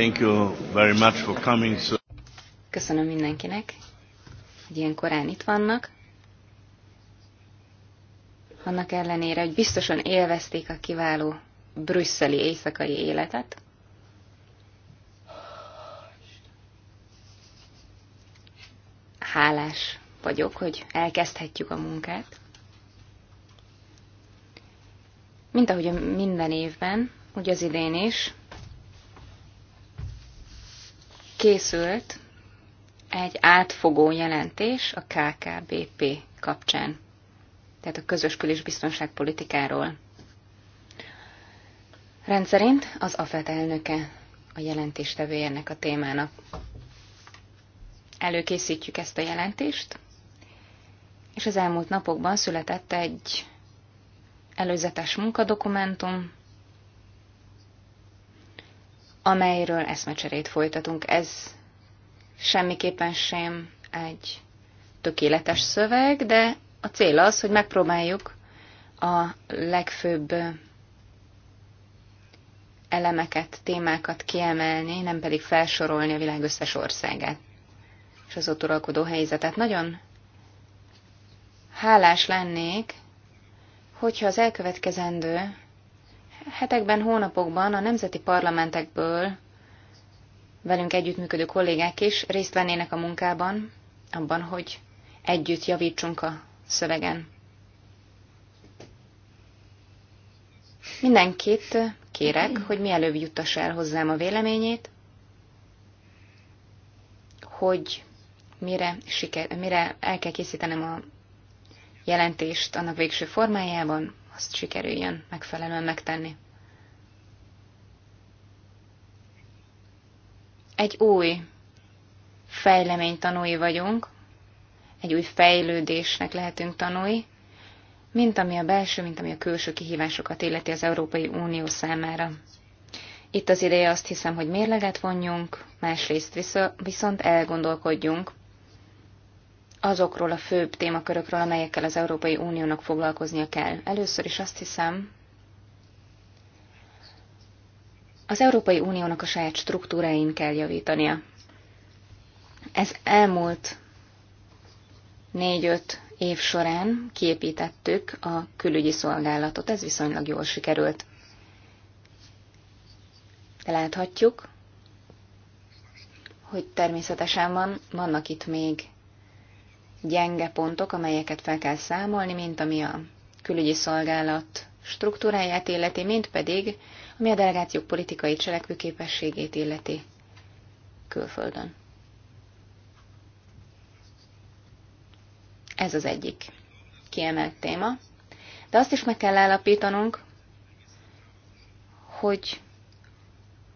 Thank you very much for coming. So... Köszönöm mindenkinek, hogy ilyen korán itt vannak. Annak ellenére, hogy biztosan élvezték a kiváló brüsszeli éjszakai életet. Hálás vagyok, hogy elkezdhetjük a munkát. Mint ahogy minden évben, úgy az idén is, készült egy átfogó jelentés a KKBP kapcsán, tehát a közös kül- és biztonságpolitikáról. Rendszerint az AFET elnöke a jelentéstevője ennek a témának. Előkészítjük ezt a jelentést, és az elmúlt napokban született egy előzetes munkadokumentum, amelyről eszmecserét folytatunk. Ez semmiképpen sem egy tökéletes szöveg, de a cél az, hogy megpróbáljuk a legfőbb elemeket, témákat kiemelni, nem pedig felsorolni a világ összes országát és az ott uralkodó helyzetet. Nagyon hálás lennék, hogyha az elkövetkezendő hetekben, hónapokban a nemzeti parlamentekből velünk együttműködő kollégák is részt vennének a munkában, abban, hogy együtt javítsunk a szövegen. Mindenkit kérek, hogy mielőbb juttas el hozzám a véleményét, hogy mire, siker, mire el kell készítenem a jelentést annak végső formájában, azt sikerüljön megfelelően megtenni. Egy új fejlemény tanúi vagyunk, egy új fejlődésnek lehetünk tanúi, mint ami a belső, mint ami a külső kihívásokat illeti az Európai Unió számára. Itt az ideje azt hiszem, hogy mérleget vonjunk, másrészt viszont elgondolkodjunk azokról a főbb témakörökről, amelyekkel az Európai Uniónak foglalkoznia kell. Először is azt hiszem, az Európai Uniónak a saját struktúráin kell javítania. Ez elmúlt négy-öt év során kiépítettük a külügyi szolgálatot, ez viszonylag jól sikerült. De láthatjuk, hogy természetesen van, vannak itt még gyenge pontok, amelyeket fel kell számolni, mint ami a külügyi szolgálat struktúráját illeti, mint pedig ami a delegációk politikai cselekvőképességét illeti külföldön. Ez az egyik kiemelt téma. De azt is meg kell állapítanunk, hogy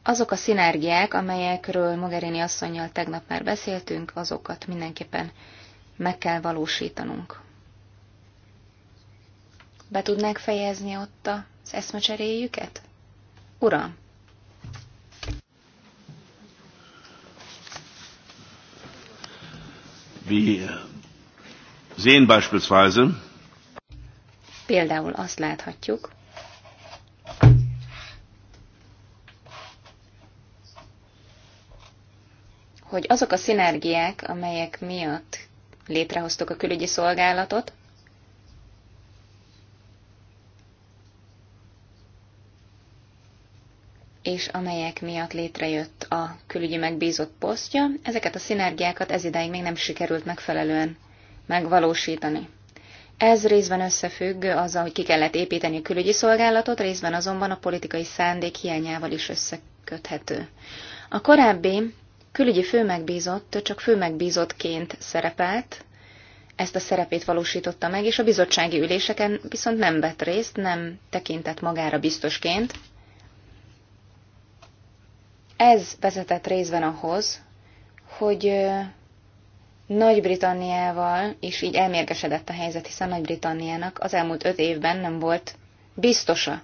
azok a szinergiák, amelyekről Mogherini asszonynal tegnap már beszéltünk, azokat mindenképpen meg kell valósítanunk. Be tudnák fejezni ott az eszmecseréjüket? Uram! Wir sehen beispielsweise, Például azt láthatjuk, hogy azok a szinergiák, amelyek miatt létrehoztuk a külügyi szolgálatot. és amelyek miatt létrejött a külügyi megbízott posztja, ezeket a szinergiákat ezidáig még nem sikerült megfelelően megvalósítani. Ez részben összefügg azzal, hogy ki kellett építeni a külügyi szolgálatot, részben azonban a politikai szándék hiányával is összeköthető. A korábbi külügyi főmegbízott csak főmegbízottként szerepelt, ezt a szerepét valósította meg, és a bizottsági üléseken viszont nem vett részt, nem tekintett magára biztosként. Ez vezetett részben ahhoz, hogy Nagy-Britanniával is így elmérgesedett a helyzet, hiszen Nagy-Britanniának az elmúlt öt évben nem volt biztosa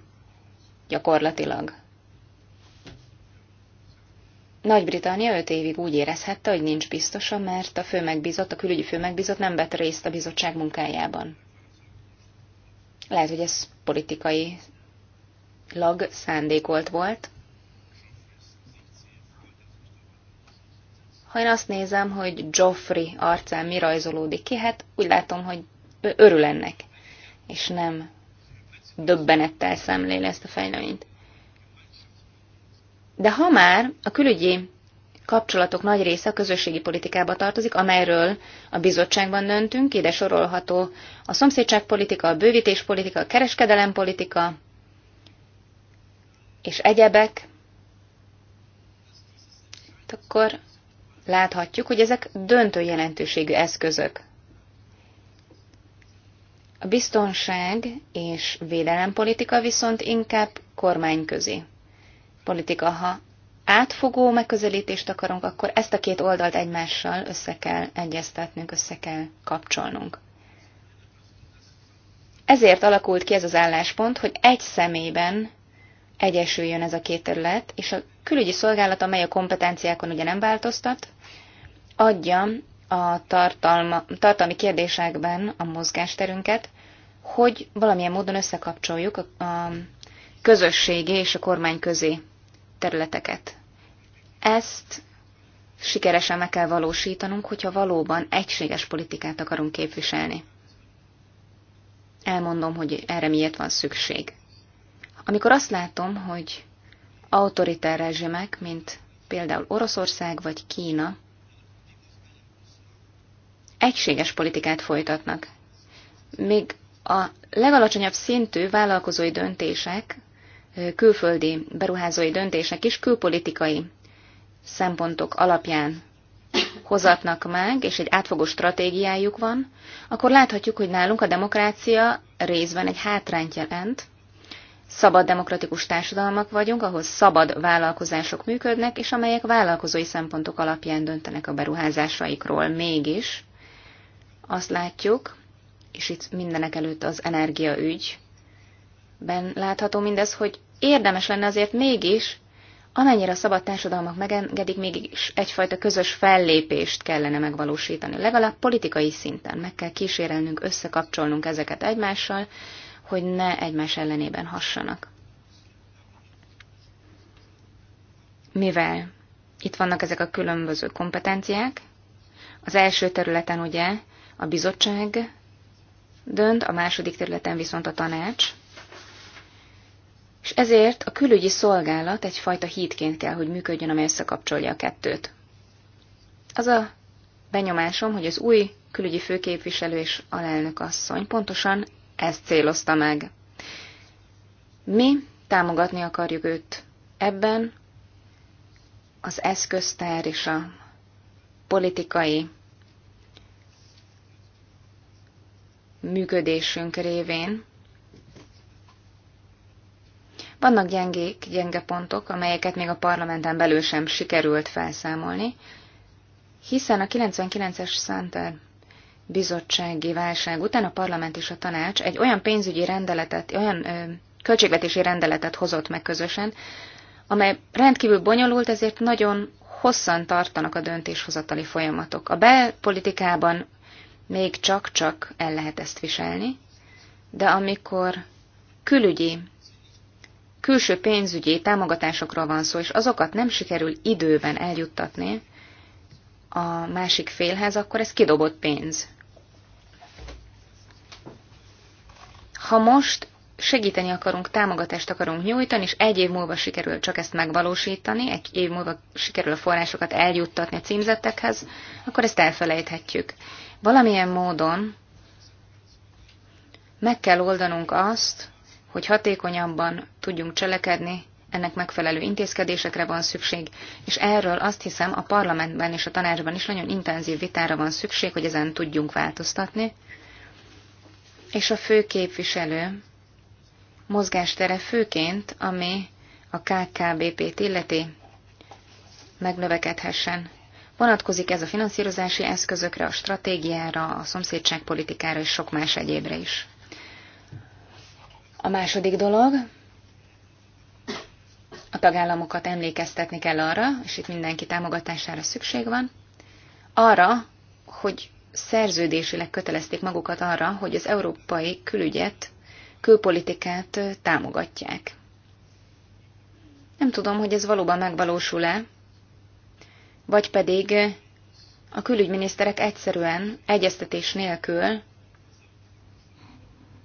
gyakorlatilag nagy-Britannia öt évig úgy érezhette, hogy nincs biztosa, mert a főmegbízott, a külügyi főmegbízott nem vett részt a bizottság munkájában. Lehet, hogy ez politikai lag szándékolt volt. Ha én azt nézem, hogy Joffrey arcán mi rajzolódik ki, hát úgy látom, hogy örül ennek, és nem döbbenettel szemléli ezt a fejleményt. De ha már a külügyi kapcsolatok nagy része a közösségi politikába tartozik, amelyről a bizottságban döntünk, ide sorolható a szomszédságpolitika, a bővítéspolitika, a kereskedelempolitika és egyebek, akkor láthatjuk, hogy ezek döntő jelentőségű eszközök. A biztonság és védelempolitika viszont inkább kormányközi politika. Ha átfogó megközelítést akarunk, akkor ezt a két oldalt egymással össze kell egyeztetnünk, össze kell kapcsolnunk. Ezért alakult ki ez az álláspont, hogy egy személyben egyesüljön ez a két terület, és a külügyi szolgálat, amely a kompetenciákon ugye nem változtat, adja a tartalma, tartalmi kérdésekben a mozgásterünket, hogy valamilyen módon összekapcsoljuk a, a közösségi és a kormány közé területeket. Ezt sikeresen meg kell valósítanunk, hogyha valóban egységes politikát akarunk képviselni. Elmondom, hogy erre miért van szükség. Amikor azt látom, hogy autoritár rezsimek, mint például Oroszország vagy Kína, egységes politikát folytatnak. Még a legalacsonyabb szintű vállalkozói döntések külföldi beruházói döntésnek is külpolitikai szempontok alapján hozatnak meg, és egy átfogó stratégiájuk van, akkor láthatjuk, hogy nálunk a demokrácia részben egy hátrányt jelent. Szabad demokratikus társadalmak vagyunk, ahol szabad vállalkozások működnek, és amelyek vállalkozói szempontok alapján döntenek a beruházásaikról. Mégis azt látjuk, és itt mindenek előtt az energiaügy ben látható mindez, hogy érdemes lenne azért mégis, amennyire a szabad társadalmak megengedik, mégis egyfajta közös fellépést kellene megvalósítani. Legalább politikai szinten meg kell kísérelnünk, összekapcsolnunk ezeket egymással, hogy ne egymás ellenében hassanak. Mivel itt vannak ezek a különböző kompetenciák, az első területen ugye a bizottság dönt, a második területen viszont a tanács, és ezért a külügyi szolgálat egyfajta hídként kell, hogy működjön, amely összekapcsolja a kettőt. Az a benyomásom, hogy az új külügyi főképviselő és alelnök asszony pontosan ezt célozta meg. Mi támogatni akarjuk őt ebben, az eszköztár és a politikai működésünk révén, vannak gyengék, gyenge pontok, amelyeket még a parlamenten belül sem sikerült felszámolni, hiszen a 99-es Santer bizottsági válság után a parlament és a tanács egy olyan pénzügyi rendeletet, olyan ö, költségvetési rendeletet hozott meg közösen, amely rendkívül bonyolult, ezért nagyon hosszan tartanak a döntéshozatali folyamatok. A belpolitikában még csak-csak el lehet ezt viselni, de amikor külügyi külső pénzügyi támogatásokról van szó, és azokat nem sikerül időben eljuttatni a másik félhez, akkor ez kidobott pénz. Ha most segíteni akarunk, támogatást akarunk nyújtani, és egy év múlva sikerül csak ezt megvalósítani, egy év múlva sikerül a forrásokat eljuttatni a címzettekhez, akkor ezt elfelejthetjük. Valamilyen módon meg kell oldanunk azt, hogy hatékonyabban tudjunk cselekedni, ennek megfelelő intézkedésekre van szükség, és erről azt hiszem a parlamentben és a tanácsban is nagyon intenzív vitára van szükség, hogy ezen tudjunk változtatni. És a fő képviselő mozgástere főként, ami a KKBP-t illeti, megnövekedhessen. Vonatkozik ez a finanszírozási eszközökre, a stratégiára, a szomszédságpolitikára és sok más egyébre is. A második dolog, a tagállamokat emlékeztetni kell arra, és itt mindenki támogatására szükség van, arra, hogy szerződésileg kötelezték magukat arra, hogy az európai külügyet, külpolitikát támogatják. Nem tudom, hogy ez valóban megvalósul-e, vagy pedig a külügyminiszterek egyszerűen egyeztetés nélkül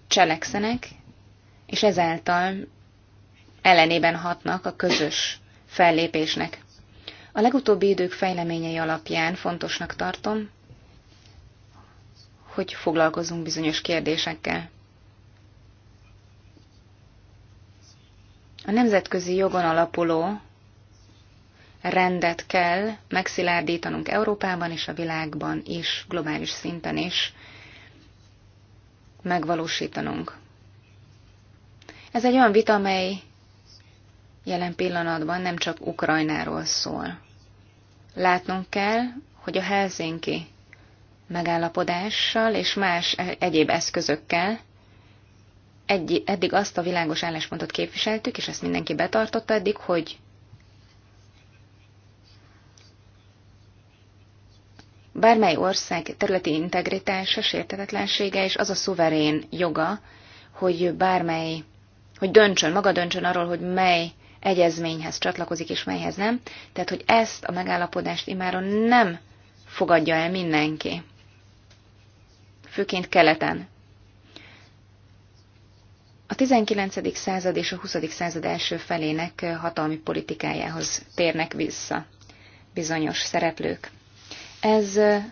cselekszenek, és ezáltal ellenében hatnak a közös fellépésnek. A legutóbbi idők fejleményei alapján fontosnak tartom, hogy foglalkozunk bizonyos kérdésekkel. A nemzetközi jogon alapuló rendet kell megszilárdítanunk Európában és a világban is, globális szinten is megvalósítanunk. Ez egy olyan vita, amely jelen pillanatban nem csak Ukrajnáról szól. Látnunk kell, hogy a Helsinki megállapodással és más e- egyéb eszközökkel egy, eddig azt a világos álláspontot képviseltük, és ezt mindenki betartotta eddig, hogy bármely ország területi integritása, sértetetlensége és az a szuverén joga, hogy bármely hogy döntsön, maga döntsön arról, hogy mely egyezményhez csatlakozik és melyhez nem, tehát hogy ezt a megállapodást imáron nem fogadja el mindenki. Főként keleten. A 19. század és a 20. század első felének eh, hatalmi politikájához térnek vissza bizonyos szereplők. Ez eh,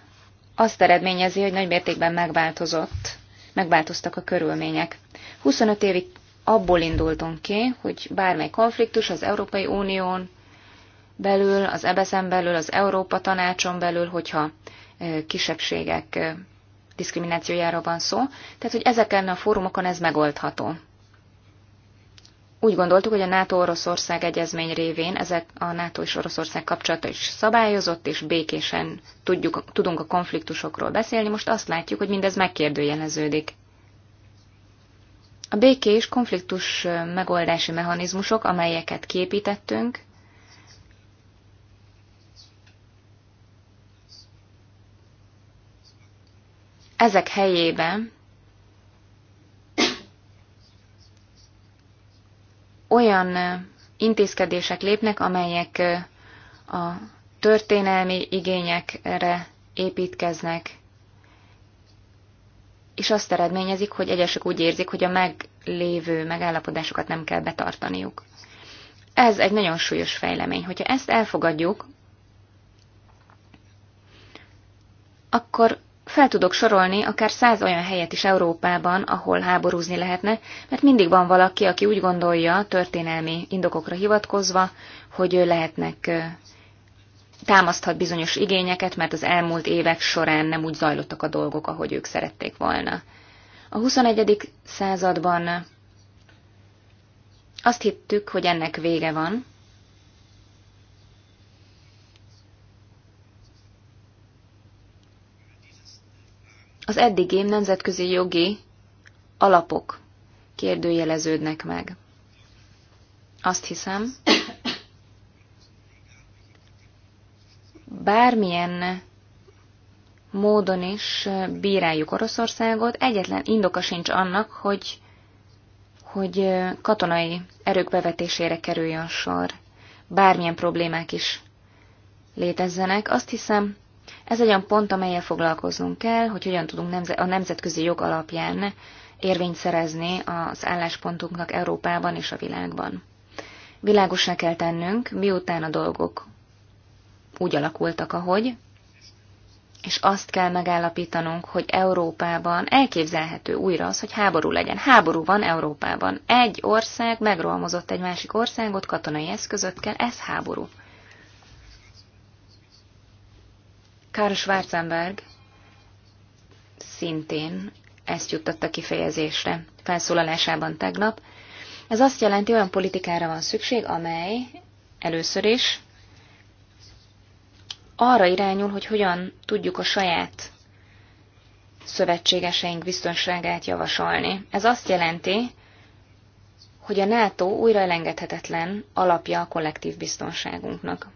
azt eredményezi, hogy nagymértékben megváltozott, megváltoztak a körülmények. 25 évig abból indultunk ki, hogy bármely konfliktus az Európai Unión belül, az EBSZ-en e belül, az Európa Tanácson belül, hogyha e, kisebbségek e, diszkriminációjára van szó, tehát hogy ezeken a fórumokon ez megoldható. Úgy gondoltuk, hogy a NATO-Oroszország egyezmény révén ezek a NATO és Oroszország kapcsolata is szabályozott, és békésen tudjuk, tudunk a konfliktusokról beszélni. Most azt látjuk, hogy mindez megkérdőjeleződik. A békés konfliktus megoldási mechanizmusok, amelyeket képítettünk, ezek helyében olyan intézkedések lépnek, amelyek a történelmi igényekre építkeznek, és azt eredményezik, hogy egyesek úgy érzik, hogy a meglévő megállapodásokat nem kell betartaniuk. Ez egy nagyon súlyos fejlemény. Hogyha ezt elfogadjuk, akkor fel tudok sorolni akár száz olyan helyet is Európában, ahol háborúzni lehetne, mert mindig van valaki, aki úgy gondolja, történelmi indokokra hivatkozva, hogy lehetnek támaszthat bizonyos igényeket, mert az elmúlt évek során nem úgy zajlottak a dolgok, ahogy ők szerették volna. A 21. században azt hittük, hogy ennek vége van, Az eddigi nemzetközi jogi alapok kérdőjeleződnek meg. Azt hiszem, bármilyen módon is bíráljuk Oroszországot, egyetlen indoka sincs annak, hogy, hogy katonai erők bevetésére kerüljön sor. Bármilyen problémák is létezzenek. Azt hiszem, ez egy olyan pont, amelyel foglalkoznunk kell, hogy hogyan tudunk a nemzetközi jog alapján érvényt szerezni az álláspontunknak Európában és a világban. Világosra kell tennünk, miután a dolgok úgy alakultak, ahogy, és azt kell megállapítanunk, hogy Európában elképzelhető újra az, hogy háború legyen. Háború van Európában. Egy ország megrohamozott egy másik országot katonai eszközökkel, ez háború. Karl Schwarzenberg szintén ezt juttatta kifejezésre felszólalásában tegnap. Ez azt jelenti, olyan politikára van szükség, amely először is arra irányul, hogy hogyan tudjuk a saját szövetségeseink biztonságát javasolni. Ez azt jelenti, hogy a NATO újra elengedhetetlen alapja a kollektív biztonságunknak.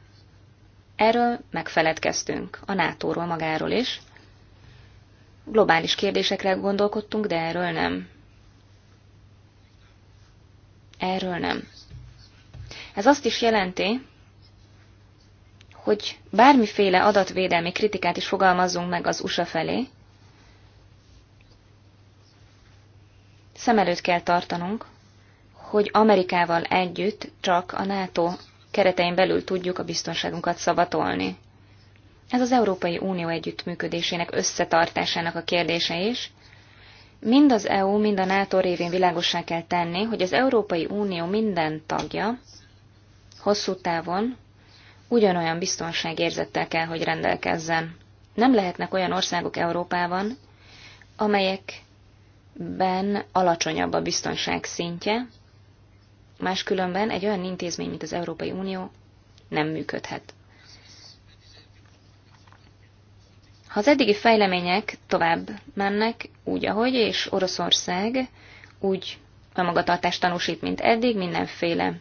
Erről megfeledkeztünk, a NATO-ról magáról is. Globális kérdésekre gondolkodtunk, de erről nem. Erről nem. Ez azt is jelenti, hogy bármiféle adatvédelmi kritikát is fogalmazzunk meg az USA felé, szem előtt kell tartanunk, hogy Amerikával együtt csak a NATO keretein belül tudjuk a biztonságunkat szavatolni. Ez az Európai Unió együttműködésének összetartásának a kérdése is. Mind az EU, mind a NATO révén világossá kell tenni, hogy az Európai Unió minden tagja hosszú távon ugyanolyan biztonságérzettel kell, hogy rendelkezzen. Nem lehetnek olyan országok Európában, amelyekben alacsonyabb a biztonság szintje, máskülönben egy olyan intézmény, mint az Európai Unió nem működhet. Ha az eddigi fejlemények tovább mennek úgy, ahogy, és Oroszország úgy a magatartást tanúsít, mint eddig, mindenféle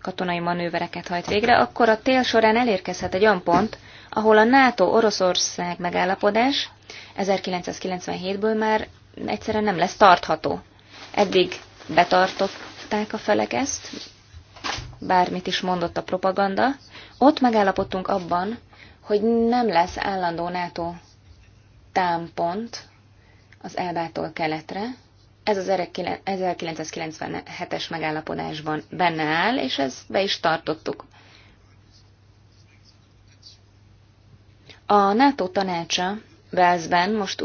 katonai manővereket hajt végre, akkor a tél során elérkezhet egy olyan pont, ahol a NATO-Oroszország megállapodás 1997-ből már egyszerűen nem lesz tartható. Eddig betartották a felek ezt, bármit is mondott a propaganda. Ott megállapodtunk abban, hogy nem lesz állandó NATO támpont az Elbától keletre, ez az 1997-es megállapodásban benne áll, és ezt be is tartottuk. A NATO tanácsa Velszben most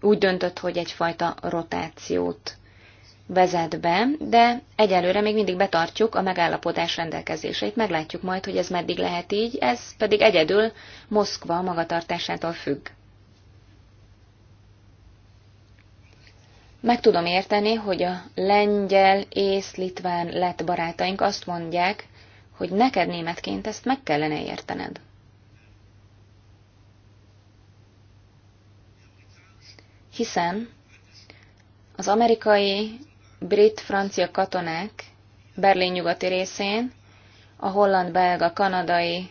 úgy döntött, hogy egyfajta rotációt vezet be, de egyelőre még mindig betartjuk a megállapodás rendelkezéseit. Meglátjuk majd, hogy ez meddig lehet így, ez pedig egyedül Moszkva magatartásától függ. Meg tudom érteni, hogy a lengyel, ész, litván, lett barátaink azt mondják, hogy neked németként ezt meg kellene értened. Hiszen az amerikai, brit, francia katonák Berlin nyugati részén, a holland, belga, kanadai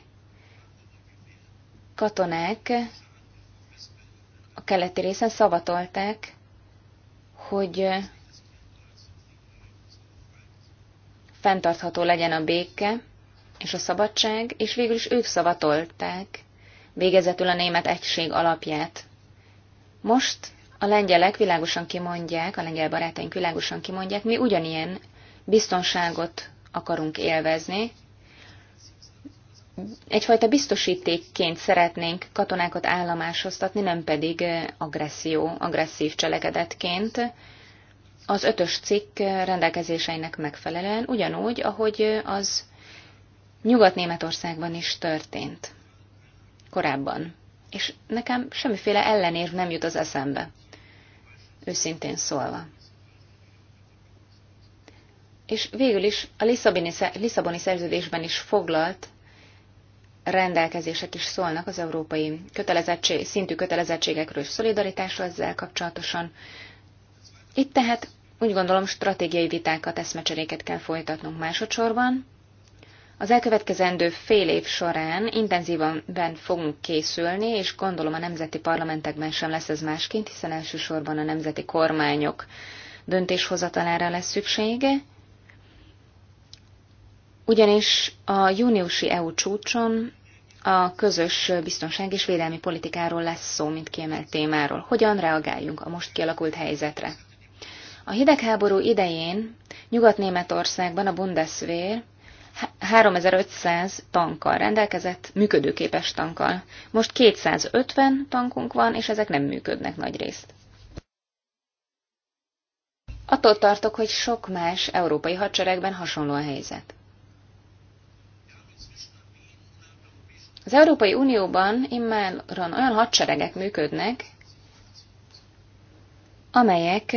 katonák a keleti részen szavatolták hogy fenntartható legyen a béke és a szabadság, és végül is ők szavatolták végezetül a német egység alapját. Most a lengyelek világosan kimondják, a lengyel barátaink világosan kimondják, mi ugyanilyen biztonságot akarunk élvezni, egyfajta biztosítékként szeretnénk katonákat állomásoztatni, nem pedig eh, agresszió, agresszív cselekedetként. Az ötös cikk eh, rendelkezéseinek megfelelően, ugyanúgy, ahogy eh, az Nyugat-Németországban is történt korábban. És nekem semmiféle ellenérv nem jut az eszembe, őszintén szólva. És végül is a Lisszaboni, Lisszaboni szerződésben is foglalt rendelkezések is szólnak az európai kötelezettség, szintű kötelezettségekről és szolidaritásról ezzel kapcsolatosan. Itt tehát úgy gondolom stratégiai vitákat, eszmecseréket kell folytatnunk másodszorban. Az elkövetkezendő fél év során intenzívan fogunk készülni, és gondolom a nemzeti parlamentekben sem lesz ez másként, hiszen elsősorban a nemzeti kormányok döntéshozatalára lesz szüksége. Ugyanis a júniusi EU csúcson a közös biztonság és védelmi politikáról lesz szó, mint kiemelt témáról. Hogyan reagáljunk a most kialakult helyzetre? A hidegháború idején Nyugat-Németországban a Bundeswehr 3500 tankkal rendelkezett, működőképes tankkal. Most 250 tankunk van, és ezek nem működnek nagy részt. Attól tartok, hogy sok más európai hadseregben hasonló a helyzet. Az Európai Unióban immáron olyan hadseregek működnek, amelyek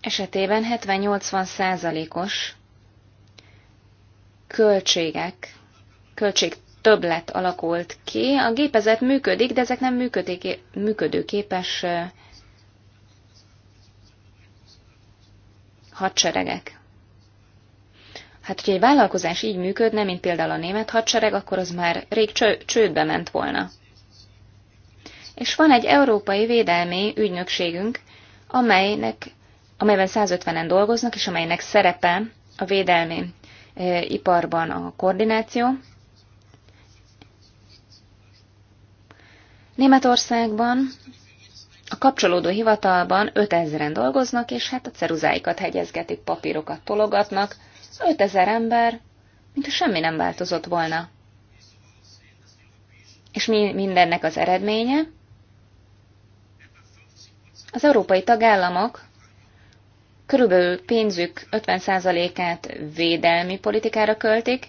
esetében 70-80 százalékos költségek, költség többlet alakult ki. A gépezet működik, de ezek nem működik, működőképes hadseregek. Hát, hogyha egy vállalkozás így működne, mint például a német hadsereg, akkor az már rég cső- csődbe ment volna. És van egy európai védelmi ügynökségünk, amelynek, amelyben 150-en dolgoznak, és amelynek szerepe a védelmi e, iparban a koordináció. Németországban a kapcsolódó hivatalban 5000-en dolgoznak, és hát a ceruzáikat hegyezgetik, papírokat tologatnak, ötezer 5000 ember, mintha semmi nem változott volna. És mi mindennek az eredménye? Az európai tagállamok körülbelül pénzük 50%-át védelmi politikára költik,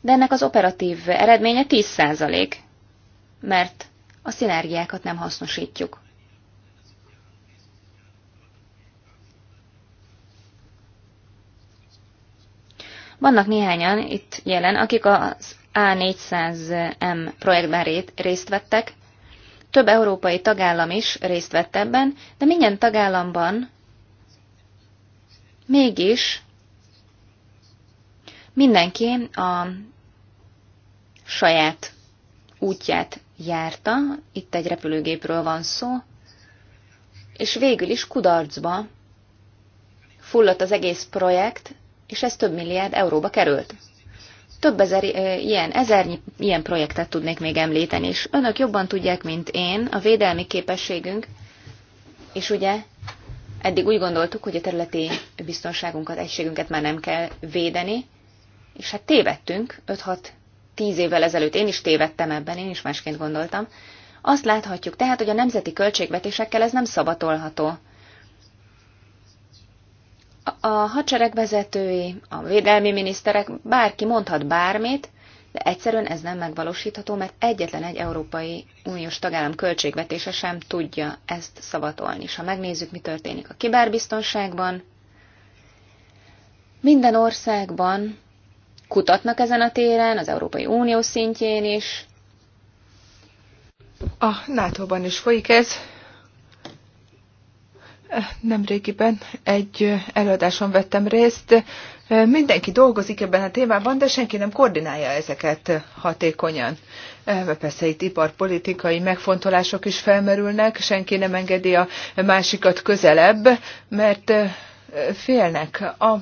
de ennek az operatív eredménye 10%, mert a szinergiákat nem hasznosítjuk. Vannak néhányan itt jelen, akik az A400M projektben részt vettek, több európai tagállam is részt vett ebben, de minden tagállamban mégis mindenki a saját útját járta, itt egy repülőgépről van szó, és végül is kudarcba fulladt az egész projekt, és ez több milliárd euróba került. Több ezer ilyen, ezernyi ilyen projektet tudnék még említeni, és önök jobban tudják, mint én, a védelmi képességünk, és ugye eddig úgy gondoltuk, hogy a területi biztonságunkat, egységünket már nem kell védeni, és hát tévedtünk, 5-6-10 évvel ezelőtt én is tévedtem ebben, én is másként gondoltam. Azt láthatjuk tehát, hogy a nemzeti költségvetésekkel ez nem szabatolható. A hadsereg vezetői, a védelmi miniszterek, bárki mondhat bármit, de egyszerűen ez nem megvalósítható, mert egyetlen egy Európai Uniós tagállam költségvetése sem tudja ezt szavatolni. És ha megnézzük, mi történik a kiberbiztonságban, minden országban kutatnak ezen a téren, az Európai Unió szintjén is. A NATO-ban is folyik ez, Nemrégiben egy előadáson vettem részt. Mindenki dolgozik ebben a témában, de senki nem koordinálja ezeket hatékonyan. Persze itt iparpolitikai megfontolások is felmerülnek, senki nem engedi a másikat közelebb, mert félnek. A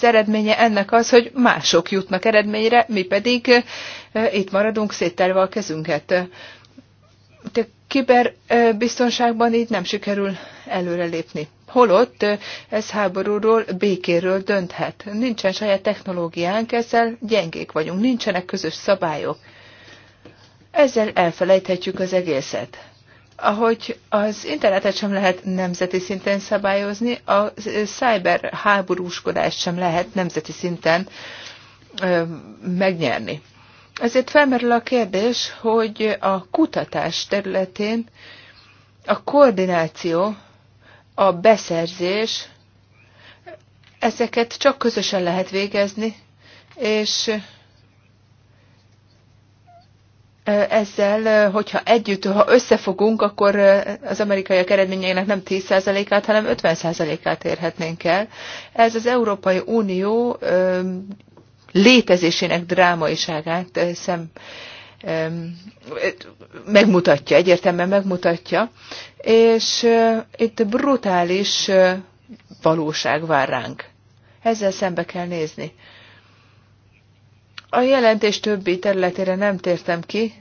eredménye ennek az, hogy mások jutnak eredményre, mi pedig itt maradunk széttelve a kezünket de kiberbiztonságban így nem sikerül előrelépni. Holott ez háborúról, békéről dönthet. Nincsen saját technológiánk, ezzel gyengék vagyunk, nincsenek közös szabályok. Ezzel elfelejthetjük az egészet. Ahogy az internetet sem lehet nemzeti szinten szabályozni, a cyber háborúskodást sem lehet nemzeti szinten megnyerni. Ezért felmerül a kérdés, hogy a kutatás területén a koordináció, a beszerzés, ezeket csak közösen lehet végezni, és ezzel, hogyha együtt, ha összefogunk, akkor az amerikaiak eredményeinek nem 10%-át, hanem 50%-át érhetnénk el. Ez az Európai Unió létezésének drámaiságát szem, megmutatja, egyértelműen megmutatja, és itt brutális valóság vár ránk. Ezzel szembe kell nézni. A jelentés többi területére nem tértem ki,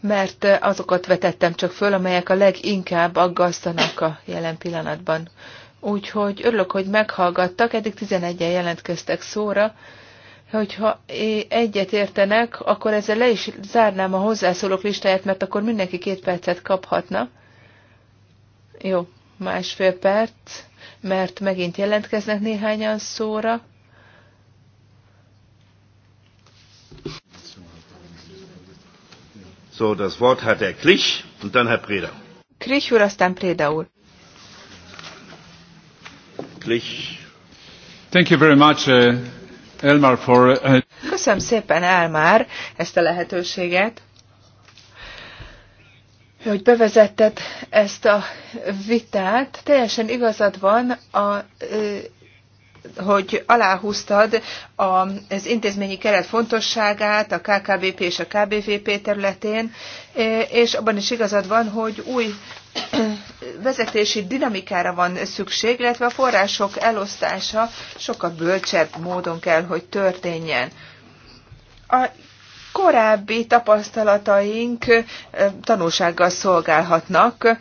mert azokat vetettem csak föl, amelyek a leginkább aggasztanak a jelen pillanatban. Úgyhogy örülök, hogy meghallgattak, eddig 11-en jelentkeztek szóra, hogyha egyet értenek, akkor ezzel le is zárnám a hozzászólók listáját, mert akkor mindenki két percet kaphatna. Jó, másfél perc, mert megint jelentkeznek néhányan szóra. So, das Wort hat der Klich und dann Herr Preda. Klich úr, aztán Preda úr. Klich. Thank you very much, uh... Elmar for... Uh, Köszönöm szépen, Elmar, ezt a lehetőséget hogy bevezetted ezt a vitát. Teljesen igazad van, a hogy aláhúztad az intézményi keret fontosságát a KKBP és a KBVP területén, és abban is igazad van, hogy új vezetési dinamikára van szükség, illetve a források elosztása sokkal bölcsebb módon kell, hogy történjen. A korábbi tapasztalataink tanulsággal szolgálhatnak,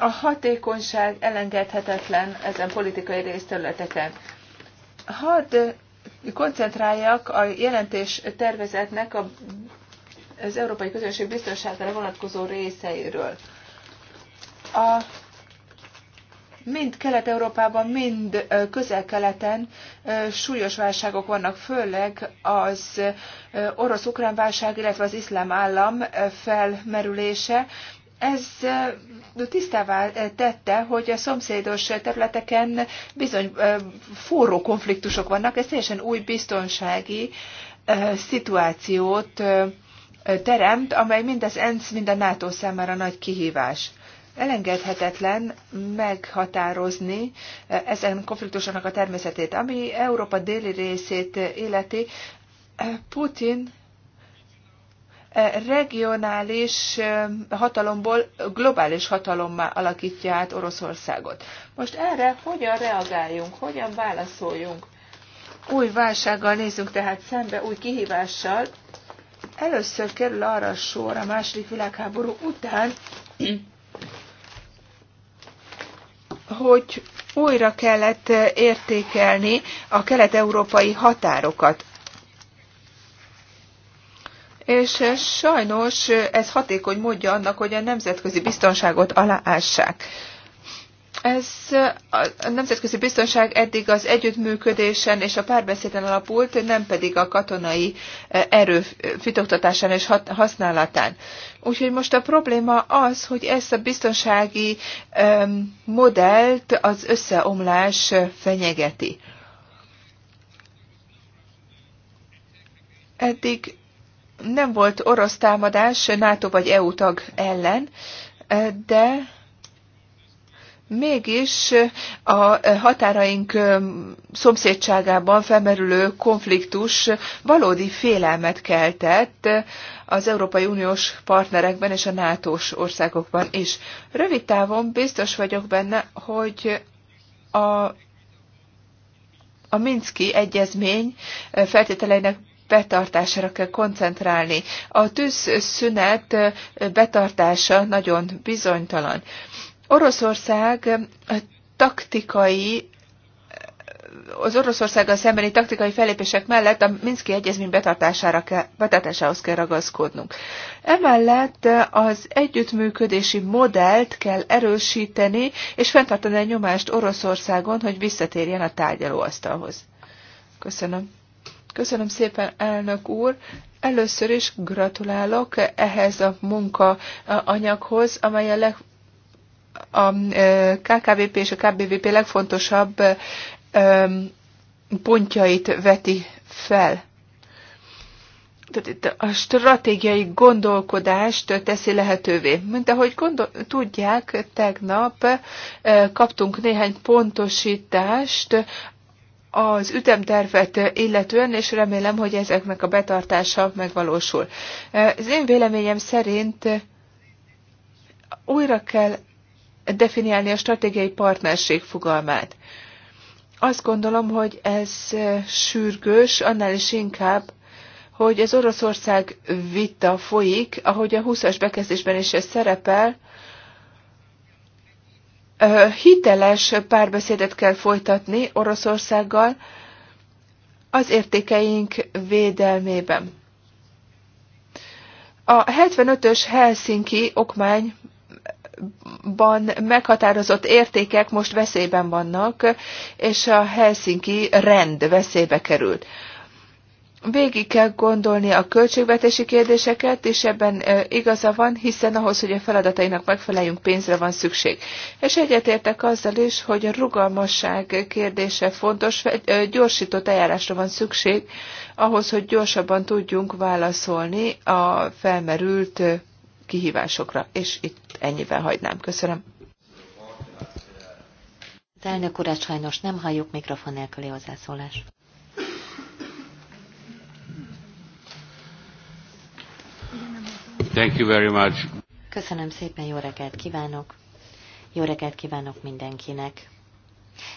a hatékonyság elengedhetetlen ezen politikai részterületeken. Hadd koncentráljak a jelentés tervezetnek a, az Európai Közösség Biztonságára vonatkozó részeiről. A, mind Kelet-Európában, mind Közel-Keleten súlyos válságok vannak, főleg az orosz-ukrán válság, illetve az iszlám állam felmerülése. Ez tisztává tette, hogy a szomszédos területeken bizony forró konfliktusok vannak, ez teljesen új biztonsági szituációt teremt, amely mind az ENSZ, mind a NATO számára nagy kihívás. Elengedhetetlen meghatározni ezen konfliktusoknak a természetét. Ami Európa déli részét illeti, Putin regionális hatalomból globális hatalommá alakítja át Oroszországot. Most erre hogyan reagáljunk, hogyan válaszoljunk? Új válsággal nézünk tehát szembe, új kihívással. Először kerül arra a sor a második világháború után, hogy újra kellett értékelni a kelet-európai határokat és eh, sajnos eh, ez hatékony módja annak, hogy a nemzetközi biztonságot aláássák. Ez eh, a nemzetközi biztonság eddig az együttműködésen és a párbeszéden alapult, nem pedig a katonai erő fitoktatásán és használatán. Úgyhogy most a probléma az, hogy ezt a biztonsági modellt az összeomlás fenyegeti. Eddig nem volt orosz támadás NATO vagy EU tag ellen, eh, de mégis eh, a határaink eh, szomszédságában felmerülő konfliktus valódi félelmet keltett az Európai Uniós partnerekben és a NATO-s országokban is. Rövid távon biztos vagyok benne, hogy a a Minszki egyezmény feltételeinek betartására kell koncentrálni. A tűzszünet betartása nagyon bizonytalan. Oroszország taktikai az a szembeni taktikai fellépések mellett a Minszki Egyezmény betartására kell, betartásához kell ragaszkodnunk. Emellett az együttműködési modellt kell erősíteni, és fenntartani a nyomást Oroszországon, hogy visszatérjen a tárgyalóasztalhoz. Köszönöm. Köszönöm szépen, elnök úr. Először is gratulálok ehhez a munkaanyaghoz, amely a leg, a e, KKVP és a KBVP legfontosabb e, e, pontjait veti fel. Tehát itt a stratégiai gondolkodást teszi lehetővé. Mint ahogy gondol, tudják, tegnap kaptunk néhány pontosítást az ütemtervet illetően, és remélem, hogy ezeknek a betartása megvalósul. Az én véleményem szerint újra kell definiálni a stratégiai partnerség fogalmát. Azt gondolom, hogy ez sürgős, annál is inkább, hogy az Oroszország vita folyik, ahogy a 20-as bekezdésben is ez szerepel, hiteles párbeszédet kell folytatni Oroszországgal az értékeink védelmében. A 75-ös Helsinki okmány ban meghatározott értékek most veszélyben vannak, és a Helsinki rend veszélybe került végig kell gondolni a költségvetési kérdéseket, és ebben igaza van, hiszen ahhoz, hogy a feladatainak megfeleljünk, pénzre van szükség. És egyetértek azzal is, hogy a rugalmasság kérdése fontos, gyorsított eljárásra van szükség, ahhoz, hogy gyorsabban tudjunk válaszolni a felmerült kihívásokra. És itt ennyivel hagynám. Köszönöm. Az elnök urat sajnos nem halljuk mikrofon nélküli hozzászólás. Thank you very much. Köszönöm szépen, jó reggelt kívánok. Jó reggelt kívánok mindenkinek.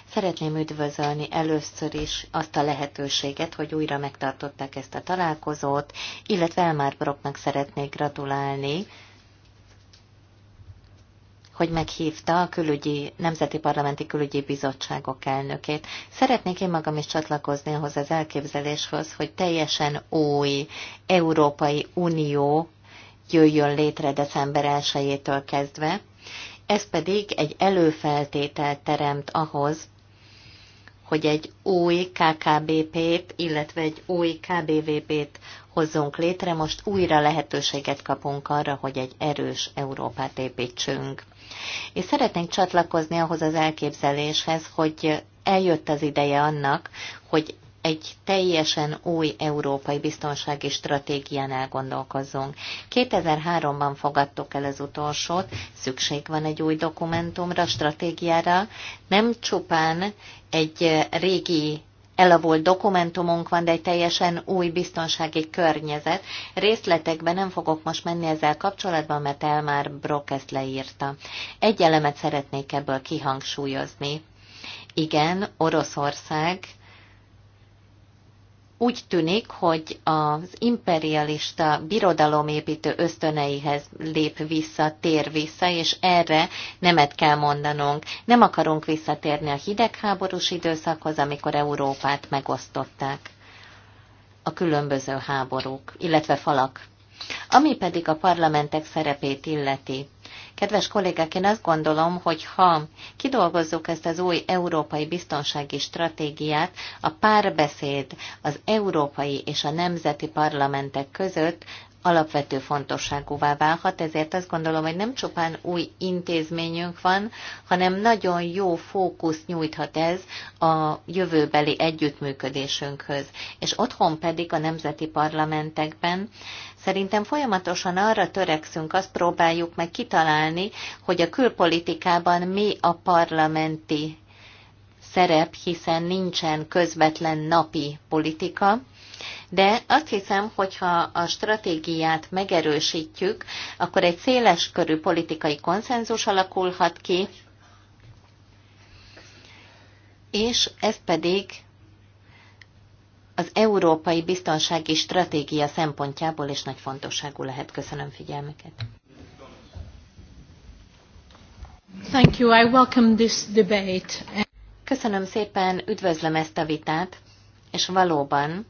Szeretném üdvözölni először is azt a lehetőséget, hogy újra megtartották ezt a találkozót, illetve Elmár Broknak szeretnék gratulálni, hogy meghívta a külügyi, Nemzeti Parlamenti Külügyi Bizottságok elnökét. Szeretnék én magam is csatlakozni ahhoz az elképzeléshoz, hogy teljesen új Európai Unió jöjjön létre december 1 kezdve. Ez pedig egy előfeltételt teremt ahhoz, hogy egy új KKBP-t, illetve egy új KBVP-t hozzunk létre, most újra lehetőséget kapunk arra, hogy egy erős Európát építsünk. És szeretnénk csatlakozni ahhoz az elképzeléshez, hogy eljött az ideje annak, hogy egy teljesen új európai biztonsági stratégiánál elgondolkozzunk. 2003-ban fogadtuk el az utolsót, szükség van egy új dokumentumra, stratégiára, nem csupán egy régi elavult dokumentumunk van, de egy teljesen új biztonsági környezet. Részletekben nem fogok most menni ezzel kapcsolatban, mert Elmár Brock ezt leírta. Egy elemet szeretnék ebből kihangsúlyozni. Igen, Oroszország úgy tűnik, hogy az imperialista birodalomépítő ösztöneihez lép vissza, tér vissza, és erre nemet kell mondanunk. Nem akarunk visszatérni a hidegháborús időszakhoz, amikor Európát megosztották a különböző háborúk, illetve falak ami pedig a parlamentek szerepét illeti. Kedves kollégák, én azt gondolom, hogy ha kidolgozzuk ezt az új európai biztonsági stratégiát, a párbeszéd az európai és a nemzeti parlamentek között alapvető fontosságúvá válhat, ezért azt gondolom, hogy nem csupán új intézményünk van, hanem nagyon jó fókusz nyújthat ez a jövőbeli együttműködésünkhöz. És otthon pedig a nemzeti parlamentekben Szerintem folyamatosan arra törekszünk, azt próbáljuk meg kitalálni, hogy a külpolitikában mi a parlamenti szerep, hiszen nincsen közvetlen napi politika, de azt hiszem, hogyha a stratégiát megerősítjük, akkor egy széles körű politikai konszenzus alakulhat ki, és ez pedig az európai biztonsági stratégia szempontjából is nagy fontosságú lehet. Köszönöm figyelmüket. Thank you. I welcome this debate. Köszönöm szépen, üdvözlöm ezt a vitát, és valóban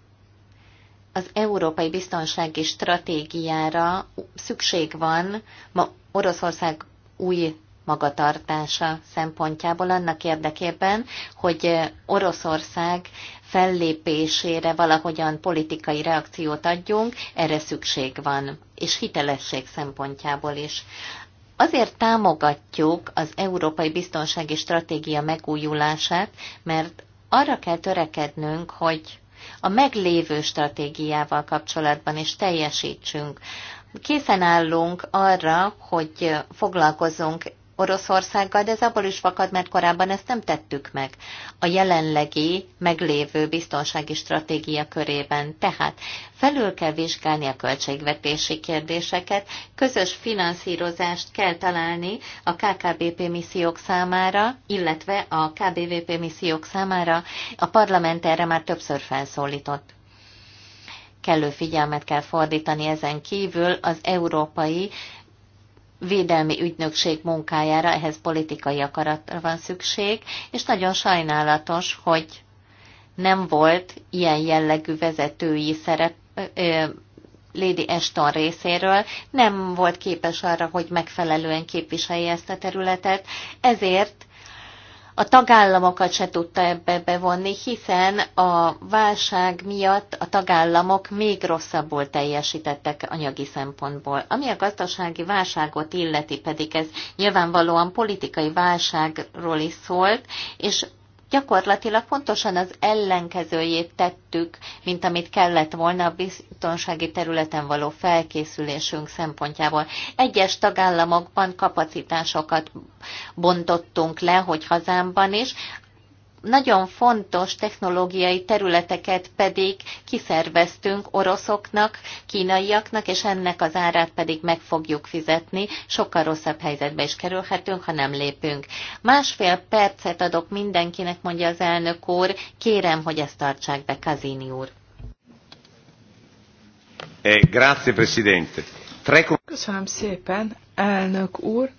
az európai biztonsági stratégiára szükség van. Ma Oroszország új magatartása szempontjából annak érdekében, hogy Oroszország fellépésére valahogyan politikai reakciót adjunk, erre szükség van, és hitelesség szempontjából is. Azért támogatjuk az Európai Biztonsági Stratégia megújulását, mert arra kell törekednünk, hogy a meglévő stratégiával kapcsolatban is teljesítsünk. Készen állunk arra, hogy foglalkozunk Oroszországgal, de ez abból is fakad, mert korábban ezt nem tettük meg a jelenlegi meglévő biztonsági stratégia körében. Tehát felül kell vizsgálni a költségvetési kérdéseket, közös finanszírozást kell találni a KKBP missziók számára, illetve a KBVP missziók számára. A parlament erre már többször felszólított kellő figyelmet kell fordítani ezen kívül az európai védelmi ügynökség munkájára, ehhez politikai akaratra van szükség, és nagyon sajnálatos, hogy nem volt ilyen jellegű vezetői szerep ö, Lady Ashton részéről, nem volt képes arra, hogy megfelelően képviselje ezt a területet, ezért a tagállamokat se tudta ebbe bevonni, hiszen a válság miatt a tagállamok még rosszabbul teljesítettek anyagi szempontból. Ami a gazdasági válságot illeti, pedig ez nyilvánvalóan politikai válságról is szólt, és gyakorlatilag pontosan az ellenkezőjét tettük, mint amit kellett volna a biztonsági területen való felkészülésünk szempontjából. Egyes tagállamokban kapacitásokat bontottunk le, hogy hazámban is, nagyon fontos technológiai területeket pedig kiszerveztünk oroszoknak, kínaiaknak, és ennek az árát pedig meg fogjuk fizetni. Sokkal rosszabb helyzetbe is kerülhetünk, ha nem lépünk. Másfél percet adok mindenkinek, mondja az elnök úr. Kérem, hogy ezt tartsák be, Kazini úr. Eh, grazie, Presidente. Köszönöm szépen, elnök úr.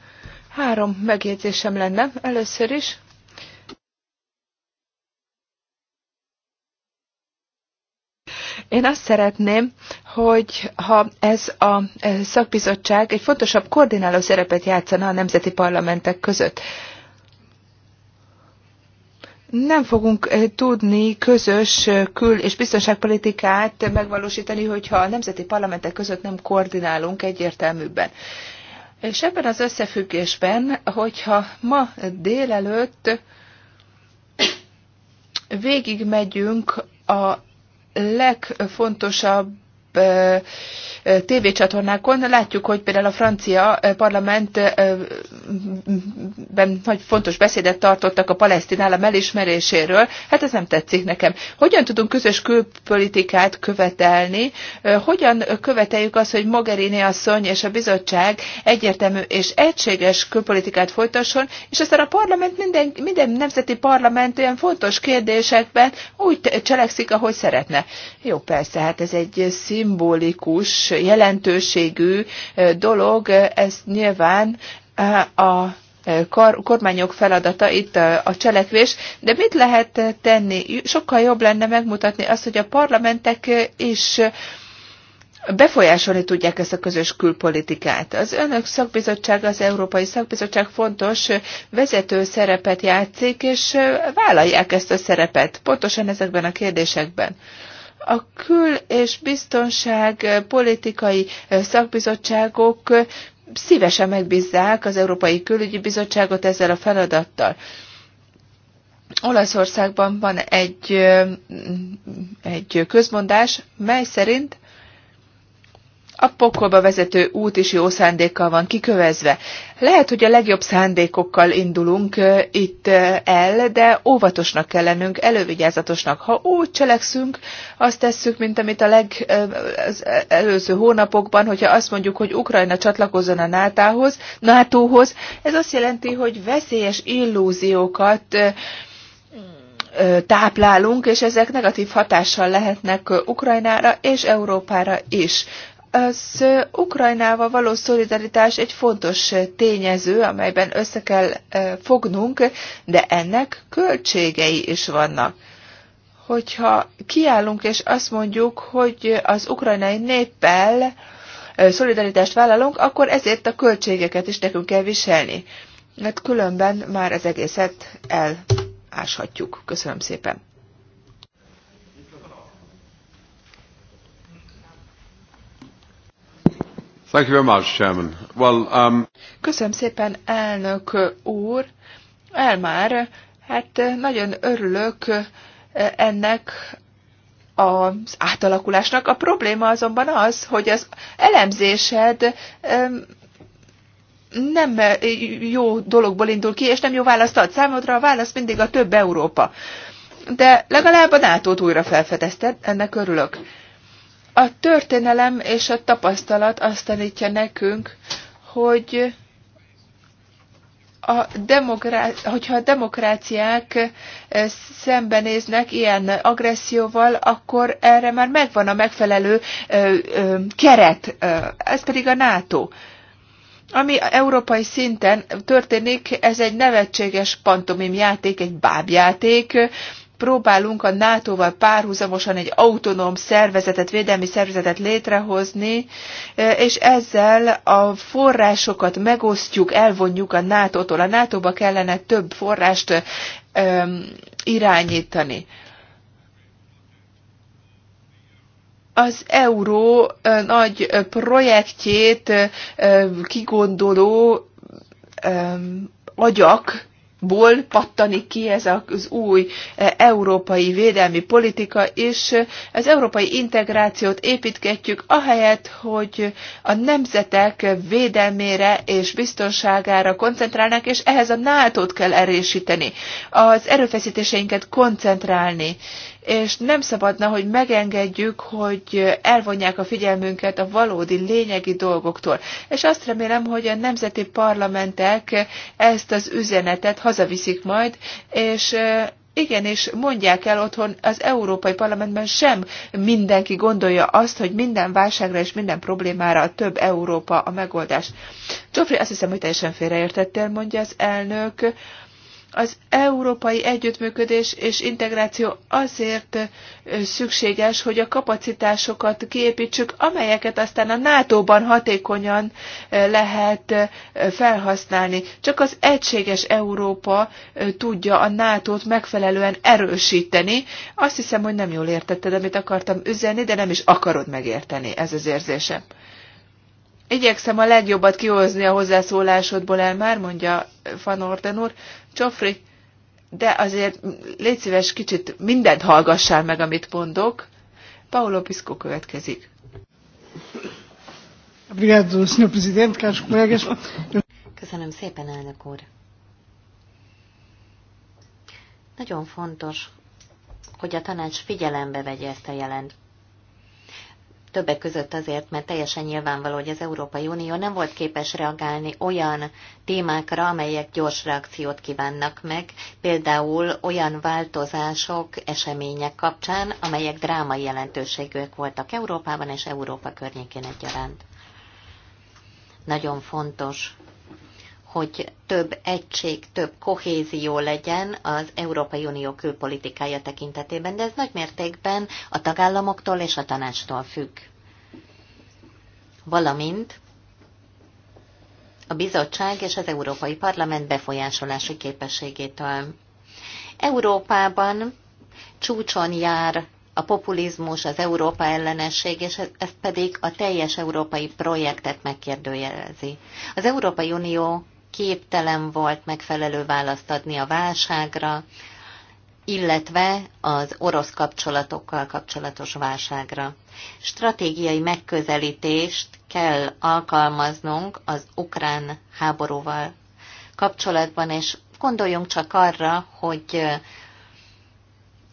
Három megjegyzésem lenne. Először is Én azt szeretném, hogy ha ez a e, szakbizottság egy fontosabb koordináló szerepet játszana a nemzeti parlamentek között. Nem fogunk e, tudni közös e, kül- és biztonságpolitikát megvalósítani, hogyha a nemzeti parlamentek között nem koordinálunk egyértelműbben. És ebben az összefüggésben, hogyha ma délelőtt végigmegyünk a legfontosabb tévécsatornákon látjuk, hogy például a francia parlamentben nagy fontos beszédet tartottak a palesztin állam elismeréséről. Hát ez nem tetszik nekem. Hogyan tudunk közös külpolitikát követelni? Hogyan követeljük azt, hogy Mogherini asszony és a bizottság egyértelmű és egységes külpolitikát folytasson, és aztán a parlament minden, minden nemzeti parlament olyan fontos kérdésekben úgy cselekszik, ahogy szeretne. Jó, persze, hát ez egy szív szimbolikus jelentőségű dolog, ez nyilván a kormányok feladata itt a cselekvés, de mit lehet tenni? Sokkal jobb lenne megmutatni azt, hogy a parlamentek is befolyásolni tudják ezt a közös külpolitikát. Az önök szakbizottság, az Európai Szakbizottság fontos vezető szerepet játszik, és vállalják ezt a szerepet pontosan ezekben a kérdésekben a kül- és biztonság eh, politikai eh, szakbizottságok eh, szívesen megbízzák az Európai Külügyi Bizottságot ezzel a feladattal. Olaszországban van egy, egy közmondás, mely szerint a pokolba vezető út is jó szándékkal van kikövezve. Lehet, hogy a legjobb szándékokkal indulunk itt el, de óvatosnak kell lennünk, elővigyázatosnak. Ha úgy cselekszünk, azt tesszük, mint amit a leg, az előző hónapokban, hogyha azt mondjuk, hogy Ukrajna csatlakozzon a NATO-hoz, nato -hoz, ez azt jelenti, hogy veszélyes illúziókat táplálunk, és ezek negatív hatással lehetnek Ukrajnára és Európára is. Az Ukrajnával való szolidaritás egy fontos tényező, amelyben össze kell fognunk, de ennek költségei is vannak. Hogyha kiállunk és azt mondjuk, hogy az ukrajnai néppel szolidaritást vállalunk, akkor ezért a költségeket is nekünk kell viselni. Mert hát különben már az egészet eláshatjuk. Köszönöm szépen. Thank you very much, Chairman. Well, um... Köszönöm szépen, elnök úr. Elmár, hát nagyon örülök eh, ennek az átalakulásnak. A probléma azonban az, hogy az elemzésed nem jó dologból indul ki, és nem jó választ ad. Számodra a válasz mindig a több Európa. De legalább a NATO-t újra felfedezted, ennek örülök. A történelem és a tapasztalat azt tanítja nekünk, hogy a demokrá- hogyha a demokráciák eh, szembenéznek ilyen agresszióval, akkor erre már megvan a megfelelő eh, eh, keret, ez pedig a NATO. Ami európai szinten történik, ez egy nevetséges pantomim játék, egy bábjáték, próbálunk a NATO-val párhuzamosan egy autonóm szervezetet, védelmi szervezetet létrehozni, e, és ezzel a forrásokat megosztjuk, elvonjuk a NATO-tól. A NATO-ba kellene több forrást öm, e, irányítani. az euró e, nagy projektjét kigondoló agyak ból pattanik ki ez az új e, európai védelmi politika, és az európai integrációt építgetjük, ahelyett, hogy a nemzetek védelmére és biztonságára koncentrálnak, és ehhez a nato kell erősíteni, az erőfeszítéseinket koncentrálni, és nem szabadna, hogy megengedjük, hogy elvonják a figyelmünket a valódi lényegi dolgoktól. És azt remélem, hogy a nemzeti parlamentek ezt az üzenetet hazaviszik majd, és Igenis, mondják el otthon, az Európai Parlamentben sem mindenki gondolja azt, hogy minden válságra és minden problémára a több Európa a megoldás. Geoffrey, azt hiszem, hogy teljesen félreértettél, mondja az elnök. Az európai együttműködés és integráció azért szükséges, hogy a kapacitásokat kiépítsük, amelyeket aztán a NATO-ban hatékonyan lehet felhasználni. Csak az egységes Európa tudja a NATO-t megfelelően erősíteni. Azt hiszem, hogy nem jól értetted, amit akartam üzenni, de nem is akarod megérteni, ez az érzésem. Igyekszem a legjobbat kihozni a hozzászólásodból el már, mondja Van Orden úr. Csofri, de azért légy szíves kicsit mindent hallgassál meg, amit mondok. Paolo Pisco következik. Obrigado, Sr. Presidente, caros colegas. Köszönöm szépen, elnök úr. Nagyon fontos, hogy a tanács figyelembe vegye ezt a jelent, Többek között azért, mert teljesen nyilvánvaló, hogy az Európai Unió nem volt képes reagálni olyan témákra, amelyek gyors reakciót kívánnak meg, például olyan változások, események kapcsán, amelyek drámai jelentőségűek voltak Európában és Európa környékén egyaránt. Nagyon fontos hogy több egység, több kohézió legyen az Európai Unió külpolitikája tekintetében, de ez nagy mértékben a tagállamoktól és a tanácstól függ. Valamint a bizottság és az Európai Parlament befolyásolási képességétől. Európában csúcson jár a populizmus, az Európa ellenesség, és ez pedig a teljes európai projektet megkérdőjelezi. Az Európai Unió képtelen volt megfelelő választ adni a válságra, illetve az orosz kapcsolatokkal kapcsolatos válságra. Stratégiai megközelítést kell alkalmaznunk az ukrán háborúval kapcsolatban, és gondoljunk csak arra, hogy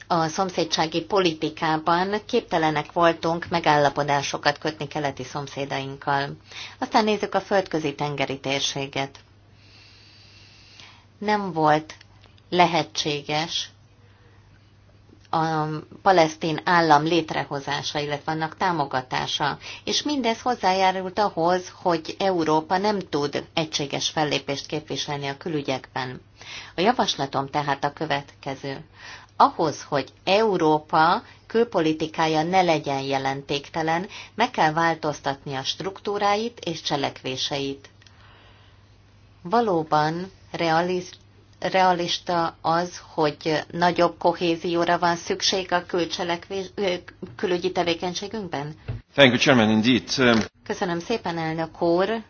a szomszédsági politikában képtelenek voltunk megállapodásokat kötni keleti szomszédainkkal. Aztán nézzük a földközi tengeri térséget nem volt lehetséges a palesztin állam létrehozása, illetve annak támogatása. És mindez hozzájárult ahhoz, hogy Európa nem tud egységes fellépést képviselni a külügyekben. A javaslatom tehát a következő. Ahhoz, hogy Európa külpolitikája ne legyen jelentéktelen, meg kell változtatni a struktúráit és cselekvéseit. Valóban realiz, realista az, hogy nagyobb kohézióra van szükség a külügyi tevékenységünkben? Thank you, Chairman, indeed. Köszönöm szépen, elnök úr.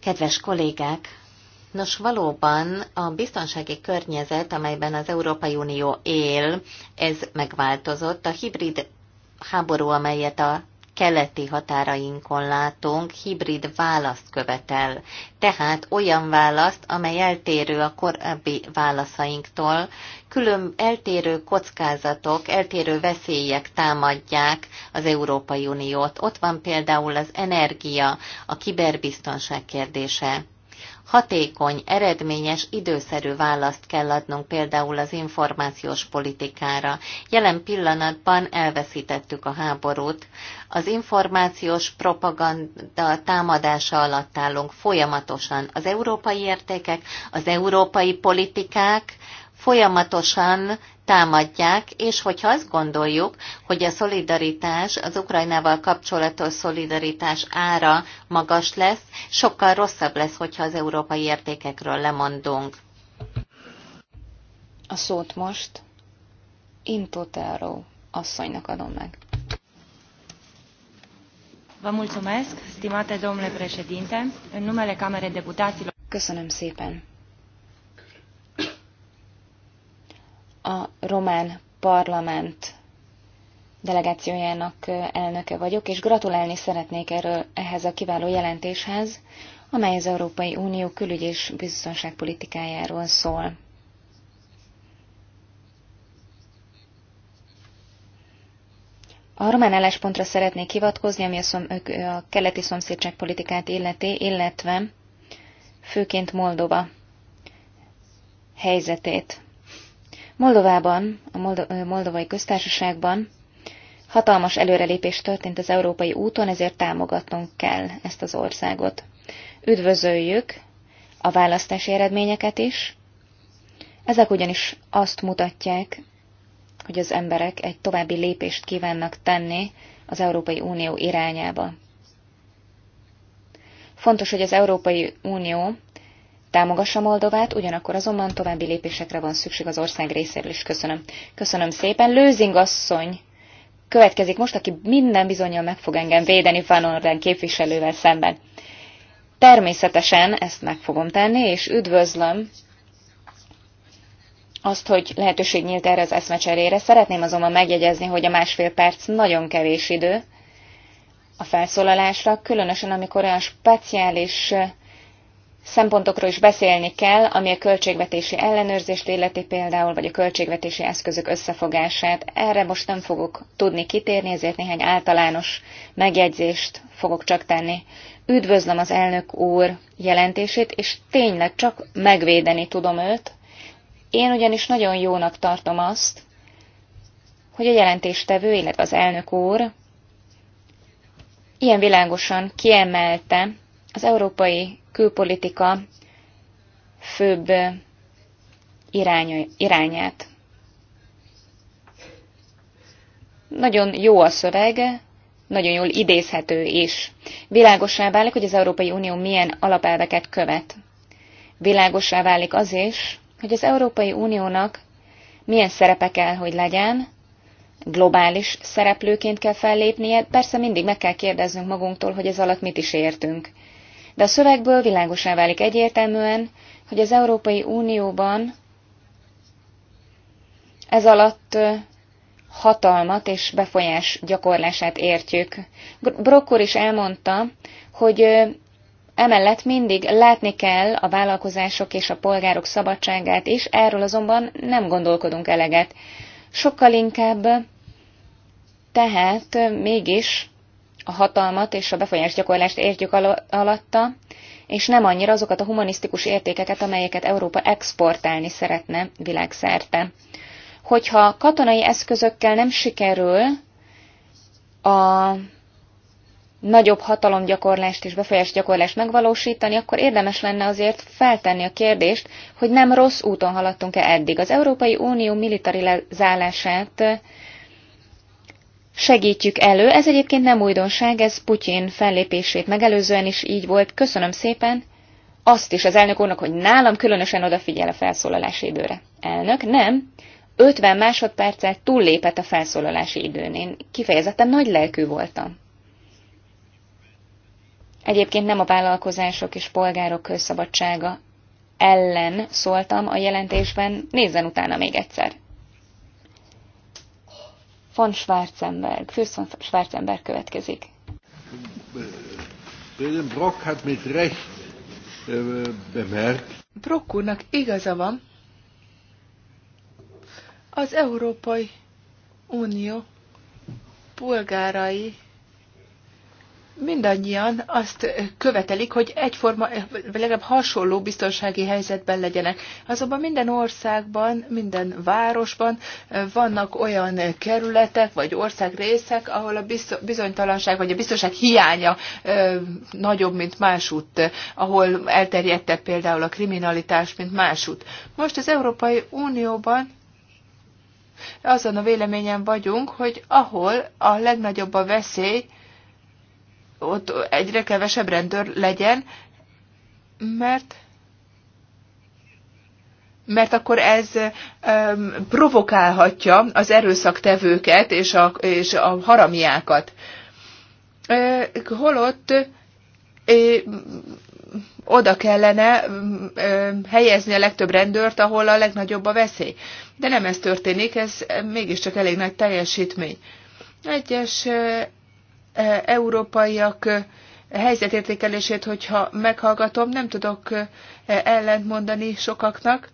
Kedves kollégák, Nos, valóban a biztonsági környezet, amelyben az Európai Unió él, ez megváltozott. A hibrid háború, amelyet a keleti határainkon látunk, hibrid választ követel. Tehát olyan választ, amely eltérő a korábbi válaszainktól, külön eltérő kockázatok, eltérő veszélyek támadják az Európai Uniót. Ott van például az energia, a kiberbiztonság kérdése hatékony, eredményes, időszerű választ kell adnunk például az információs politikára. Jelen pillanatban elveszítettük a háborút. Az információs propaganda támadása alatt állunk folyamatosan. Az európai értékek, az európai politikák, folyamatosan támadják, és hogyha azt gondoljuk, hogy a szolidaritás, az Ukrajnával kapcsolatos szolidaritás ára magas lesz, sokkal rosszabb lesz, hogyha az európai értékekről lemondunk. A szót most Intotero asszonynak adom meg. Vă mulțumesc, stimate domnule președinte, în numele Camerei Deputaților. Köszönöm szépen. a román parlament delegációjának elnöke vagyok, és gratulálni szeretnék erről, ehhez a kiváló jelentéshez, amely az Európai Unió külügy és biztonságpolitikájáról szól. A román álláspontra szeretnék hivatkozni, ami a, szom, a keleti szomszédságpolitikát illeti, illetve főként Moldova helyzetét. Moldovában, a Moldovai Köztársaságban hatalmas előrelépés történt az európai úton, ezért támogatnunk kell ezt az országot. Üdvözöljük a választási eredményeket is. Ezek ugyanis azt mutatják, hogy az emberek egy további lépést kívánnak tenni az Európai Unió irányába. Fontos, hogy az Európai Unió támogassa Moldovát, ugyanakkor azonban további lépésekre van szükség az ország részéről is. Köszönöm. Köszönöm szépen. Lőzing asszony következik most, aki minden bizonyal meg fog engem védeni Van Orden képviselővel szemben. Természetesen ezt meg fogom tenni, és üdvözlöm azt, hogy lehetőség nyílt erre az eszmecserére. Szeretném azonban megjegyezni, hogy a másfél perc nagyon kevés idő a felszólalásra, különösen amikor olyan speciális szempontokról is beszélni kell, ami a költségvetési ellenőrzést illeti például, vagy a költségvetési eszközök összefogását. Erre most nem fogok tudni kitérni, ezért néhány általános megjegyzést fogok csak tenni. Üdvözlöm az elnök úr jelentését, és tényleg csak megvédeni tudom őt. Én ugyanis nagyon jónak tartom azt, hogy a jelentéstevő, illetve az elnök úr ilyen világosan kiemelte az európai külpolitika főbb irány, irányát. Nagyon jó a szöveg, nagyon jól idézhető is. Világosá válik, hogy az Európai Unió milyen alapelveket követ. Világosá válik az is, hogy az Európai Uniónak milyen szerepe kell, hogy legyen, globális szereplőként kell fellépnie, persze mindig meg kell kérdeznünk magunktól, hogy ez alatt mit is értünk. De a szövegből világosá válik egyértelműen, hogy az Európai Unióban ez alatt hatalmat és befolyás gyakorlását értjük. Brokkor is elmondta, hogy emellett mindig látni kell a vállalkozások és a polgárok szabadságát is, erről azonban nem gondolkodunk eleget. Sokkal inkább tehát mégis a hatalmat és a befolyásgyakorlást értjük al alatta, és nem annyira azokat a humanisztikus értékeket, amelyeket Európa exportálni szeretne világszerte. Hogyha katonai eszközökkel nem sikerül a nagyobb hatalomgyakorlást és befolyásgyakorlást megvalósítani, akkor érdemes lenne azért feltenni a kérdést, hogy nem rossz úton haladtunk-e eddig. Az Európai Unió militarizálását segítjük elő. Ez egyébként nem újdonság, ez Putyin fellépését megelőzően is így volt. Köszönöm szépen azt is az elnök úrnak, hogy nálam különösen odafigyel a felszólalási időre. Elnök, nem. 50 másodpercet túllépett a felszólalási időn. Én kifejezetten nagy lelkű voltam. Egyébként nem a vállalkozások és polgárok szabadsága ellen szóltam a jelentésben, nézzen utána még egyszer von Schwarzenberg. Fürst von Schwarzenberg következik. Brock hat mit Recht äh, bemerkt. Brock úrnak igaza van. Az Európai Unió polgárai mindannyian azt követelik, hogy egyforma, vagy legalább hasonló biztonsági helyzetben legyenek. Azonban minden országban, minden városban vannak olyan kerületek vagy országrészek, ahol a bizonytalanság vagy a biztonság hiánya nagyobb, mint másutt, ahol elterjedtebb például a kriminalitás, mint másutt. Most az Európai Unióban azon a véleményen vagyunk, hogy ahol a legnagyobb a veszély, ott egyre kevesebb rendőr legyen, mert mert akkor ez um, provokálhatja az erőszaktevőket és a, és a haramiákat. Uh, holott uh, oda kellene uh, helyezni a legtöbb rendőrt, ahol a legnagyobb a veszély. De nem ez történik, ez mégiscsak elég nagy teljesítmény. Egyes E, európaiak e, helyzetértékelését, hogyha meghallgatom, nem tudok e, ellentmondani sokaknak.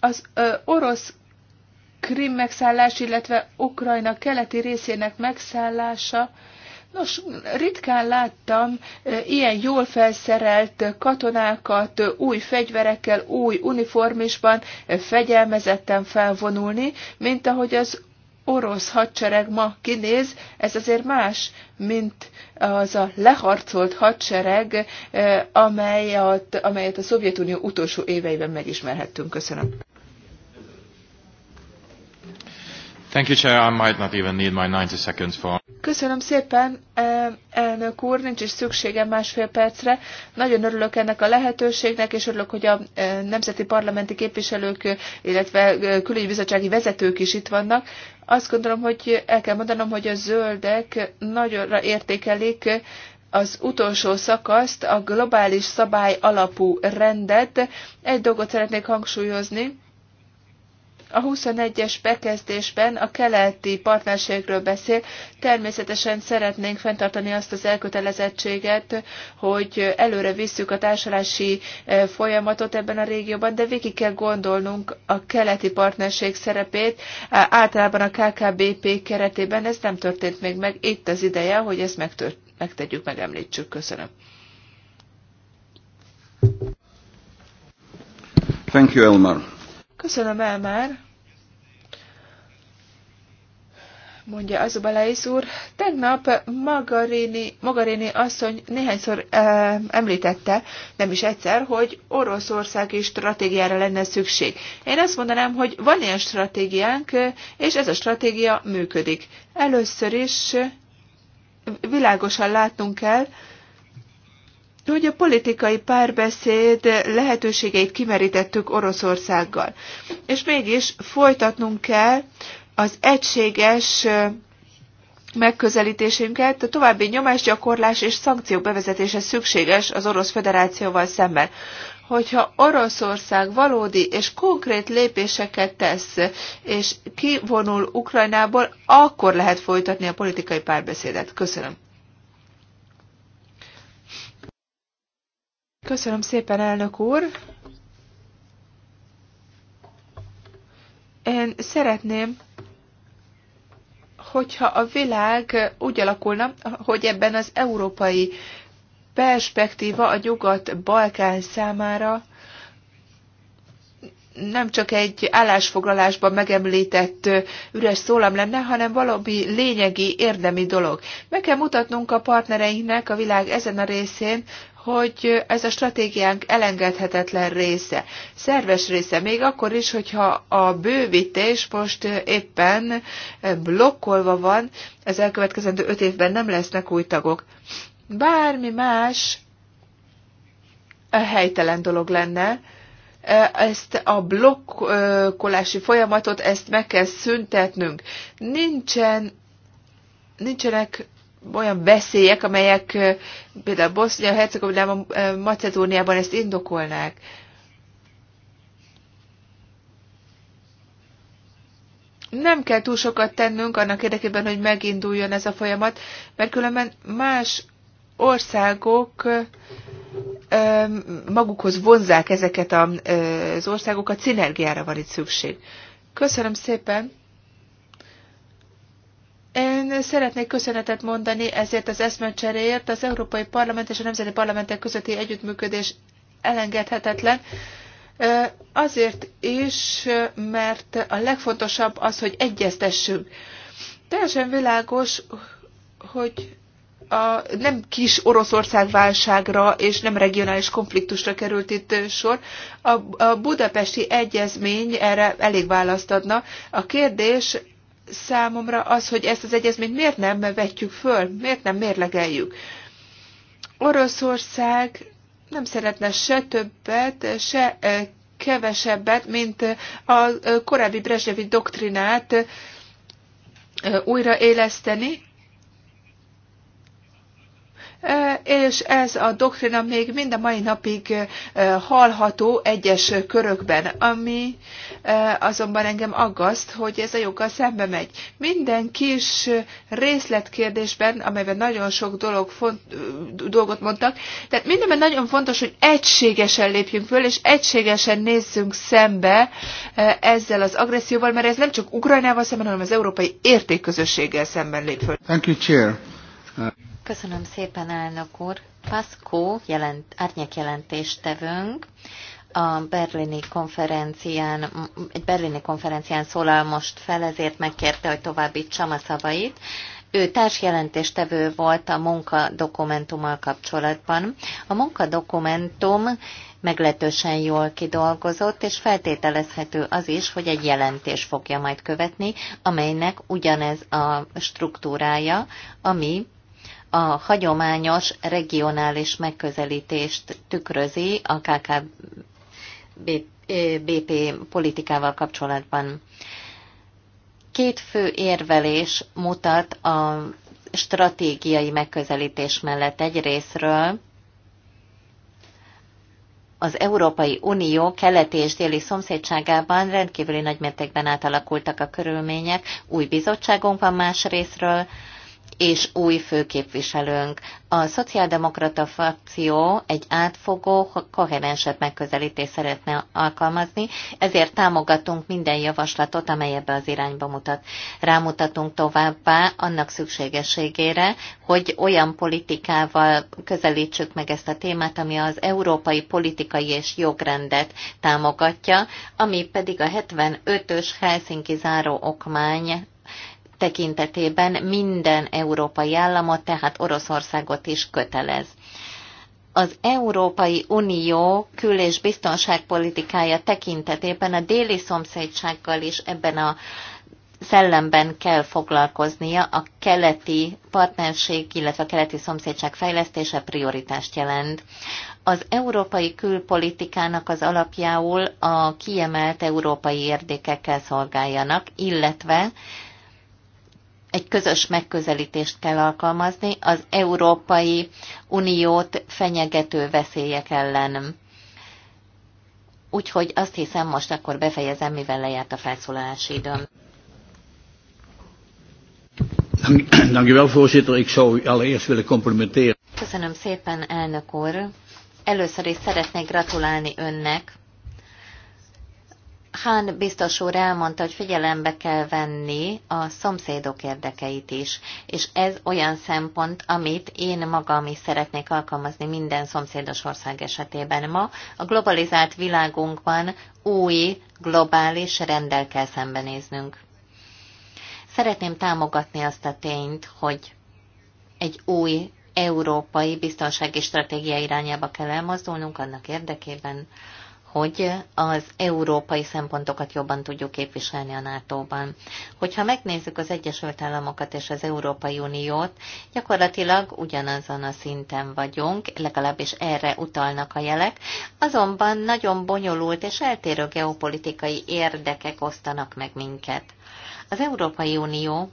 Az orosz Krim megszállás, illetve Ukrajna keleti részének megszállása. Nos, ritkán láttam ilyen jól felszerelt katonákat új fegyverekkel, új uniformisban fegyelmezetten felvonulni, mint ahogy az orosz hadsereg ma kinéz, ez azért más, mint az a leharcolt hadsereg, eh, amelyet, amelyet a Szovjetunió utolsó éveiben megismerhettünk. Köszönöm. Thank you, Chair. I might not even need my 90 seconds for... Köszönöm szépen, e, elnök úr, nincs is szükségem másfél percre. Nagyon örülök ennek a lehetőségnek, és örülök, hogy a e, nemzeti parlamenti képviselők, illetve e, külügyi bizottsági vezetők is itt vannak. Azt gondolom, hogy el kell mondanom, hogy a zöldek nagyonra értékelik az utolsó szakaszt, a globális szabály alapú rendet. Egy dolgot szeretnék hangsúlyozni a 21-es bekezdésben a keleti partnerségről beszél. Természetesen szeretnénk fenntartani azt az elkötelezettséget, hogy előre visszük a társadalási eh, folyamatot ebben a régióban, de végig kell gondolnunk a keleti partnerség szerepét. Általában a KKBP keretében ez nem történt még meg. Itt az ideje, hogy ezt megtört, megtegyük, megemlítsük. Köszönöm. Thank you, Elmar. Köszönöm, Elmar. mondja az Balaisz úr. Tegnap Magarini, Magarini asszony néhányszor e, említette, nem is egyszer, hogy Oroszországi stratégiára lenne szükség. Én azt mondanám, hogy van ilyen stratégiánk, és ez a stratégia működik. Először is világosan látnunk kell, hogy a politikai párbeszéd lehetőségeit kimerítettük Oroszországgal. És mégis folytatnunk kell az egységes megközelítésünket a további nyomásgyakorlás és szankciók bevezetése szükséges az Orosz Federációval szemben. Hogyha Oroszország valódi és konkrét lépéseket tesz, és kivonul Ukrajnából, akkor lehet folytatni a politikai párbeszédet. Köszönöm. Köszönöm szépen, elnök úr! Én szeretném hogyha a világ úgy alakulna, hogy ebben az európai perspektíva a nyugat-balkán számára nem csak egy állásfoglalásban megemlített üres szólam lenne, hanem valami lényegi, érdemi dolog. Meg kell mutatnunk a partnereinknek a világ ezen a részén, hogy ez a stratégiánk elengedhetetlen része, szerves része, még akkor is, hogyha a bővítés most éppen blokkolva van, az elkövetkezendő öt évben nem lesznek új tagok. Bármi más eh, helytelen dolog lenne, eh, ezt a blokkolási folyamatot, ezt meg kell szüntetnünk. Nincsen, nincsenek olyan veszélyek, amelyek például Bosznia-Hercegovinában, Macedóniában ezt indokolnák. nem kell túl sokat tennünk annak érdekében, hogy meginduljon ez a folyamat, mert különben más országok magukhoz vonzák ezeket az országokat, szinergiára van itt szükség. Köszönöm szépen! Én szeretnék köszönetet mondani ezért az eszmecseréért. Az Európai Parlament és a Nemzeti Parlamentek közötti együttműködés elengedhetetlen. Azért is, mert a legfontosabb az, hogy egyeztessünk. Teljesen világos, hogy a nem kis Oroszország válságra és nem regionális konfliktusra került itt sor. A, a budapesti egyezmény erre elég választ adna. A kérdés számomra az, hogy ezt az egyezményt miért nem vetjük föl, miért nem mérlegeljük. Oroszország nem szeretne se többet, se kevesebbet, mint a korábbi Brezsevi doktrinát újraéleszteni, E, és ez a doktrina még mind a mai napig e, hallható egyes körökben, ami e, azonban engem aggaszt, hogy ez a joggal szembe megy. Minden kis részletkérdésben, amelyben nagyon sok dolog font, dolgot mondtak, tehát mindenben nagyon fontos, hogy egységesen lépjünk föl, és egységesen nézzünk szembe ezzel az agresszióval, mert ez nem csak Ukrajnával szemben, hanem az európai értékközösséggel szemben lép föl. Thank you, Chair. Köszönöm szépen, elnök úr. Paszkó jelent, tevünk, a berlini konferencián, egy berlini konferencián szólal most fel, ezért megkérte, hogy továbbítsam a szavait. Ő társjelentéstevő volt a munkadokumentummal kapcsolatban. A munkadokumentum meglehetősen jól kidolgozott, és feltételezhető az is, hogy egy jelentés fogja majd követni, amelynek ugyanez a struktúrája, ami a hagyományos regionális megközelítést tükrözi a KKBP eh, politikával kapcsolatban. Két fő érvelés mutat a stratégiai megközelítés mellett egy részről az Európai Unió keleti és déli szomszédságában rendkívüli nagymértékben átalakultak a körülmények, új bizottságunk van más részről, és új főképviselőnk. A szociáldemokrata frakció egy átfogó, koherensebb megközelítést szeretne alkalmazni, ezért támogatunk minden javaslatot, amely ebbe az irányba mutat. Rámutatunk továbbá annak szükségességére, hogy olyan politikával közelítsük meg ezt a témát, ami az európai politikai és jogrendet támogatja, ami pedig a 75-ös Helsinki záró okmány tekintetében minden európai államot, tehát Oroszországot is kötelez. Az Európai Unió kül- és biztonságpolitikája tekintetében a déli szomszédsággal is ebben a szellemben kell foglalkoznia, a keleti partnerség, illetve a keleti szomszédság fejlesztése prioritást jelent. Az európai külpolitikának az alapjául a kiemelt európai érdekekkel szolgáljanak, illetve egy közös megközelítést kell alkalmazni az Európai Uniót fenyegető veszélyek ellen. Úgyhogy azt hiszem, most akkor befejezem, mivel lejárt a felszólalási időm. Köszönöm szépen, elnök úr. Először is szeretnék gratulálni önnek Hán biztos úr elmondta, hogy figyelembe kell venni a szomszédok érdekeit is, és ez olyan szempont, amit én magam is szeretnék alkalmazni minden szomszédos ország esetében. Ma a globalizált világunkban új, globális rendel kell szembenéznünk. Szeretném támogatni azt a tényt, hogy egy új európai biztonsági stratégia irányába kell elmozdulnunk annak érdekében, hogy az európai szempontokat jobban tudjuk képviselni a NATO-ban. Hogyha megnézzük az Egyesült Államokat és az Európai Uniót, gyakorlatilag ugyanazon a szinten vagyunk, legalábbis erre utalnak a jelek, azonban nagyon bonyolult és eltérő geopolitikai érdekek osztanak meg minket. Az Európai Unió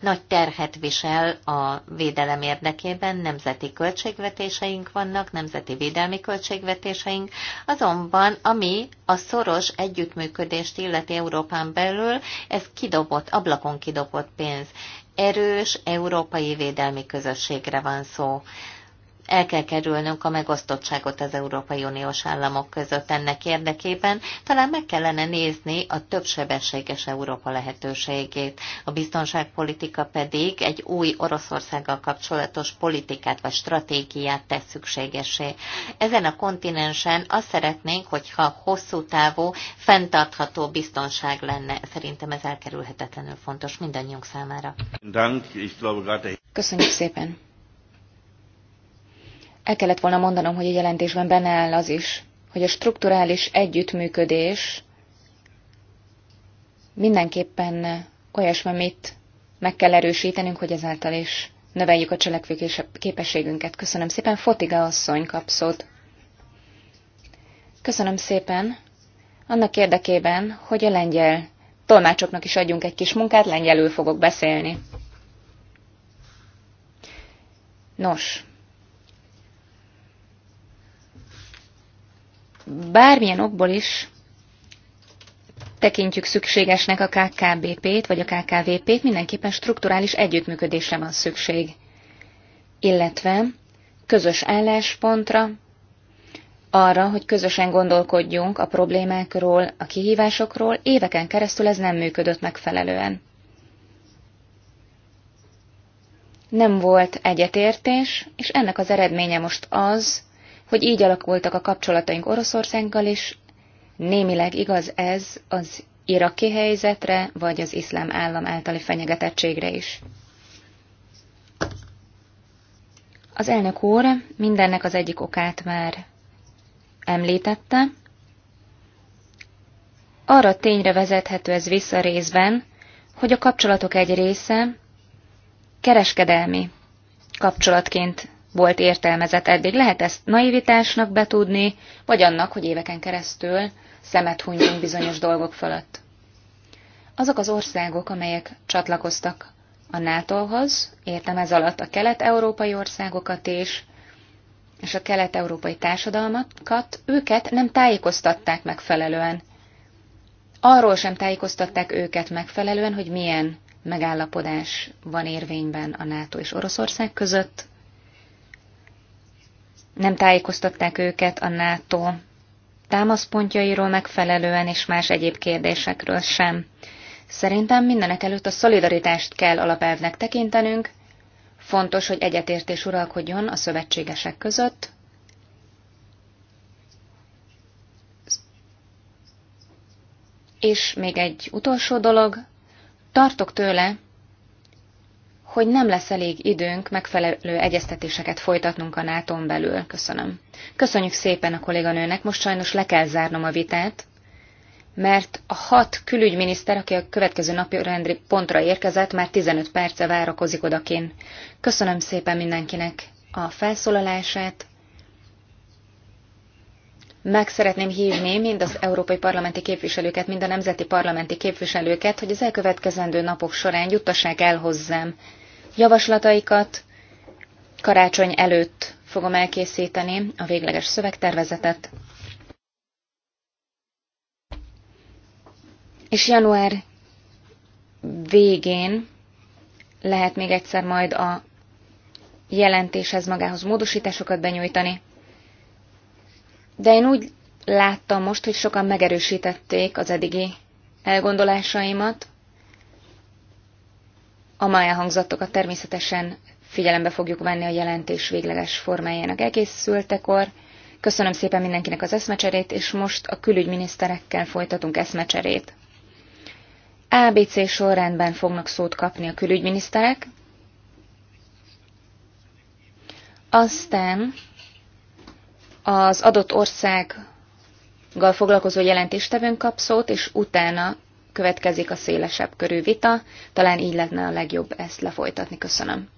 nagy terhet visel a védelem érdekében, nemzeti költségvetéseink vannak, nemzeti védelmi költségvetéseink, azonban ami a szoros együttműködést illeti Európán belül, ez kidobott, ablakon kidobott pénz. Erős európai védelmi közösségre van szó el kell kerülnünk a megosztottságot az Európai Uniós államok között ennek érdekében, talán meg kellene nézni a többsebességes Európa lehetőségét. A biztonságpolitika pedig egy új Oroszországgal kapcsolatos politikát vagy stratégiát tesz szükségesé. Ezen a kontinensen azt szeretnénk, hogyha hosszú távú, fenntartható biztonság lenne. Szerintem ez elkerülhetetlenül fontos mindannyiunk számára. Köszönjük szépen! el kellett volna mondanom, hogy a jelentésben benne áll az is, hogy a strukturális együttműködés mindenképpen olyasmit meg kell erősítenünk, hogy ezáltal is növeljük a cselekvés képességünket. Köszönöm szépen, Fotiga asszony kapszót. Köszönöm szépen. Annak érdekében, hogy a lengyel tolmácsoknak is adjunk egy kis munkát, lengyelül fogok beszélni. Nos, bármilyen okból is tekintjük szükségesnek a KKBP-t vagy a KKVP-t, mindenképpen strukturális együttműködésre van szükség, illetve közös álláspontra, arra, hogy közösen gondolkodjunk a problémákról, a kihívásokról, éveken keresztül ez nem működött megfelelően. Nem volt egyetértés, és ennek az eredménye most az, hogy így alakultak a kapcsolataink Oroszországgal is, némileg igaz ez az iraki helyzetre, vagy az iszlám állam általi fenyegetettségre is. Az elnök úr mindennek az egyik okát már említette. Arra tényre vezethető ez vissza részben, hogy a kapcsolatok egy része kereskedelmi kapcsolatként volt értelmezett eddig. Lehet ezt naivitásnak betudni, vagy annak, hogy éveken keresztül szemet hunyunk bizonyos dolgok fölött. Azok az országok, amelyek csatlakoztak a NATO-hoz, értem ez alatt a kelet-európai országokat és és a kelet-európai társadalmakat, őket nem tájékoztatták megfelelően. Arról sem tájékoztatták őket megfelelően, hogy milyen megállapodás van érvényben a NATO és Oroszország között, nem tájékoztatták őket a NATO támaszpontjairól megfelelően és más egyéb kérdésekről sem. Szerintem mindenek előtt a szolidaritást kell alapelvnek tekintenünk, fontos, hogy egyetértés uralkodjon a szövetségesek között, És még egy utolsó dolog, tartok tőle, hogy nem lesz elég időnk megfelelő egyeztetéseket folytatnunk a nato belül. Köszönöm. Köszönjük szépen a kolléganőnek, most sajnos le kell zárnom a vitát, mert a hat külügyminiszter, aki a következő napi rendri pontra érkezett, már 15 perce várakozik odakin. Köszönöm szépen mindenkinek a felszólalását. Meg szeretném hívni mind az európai parlamenti képviselőket, mind a nemzeti parlamenti képviselőket, hogy az elkövetkezendő napok során juttassák el hozzám Javaslataikat karácsony előtt fogom elkészíteni a végleges szövegtervezetet. És január végén lehet még egyszer majd a jelentéshez magához módosításokat benyújtani. De én úgy láttam most, hogy sokan megerősítették az eddigi elgondolásaimat, a mai elhangzottokat természetesen figyelembe fogjuk venni a jelentés végleges formájának elkészültekor. Köszönöm szépen mindenkinek az eszmecserét, és most a külügyminiszterekkel folytatunk eszmecserét. ABC sorrendben fognak szót kapni a külügyminiszterek, aztán az adott országgal foglalkozó jelentéstevőn kap szót, és utána következik a szélesebb körű vita, talán így lenne a legjobb ezt lefolytatni. Köszönöm.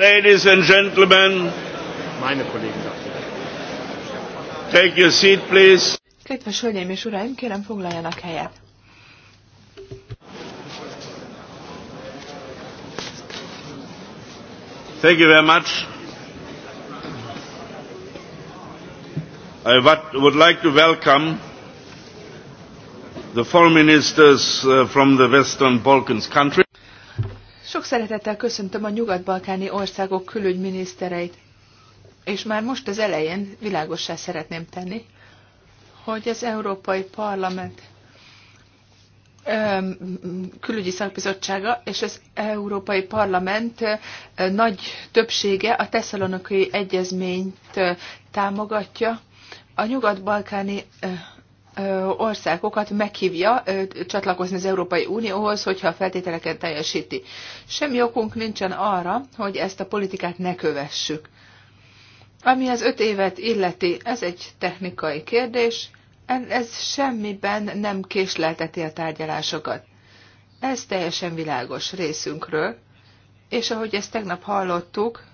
Ladies and gentlemen, meine Kollegen Take your seat, please. Kedves hölgyeim és uraim, kérem foglaljanak helyet. Thank you very much. I would like to welcome the foreign ministers uh, from the Western Balkans countries. Sok szeretettel köszöntöm a nyugat-balkáni országok külügyminisztereit, és már most az elején világossá szeretném tenni, hogy az Európai Parlament külügyi szakbizottsága és az Európai Parlament nagy többsége a tesszalonokai egyezményt támogatja. A nyugat-balkáni országokat meghívja csatlakozni az Európai Unióhoz, hogyha a feltételeket teljesíti. Semmi okunk nincsen arra, hogy ezt a politikát ne kövessük. Ami az öt évet illeti, ez egy technikai kérdés, ez semmiben nem késlelteti a tárgyalásokat. Ez teljesen világos részünkről, és ahogy ezt tegnap hallottuk,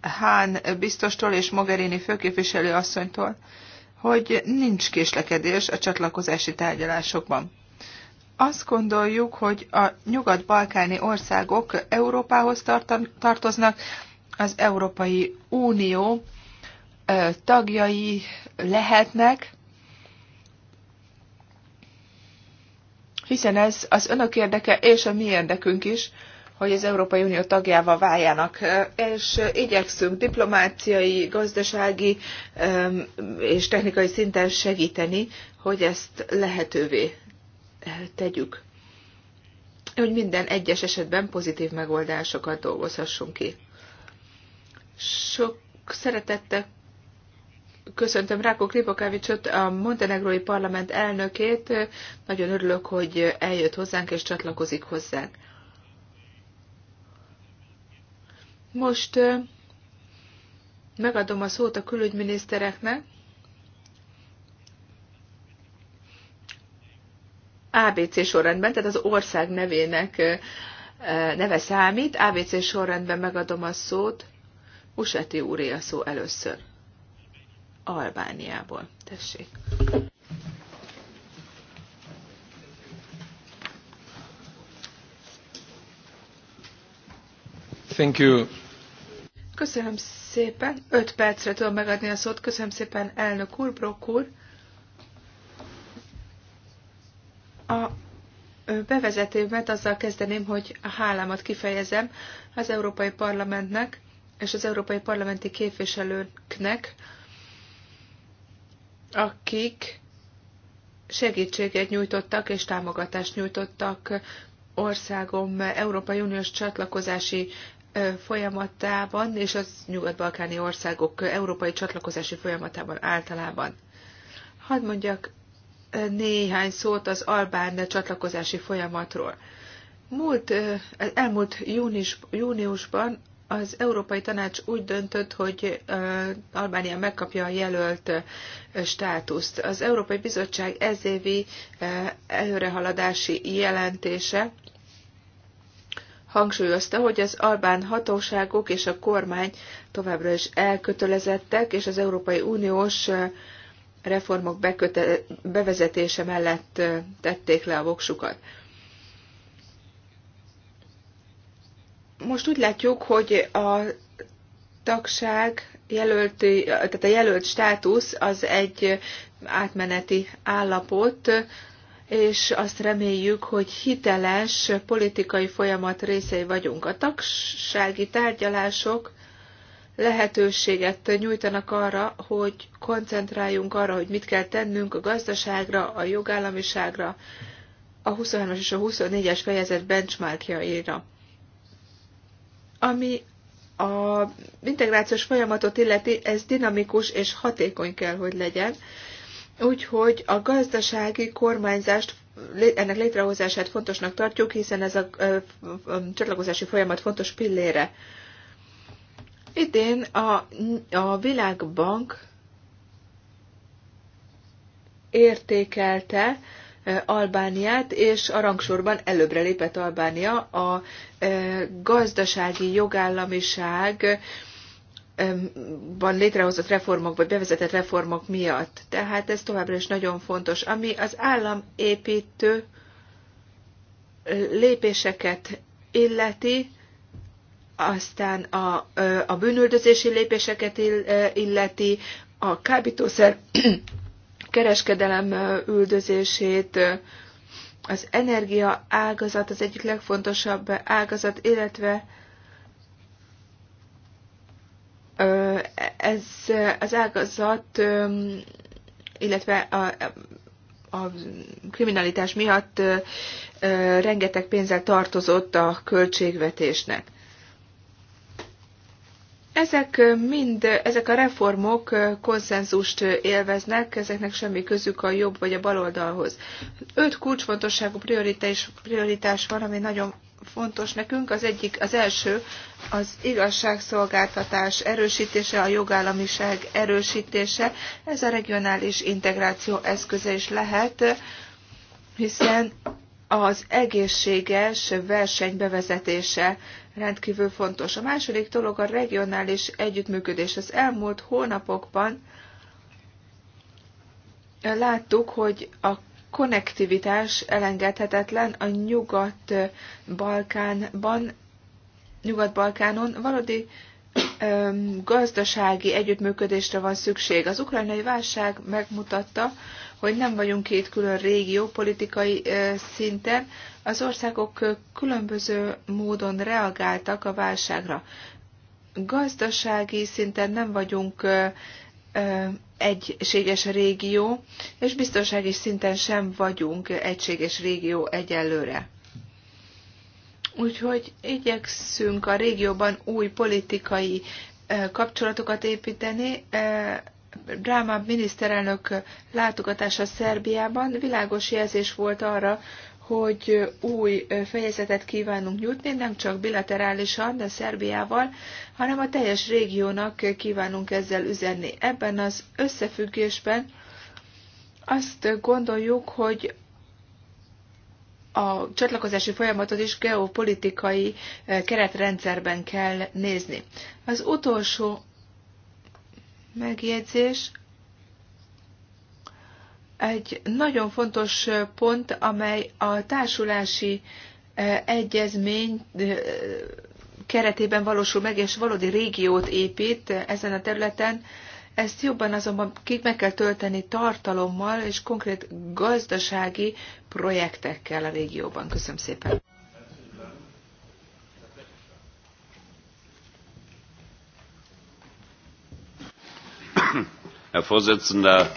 Hán biztostól és Mogherini főképviselő asszonytól, hogy nincs késlekedés a csatlakozási tárgyalásokban. Azt gondoljuk, hogy a nyugat-balkáni országok Európához tartoznak, az Európai Unió tagjai lehetnek, hiszen ez az önök érdeke és a mi érdekünk is, hogy az Európai Unió tagjává váljanak, és igyekszünk diplomáciai, gazdasági és technikai szinten segíteni, hogy ezt lehetővé tegyük. Hogy minden egyes esetben pozitív megoldásokat dolgozhassunk ki. Sok szeretettel köszöntöm Rákó Kripokávicsot, a montenegrói parlament elnökét. Nagyon örülök, hogy eljött hozzánk és csatlakozik hozzánk. Most megadom a szót a külügyminisztereknek. ABC sorrendben, tehát az ország nevének neve számít. ABC sorrendben megadom a szót. Useti úré a szó először. Albániából. Tessék. Thank you, Köszönöm szépen. Öt percre tudom megadni a szót. Köszönöm szépen, elnök úr, Brok úr. A bevezetőmet azzal kezdeném, hogy a hálámat kifejezem az Európai Parlamentnek és az Európai Parlamenti képviselőknek, akik segítséget nyújtottak és támogatást nyújtottak országom Európai Uniós csatlakozási folyamatában, és az nyugat-balkáni országok európai csatlakozási folyamatában általában. Hadd mondjak néhány szót az albán csatlakozási folyamatról. Múlt, elmúlt június, júniusban az Európai Tanács úgy döntött, hogy Albánia megkapja a jelölt státuszt. Az Európai Bizottság ezévi előrehaladási jelentése hangsúlyozta, hogy az albán hatóságok és a kormány továbbra is elkötelezettek, és az Európai Uniós reformok beköte- bevezetése mellett tették le a voksukat. Most úgy látjuk, hogy a tagság jelölti, tehát a jelölt státusz az egy átmeneti állapot, és azt reméljük, hogy hiteles politikai folyamat részei vagyunk. A tagsági tárgyalások lehetőséget nyújtanak arra, hogy koncentráljunk arra, hogy mit kell tennünk a gazdaságra, a jogállamiságra, a 23-as és a 24-es fejezet benchmarkjaira. Ami a integrációs folyamatot illeti, ez dinamikus és hatékony kell, hogy legyen, Úgyhogy a gazdasági kormányzást ennek létrehozását fontosnak tartjuk, hiszen ez a csatlakozási folyamat fontos pillére. Idén a, a Világbank értékelte Albániát, és a rangsorban előbbre lépett Albánia a gazdasági jogállamiság van létrehozott reformok, vagy bevezetett reformok miatt. Tehát ez továbbra is nagyon fontos. Ami az államépítő lépéseket illeti, aztán a, a bűnüldözési lépéseket illeti, a kábítószer kereskedelem üldözését, az energia ágazat az egyik legfontosabb ágazat, illetve ez az ágazat, illetve a, a kriminalitás miatt rengeteg pénzzel tartozott a költségvetésnek. Ezek mind, ezek a reformok konszenzust élveznek, ezeknek semmi közük a jobb vagy a baloldalhoz. Öt kulcsfontosságú prioritás, prioritás van, ami nagyon fontos nekünk. Az egyik, az első, az igazságszolgáltatás erősítése, a jogállamiság erősítése. Ez a regionális integráció eszköze is lehet, hiszen az egészséges verseny bevezetése rendkívül fontos. A második dolog a regionális együttműködés. Az elmúlt hónapokban láttuk, hogy a konnektivitás elengedhetetlen a Nyugat-Balkánban, Nyugat-Balkánon valódi öm, gazdasági együttműködésre van szükség. Az ukrajnai válság megmutatta, hogy nem vagyunk két külön régió politikai szinten, az országok különböző módon reagáltak a válságra. Gazdasági szinten nem vagyunk egységes régió, és biztonsági szinten sem vagyunk egységes régió egyelőre. Úgyhogy igyekszünk a régióban új politikai e, kapcsolatokat építeni. E, Dráma miniszterelnök látogatása Szerbiában világos jelzés volt arra, hogy új fejezetet kívánunk nyújtni, nem csak bilaterálisan, de Szerbiával, hanem a teljes régiónak kívánunk ezzel üzenni. Ebben az összefüggésben azt gondoljuk, hogy a csatlakozási folyamatot is geopolitikai keretrendszerben kell nézni. Az utolsó megjegyzés egy nagyon fontos pont, amely a társulási egyezmény keretében valósul meg, és valódi régiót épít ezen a területen. Ezt jobban azonban meg kell tölteni tartalommal és konkrét gazdasági projektekkel a régióban. Köszönöm szépen! Herr Vorsitzender,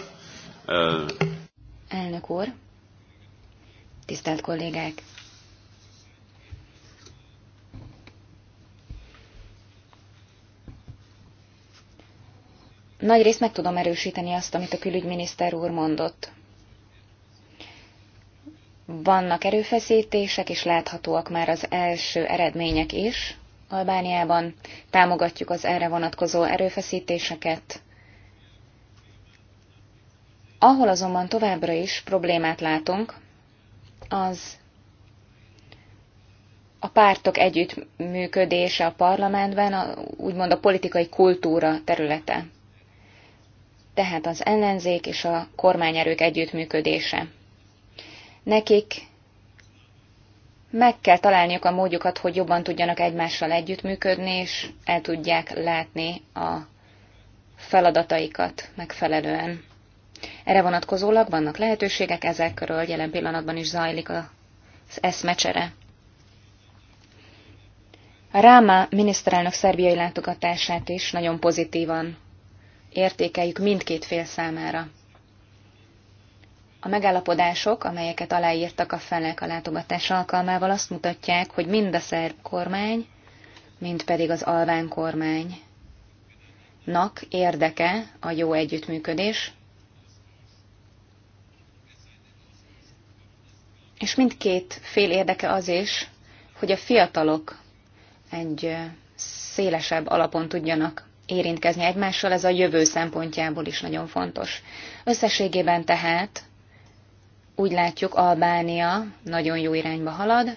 Elnök úr, tisztelt kollégák! Nagy részt meg tudom erősíteni azt, amit a külügyminiszter úr mondott. Vannak erőfeszítések, és láthatóak már az első eredmények is. Albániában támogatjuk az erre vonatkozó erőfeszítéseket, ahol azonban továbbra is problémát látunk, az a pártok együttműködése a parlamentben, a, úgymond a politikai kultúra területe. Tehát az ellenzék és a kormányerők együttműködése. Nekik meg kell találniuk a módjukat, hogy jobban tudjanak egymással együttműködni, és el tudják látni a feladataikat megfelelően. Erre vonatkozólag vannak lehetőségek, ezekről jelen pillanatban is zajlik az eszmecsere. A Ráma miniszterelnök szerbiai látogatását is nagyon pozitívan értékeljük mindkét fél számára. A megállapodások, amelyeket aláírtak a felek a látogatás alkalmával, azt mutatják, hogy mind a szerb kormány, mind pedig az alván kormánynak érdeke a jó együttműködés, És mindkét fél érdeke az is, hogy a fiatalok egy szélesebb alapon tudjanak érintkezni egymással, ez a jövő szempontjából is nagyon fontos. Összességében tehát úgy látjuk, Albánia nagyon jó irányba halad,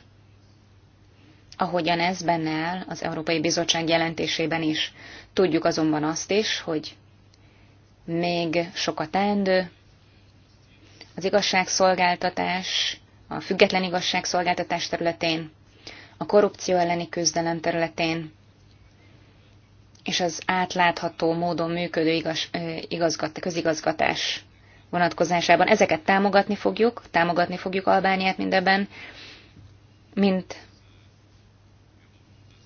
ahogyan ez benne áll az Európai Bizottság jelentésében is. Tudjuk azonban azt is, hogy még sokat teendő, az igazságszolgáltatás a független igazságszolgáltatás területén, a korrupció elleni küzdelem területén, és az átlátható módon működő igaz, igazgat, közigazgatás vonatkozásában. Ezeket támogatni fogjuk, támogatni fogjuk Albániát mindebben, mint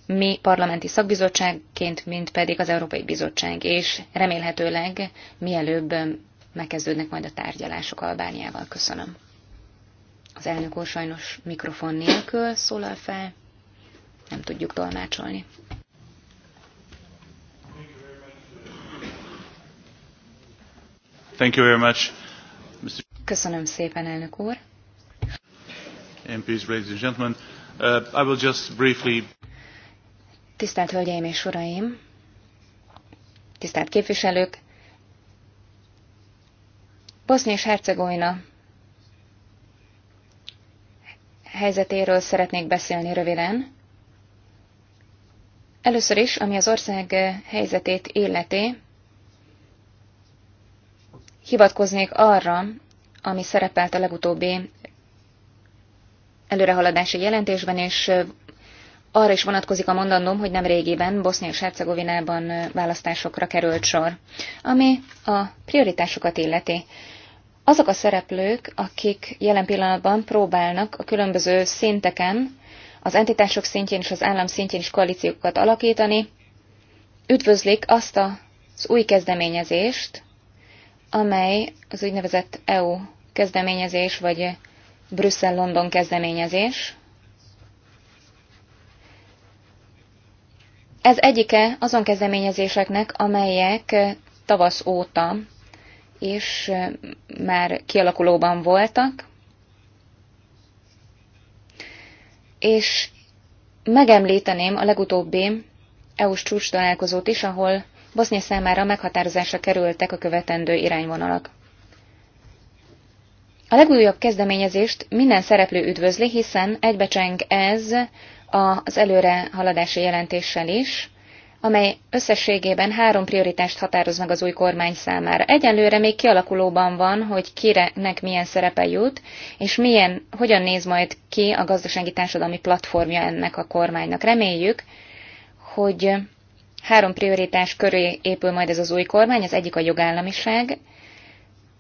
mi parlamenti szakbizottságként, mint pedig az Európai Bizottság, és remélhetőleg mielőbb megkezdődnek majd a tárgyalások Albániával. Köszönöm. Az elnök úr sajnos mikrofon nélkül szólal fel, nem tudjuk tolmácsolni. Thank you very much. Köszönöm szépen, elnök úr. MPs, ladies and gentlemen, uh, I will just briefly... Tisztelt Hölgyeim és Uraim, tisztelt képviselők, Bosznia és Hercegovina helyzetéről szeretnék beszélni röviden. Először is, ami az ország helyzetét illeti, hivatkoznék arra, ami szerepelt a legutóbbi előrehaladási jelentésben, és arra is vonatkozik a mondandóm, hogy nem régiben Bosznia és Hercegovinában választásokra került sor, ami a prioritásokat illeti azok a szereplők, akik jelen pillanatban próbálnak a különböző szinteken, az entitások szintjén és az állam szintjén is koalíciókat alakítani, üdvözlik azt az új kezdeményezést, amely az úgynevezett EU kezdeményezés, vagy Brüsszel-London kezdeményezés. Ez egyike azon kezdeményezéseknek, amelyek tavasz óta és már kialakulóban voltak, és megemlíteném a legutóbbi EU-s csúcs találkozót is, ahol Bosznia számára meghatározásra kerültek a követendő irányvonalak. A legújabb kezdeményezést minden szereplő üdvözli, hiszen egybecseng ez az előre haladási jelentéssel is, amely összességében három prioritást határoz meg az új kormány számára. Egyelőre még kialakulóban van, hogy kinek milyen szerepe jut, és milyen, hogyan néz majd ki a gazdasági társadalmi platformja ennek a kormánynak. Reméljük, hogy három prioritás köré épül majd ez az új kormány. Az egyik a jogállamiság,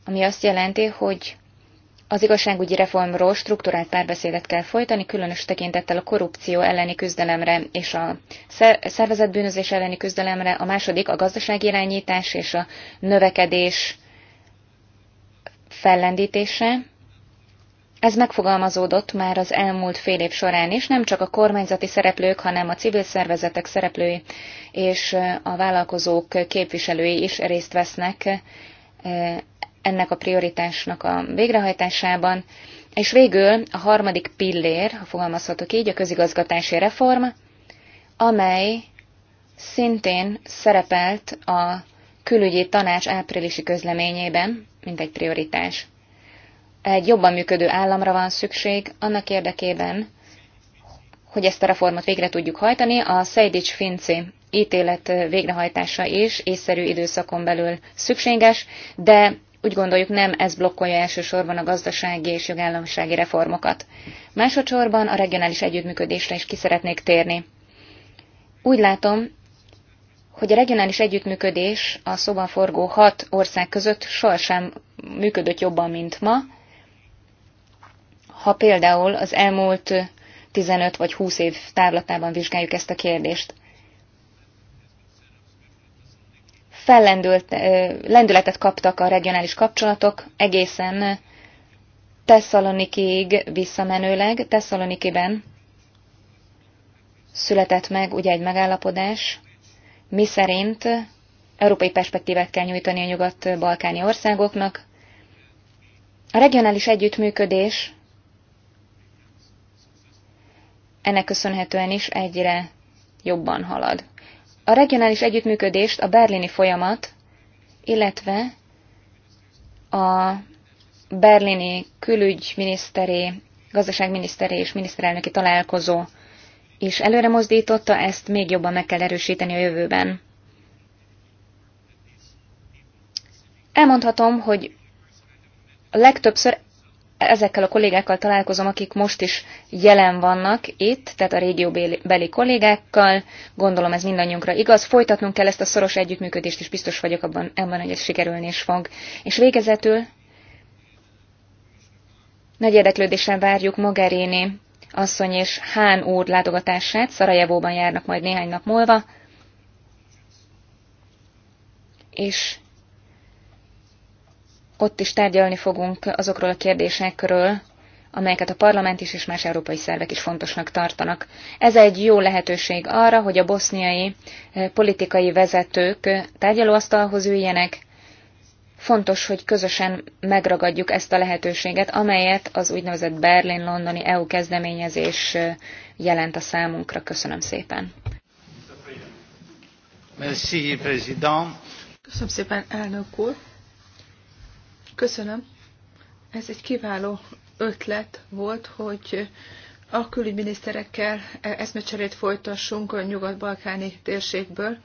ami azt jelenti, hogy az igazságügyi reformról strukturált párbeszédet kell folytani, különös tekintettel a korrupció elleni küzdelemre és a szervezetbűnözés elleni küzdelemre, a második a irányítás és a növekedés fellendítése. Ez megfogalmazódott már az elmúlt fél év során is, nem csak a kormányzati szereplők, hanem a civil szervezetek szereplői és a vállalkozók képviselői is részt vesznek eh, ennek a prioritásnak a végrehajtásában, és végül a harmadik pillér, ha fogalmazhatok így, a közigazgatási reform, amely szintén szerepelt a külügyi tanács áprilisi közleményében, mint egy prioritás. Egy jobban működő államra van szükség annak érdekében, hogy ezt a reformot végre tudjuk hajtani. A Szejdics Finci ítélet végrehajtása is észszerű időszakon belül szükséges, de úgy gondoljuk nem ez blokkolja elsősorban a gazdasági és jogállamisági reformokat. Másodszorban a regionális együttműködésre is ki szeretnék térni. Úgy látom, hogy a regionális együttműködés a szóban forgó hat ország között sohasem működött jobban, mint ma. Ha például az elmúlt 15 vagy 20 év távlatában vizsgáljuk ezt a kérdést. fellendült, lendületet kaptak a regionális kapcsolatok egészen Tesszalonikig visszamenőleg. Tesszalonikiben született meg ugye egy megállapodás, mi szerint európai perspektívát kell nyújtani a nyugat-balkáni országoknak. A regionális együttműködés ennek köszönhetően is egyre jobban halad. A regionális együttműködést a berlini folyamat, illetve a berlini külügyminiszteré, gazdaságminiszteré és miniszterelnöki találkozó is előre mozdította, ezt még jobban meg kell erősíteni a jövőben. Elmondhatom, hogy legtöbbször ezekkel a kollégákkal találkozom, akik most is jelen vannak itt, tehát a régióbeli kollégákkal. Gondolom ez mindannyiunkra igaz. Folytatnunk kell ezt a szoros együttműködést, és biztos vagyok abban, ebben, hogy ez sikerülni is fog. És végezetül nagy érdeklődéssel várjuk Mogherini asszony és Hán úr látogatását. Szarajevóban járnak majd néhány nap múlva. És ott is tárgyalni fogunk azokról a kérdésekről, amelyeket a parlament is és más európai szervek is fontosnak tartanak. Ez egy jó lehetőség arra, hogy a boszniai eh, politikai vezetők eh, tárgyalóasztalhoz üljenek. Fontos, hogy közösen megragadjuk ezt a lehetőséget, amelyet az úgynevezett Berlin-Londoni EU kezdeményezés eh, jelent a számunkra. Köszönöm szépen. Köszönöm szépen, elnök úr. Köszönöm. Ez egy kiváló ötlet volt, hogy a külügyminiszterekkel eszmecserét folytassunk a nyugat-balkáni térségből.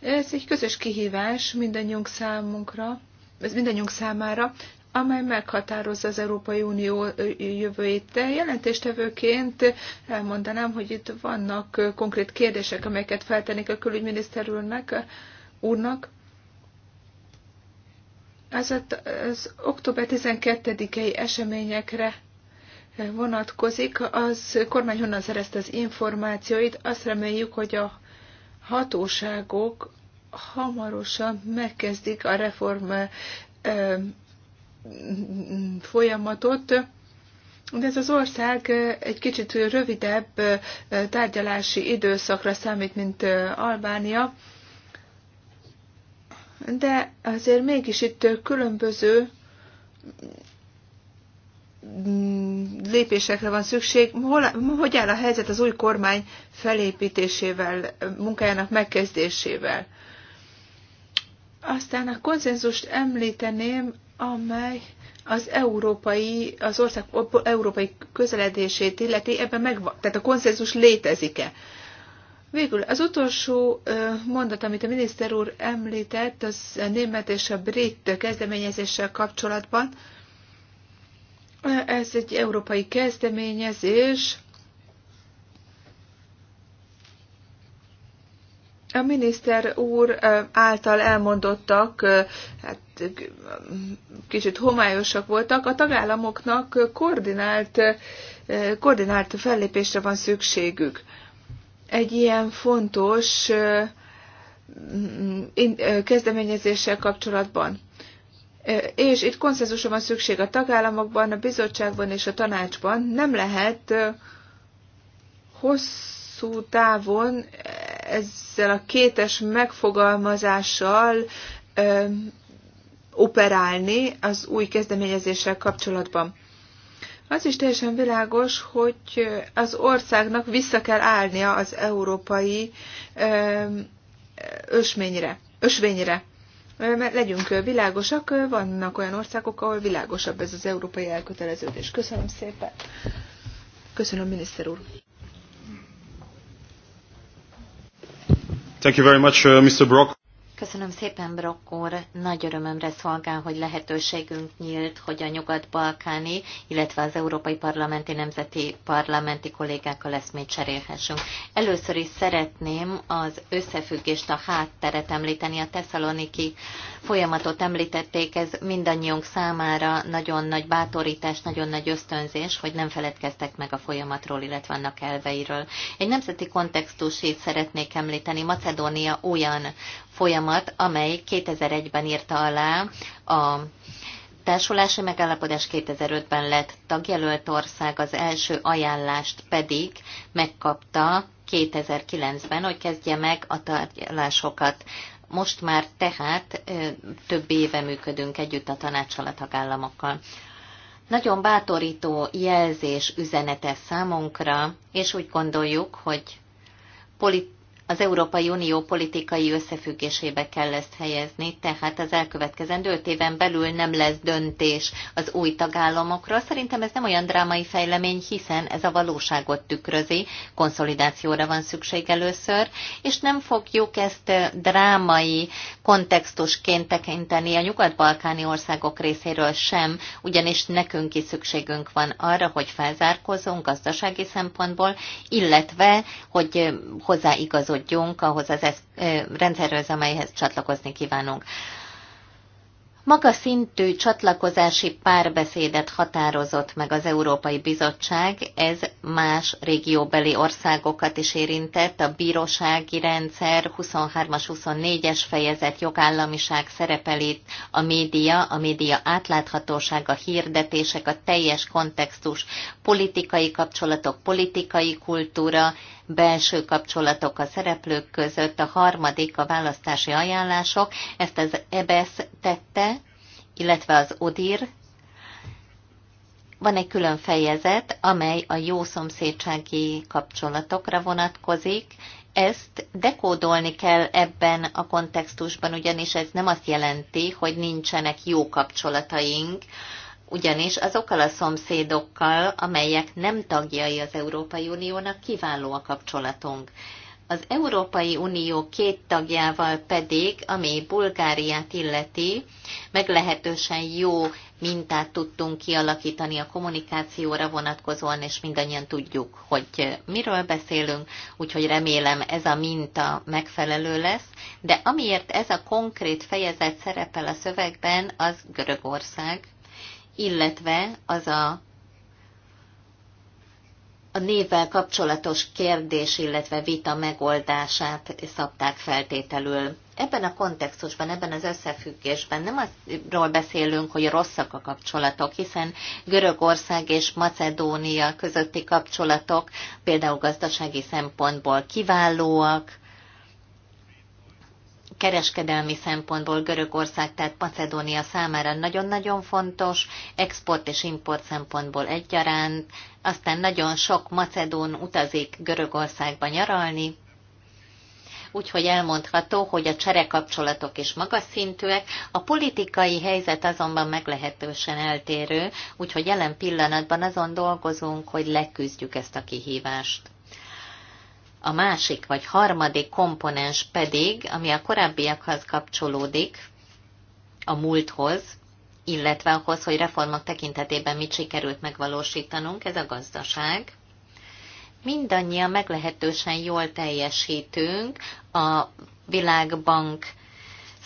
Ez egy közös kihívás mindannyiunk számunkra, ez mindannyiunk számára, amely meghatározza az Európai Unió jövőjét. De jelentéstevőként elmondanám, hogy itt vannak konkrét kérdések, amelyeket feltennék a külügyminiszter úrnak, úrnak ez az október 12-i eseményekre eh, vonatkozik. Az kormány honnan szerezte az információit. Azt reméljük, hogy a hatóságok hamarosan megkezdik a reform eh, folyamatot, de ez az ország eh, egy kicsit rövidebb tárgyalási időszakra számít, mint Albánia de azért mégis itt különböző lépésekre van szükség. Hol, hogy áll a helyzet az új kormány felépítésével, munkájának megkezdésével? Aztán a konszenzust említeném, amely az európai, az ország európai közeledését illeti, ebben megvan, tehát a konszenzus létezik-e? Végül az utolsó mondat, amit a miniszter úr említett, az a német és a brit kezdeményezéssel kapcsolatban. Ez egy európai kezdeményezés. A miniszter úr által elmondottak, hát kicsit homályosak voltak, a tagállamoknak koordinált, koordinált fellépésre van szükségük egy ilyen fontos kezdeményezéssel kapcsolatban. És itt konszenzusra van szükség a tagállamokban, a bizottságban és a tanácsban. Nem lehet hosszú távon ezzel a kétes megfogalmazással operálni az új kezdeményezéssel kapcsolatban. Az is teljesen világos, hogy az országnak vissza kell állnia az európai ösményre, ösvényre. Mert legyünk világosak, vannak olyan országok, ahol világosabb ez az európai elköteleződés. Köszönöm szépen. Köszönöm, miniszter úr. Thank you very much, uh, Mr. Brock. Köszönöm szépen, Brokkor. Nagy örömömre szolgál, hogy lehetőségünk nyílt, hogy a nyugat-balkáni, illetve az Európai Parlamenti Nemzeti Parlamenti kollégákkal eszmét cserélhessünk. Először is szeretném az összefüggést, a hátteret említeni. A tesszaloniki folyamatot említették, ez mindannyiunk számára nagyon nagy bátorítás, nagyon nagy ösztönzés, hogy nem feledkeztek meg a folyamatról, illetve annak elveiről. Egy nemzeti kontextusét szeretnék említeni. Macedónia olyan folyamat, amely 2001-ben írta alá a társulási megállapodás 2005-ben lett tagjelölt ország, az első ajánlást pedig megkapta 2009-ben, hogy kezdje meg a tárgyalásokat. Most már tehát több éve működünk együtt a tanácssal, a tagállamokkal. Nagyon bátorító jelzés üzenete számunkra, és úgy gondoljuk, hogy politikai az Európai Unió politikai összefüggésébe kell ezt helyezni, tehát az elkövetkezendő öt éven belül nem lesz döntés az új tagállamokra. Szerintem ez nem olyan drámai fejlemény, hiszen ez a valóságot tükrözi, konszolidációra van szükség először, és nem fogjuk ezt drámai kontextusként tekinteni a nyugat-balkáni országok részéről sem, ugyanis nekünk is szükségünk van arra, hogy felzárkozunk gazdasági szempontból, illetve, hogy hozzáigazodjunk kapcsolódjunk ahhoz az esz- rendszerhez, amelyhez csatlakozni kívánunk. Maga szintű csatlakozási párbeszédet határozott meg az Európai Bizottság, ez más régióbeli országokat is érintett, a bírósági rendszer 23-as, 24-es fejezet jogállamiság szerepelít a média, a média átláthatósága, hirdetések, a teljes kontextus, politikai kapcsolatok, politikai kultúra, belső kapcsolatok a szereplők között, a harmadik a választási ajánlások, ezt az EBESZ tette, illetve az ODIR. Van egy külön fejezet, amely a jó szomszédsági kapcsolatokra vonatkozik, ezt dekódolni kell ebben a kontextusban, ugyanis ez nem azt jelenti, hogy nincsenek jó kapcsolataink ugyanis azokkal a szomszédokkal, amelyek nem tagjai az Európai Uniónak, kiváló a kapcsolatunk. Az Európai Unió két tagjával pedig, ami Bulgáriát illeti, meglehetősen jó mintát tudtunk kialakítani a kommunikációra vonatkozóan, és mindannyian tudjuk, hogy miről beszélünk, úgyhogy remélem ez a minta megfelelő lesz, de amiért ez a konkrét fejezet szerepel a szövegben, az Görögország, illetve az a, a névvel kapcsolatos kérdés, illetve vita megoldását szabták feltételül. Ebben a kontextusban, ebben az összefüggésben nem arról beszélünk, hogy rosszak a kapcsolatok, hiszen Görögország és Macedónia közötti kapcsolatok például gazdasági szempontból kiválóak, kereskedelmi szempontból Görögország, tehát Macedónia számára nagyon-nagyon fontos, export és import szempontból egyaránt, aztán nagyon sok macedón utazik Görögországba nyaralni, úgyhogy elmondható, hogy a cserekapcsolatok is magas szintűek, a politikai helyzet azonban meglehetősen eltérő, úgyhogy jelen pillanatban azon dolgozunk, hogy leküzdjük ezt a kihívást. A másik vagy harmadik komponens pedig, ami a korábbiakhoz kapcsolódik, a múlthoz, illetve ahhoz, hogy reformok tekintetében mit sikerült megvalósítanunk, ez a gazdaság. Mindannyian meglehetősen jól teljesítünk a Világbank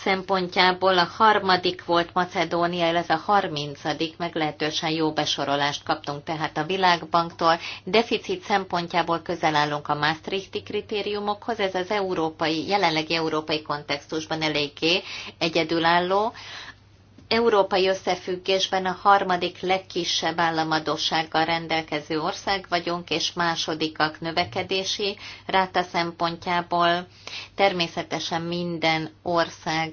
szempontjából a harmadik volt Macedónia, ez a harmincadik meglehetősen jó besorolást kaptunk tehát a Világbanktól. Deficit szempontjából közel állunk a Maastrichti kritériumokhoz, ez az európai, jelenlegi európai kontextusban eléggé egyedülálló európai összefüggésben a harmadik legkisebb államadósággal rendelkező ország vagyunk, és másodikak növekedési ráta szempontjából. Természetesen minden ország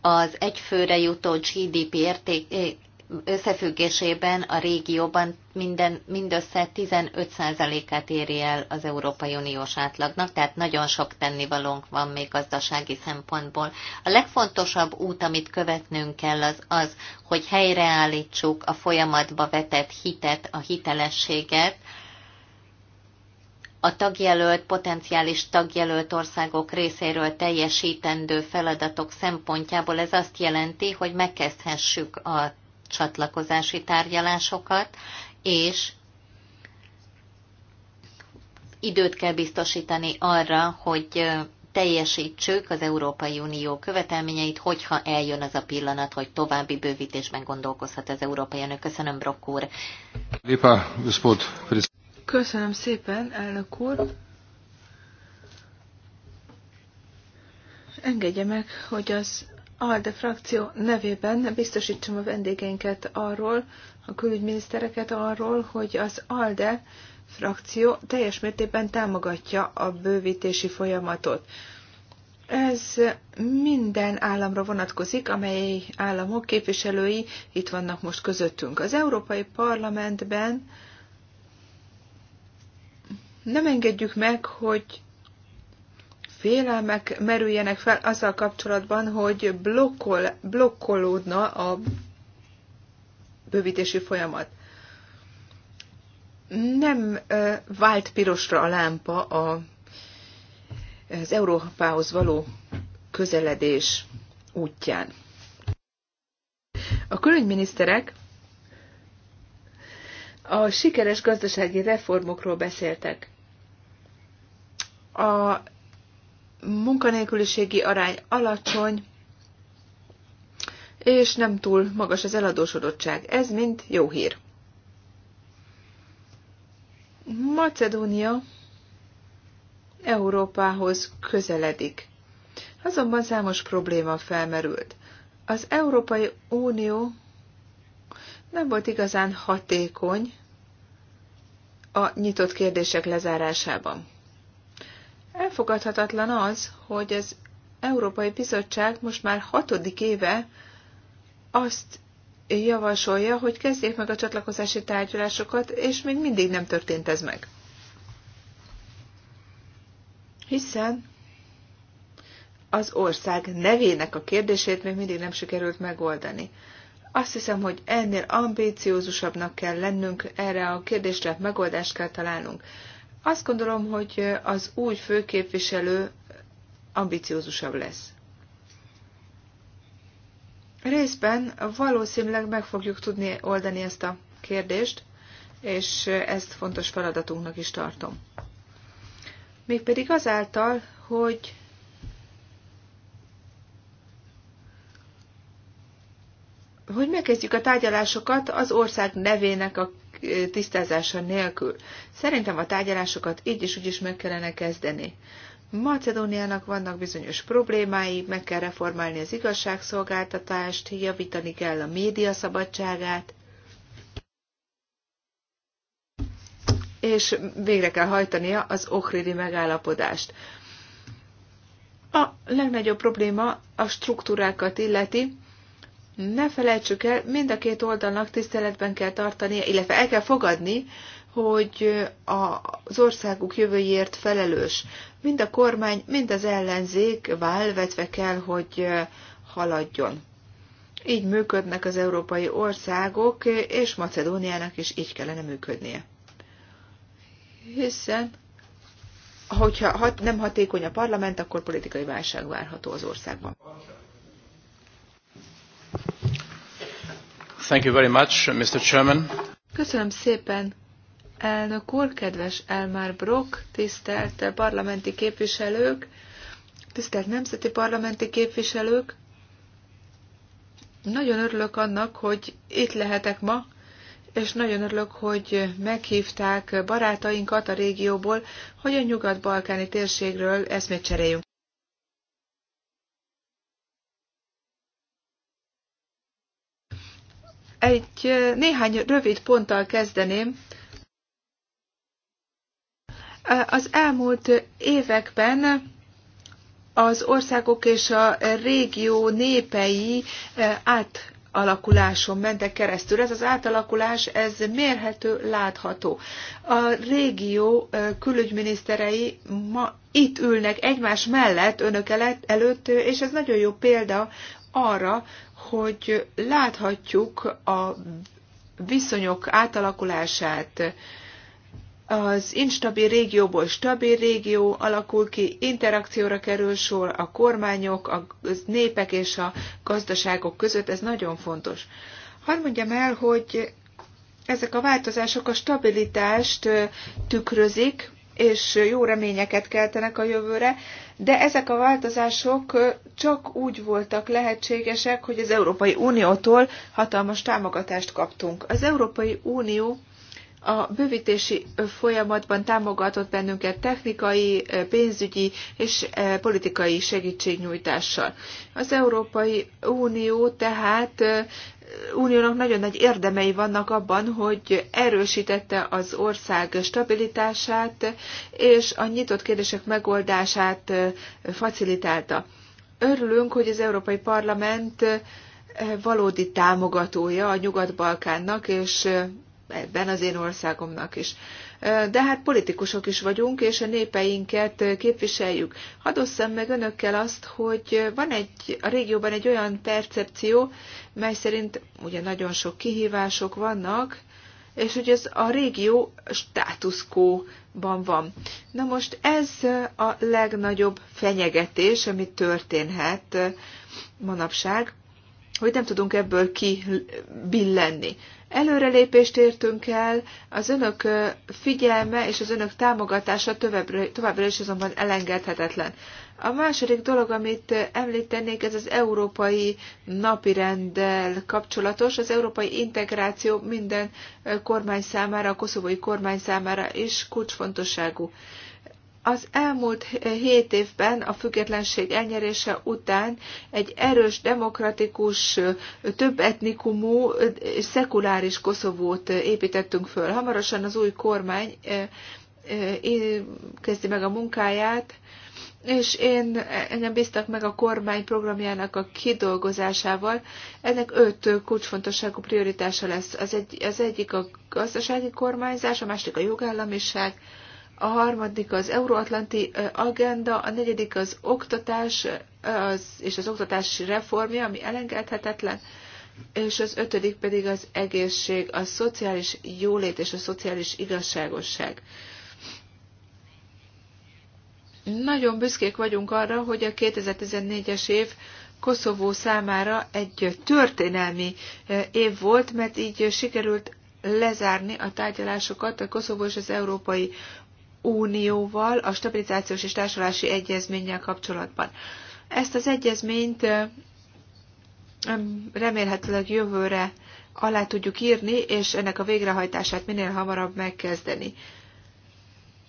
az egyfőre jutó GDP érték, összefüggésében a régióban minden, mindössze 15%-át éri el az Európai Uniós átlagnak, tehát nagyon sok tennivalónk van még gazdasági szempontból. A legfontosabb út, amit követnünk kell, az az, hogy helyreállítsuk a folyamatba vetett hitet, a hitelességet, a tagjelölt, potenciális tagjelölt országok részéről teljesítendő feladatok szempontjából ez azt jelenti, hogy megkezdhessük a csatlakozási tárgyalásokat, és időt kell biztosítani arra, hogy teljesítsük az Európai Unió követelményeit, hogyha eljön az a pillanat, hogy további bővítésben gondolkozhat az Európai Unió. Köszönöm, Brock úr. Köszönöm szépen, elnök úr. Engedje meg, hogy az ALDE frakció nevében biztosítsam a vendégeinket arról, a külügyminisztereket arról, hogy az ALDE frakció teljes mértékben támogatja a bővítési folyamatot. Ez minden államra vonatkozik, amely államok képviselői itt vannak most közöttünk. Az Európai Parlamentben nem engedjük meg, hogy félelmek merüljenek fel azzal kapcsolatban, hogy blokkol, blokkolódna a bővítési folyamat. Nem vált pirosra a lámpa a, az Európához való közeledés útján. A külügyminiszterek a sikeres gazdasági reformokról beszéltek. A munkanélküliségi arány alacsony, és nem túl magas az eladósodottság. Ez mind jó hír. Macedónia Európához közeledik. Azonban számos probléma felmerült. Az Európai Unió nem volt igazán hatékony a nyitott kérdések lezárásában. Elfogadhatatlan az, hogy az Európai Bizottság most már hatodik éve azt javasolja, hogy kezdjék meg a csatlakozási tárgyalásokat, és még mindig nem történt ez meg. Hiszen az ország nevének a kérdését még mindig nem sikerült megoldani. Azt hiszem, hogy ennél ambíciózusabbnak kell lennünk, erre a kérdésre megoldást kell találnunk. Azt gondolom, hogy az új főképviselő ambiciózusabb lesz. Részben valószínűleg meg fogjuk tudni oldani ezt a kérdést, és ezt fontos feladatunknak is tartom. Mégpedig azáltal, hogy hogy megkezdjük a tárgyalásokat az ország nevének a tisztázása nélkül. Szerintem a tárgyalásokat így is úgy is meg kellene kezdeni. Macedóniának vannak bizonyos problémái, meg kell reformálni az igazságszolgáltatást, javítani kell a média szabadságát, és végre kell hajtania az ohridi megállapodást. A legnagyobb probléma a struktúrákat illeti, ne felejtsük el, mind a két oldalnak tiszteletben kell tartani, illetve el kell fogadni, hogy az országuk jövőjért felelős. Mind a kormány, mind az ellenzék válvetve kell, hogy haladjon. Így működnek az európai országok, és Macedóniának is így kellene működnie. Hiszen, hogyha nem hatékony a parlament, akkor politikai válság várható az országban. Thank you very much, Mr. Chairman. Köszönöm szépen, elnök úr, kedves Elmar Brock, tisztelt parlamenti képviselők, tisztelt nemzeti parlamenti képviselők. Nagyon örülök annak, hogy itt lehetek ma, és nagyon örülök, hogy meghívták barátainkat a régióból, hogy a nyugat-balkáni térségről eszmét cseréljünk. Egy néhány rövid ponttal kezdeném. Az elmúlt években az országok és a régió népei át átalakuláson mentek keresztül. Ez az átalakulás, ez mérhető, látható. A régió külügyminiszterei ma itt ülnek egymás mellett önök előtt, és ez nagyon jó példa arra, hogy láthatjuk a viszonyok átalakulását, az instabil régióból stabil régió alakul ki, interakcióra kerül sor a kormányok, a népek és a gazdaságok között, ez nagyon fontos. Hadd mondjam el, hogy ezek a változások a stabilitást tükrözik, és jó reményeket keltenek a jövőre, de ezek a változások csak úgy voltak lehetségesek, hogy az Európai Uniótól hatalmas támogatást kaptunk. Az Európai Unió a bővítési folyamatban támogatott bennünket technikai, pénzügyi és politikai segítségnyújtással. Az Európai Unió tehát Uniónak nagyon nagy érdemei vannak abban, hogy erősítette az ország stabilitását, és a nyitott kérdések megoldását facilitálta. Örülünk, hogy az Európai Parlament valódi támogatója a Nyugat-Balkánnak, és ebben az én országomnak is de hát politikusok is vagyunk, és a népeinket képviseljük. Hadd osszam meg önökkel azt, hogy van egy, a régióban egy olyan percepció, mely szerint ugye nagyon sok kihívások vannak, és hogy ez a régió státuszkóban van. Na most ez a legnagyobb fenyegetés, ami történhet manapság, hogy nem tudunk ebből kibillenni. Előrelépést értünk el, az önök figyelme és az önök támogatása továbbra, is azonban elengedhetetlen. A második dolog, amit említenék, ez az európai napirenddel kapcsolatos. Az európai integráció minden kormány számára, a koszovói kormány számára is kulcsfontosságú. Az elmúlt hét évben a függetlenség elnyerése után egy erős, demokratikus, több etnikumú, szekuláris Koszovót építettünk föl. Hamarosan az új kormány eh, eh, kezdi meg a munkáját, és én engem bíztak meg a kormány programjának a kidolgozásával. Ennek öt kulcsfontosságú prioritása lesz. Az, egy, az egyik a gazdasági kormányzás, a másik a jogállamiság, a harmadik az euróatlanti agenda, a negyedik az oktatás az, és az oktatási reformja, ami elengedhetetlen, és az ötödik pedig az egészség, a szociális jólét és a szociális igazságosság. Nagyon büszkék vagyunk arra, hogy a 2014-es év Koszovó számára egy történelmi év volt, mert így sikerült lezárni a tárgyalásokat a Koszovó és az Európai Unióval a stabilizációs és társulási egyezménnyel kapcsolatban. Ezt az egyezményt remélhetőleg jövőre alá tudjuk írni, és ennek a végrehajtását minél hamarabb megkezdeni.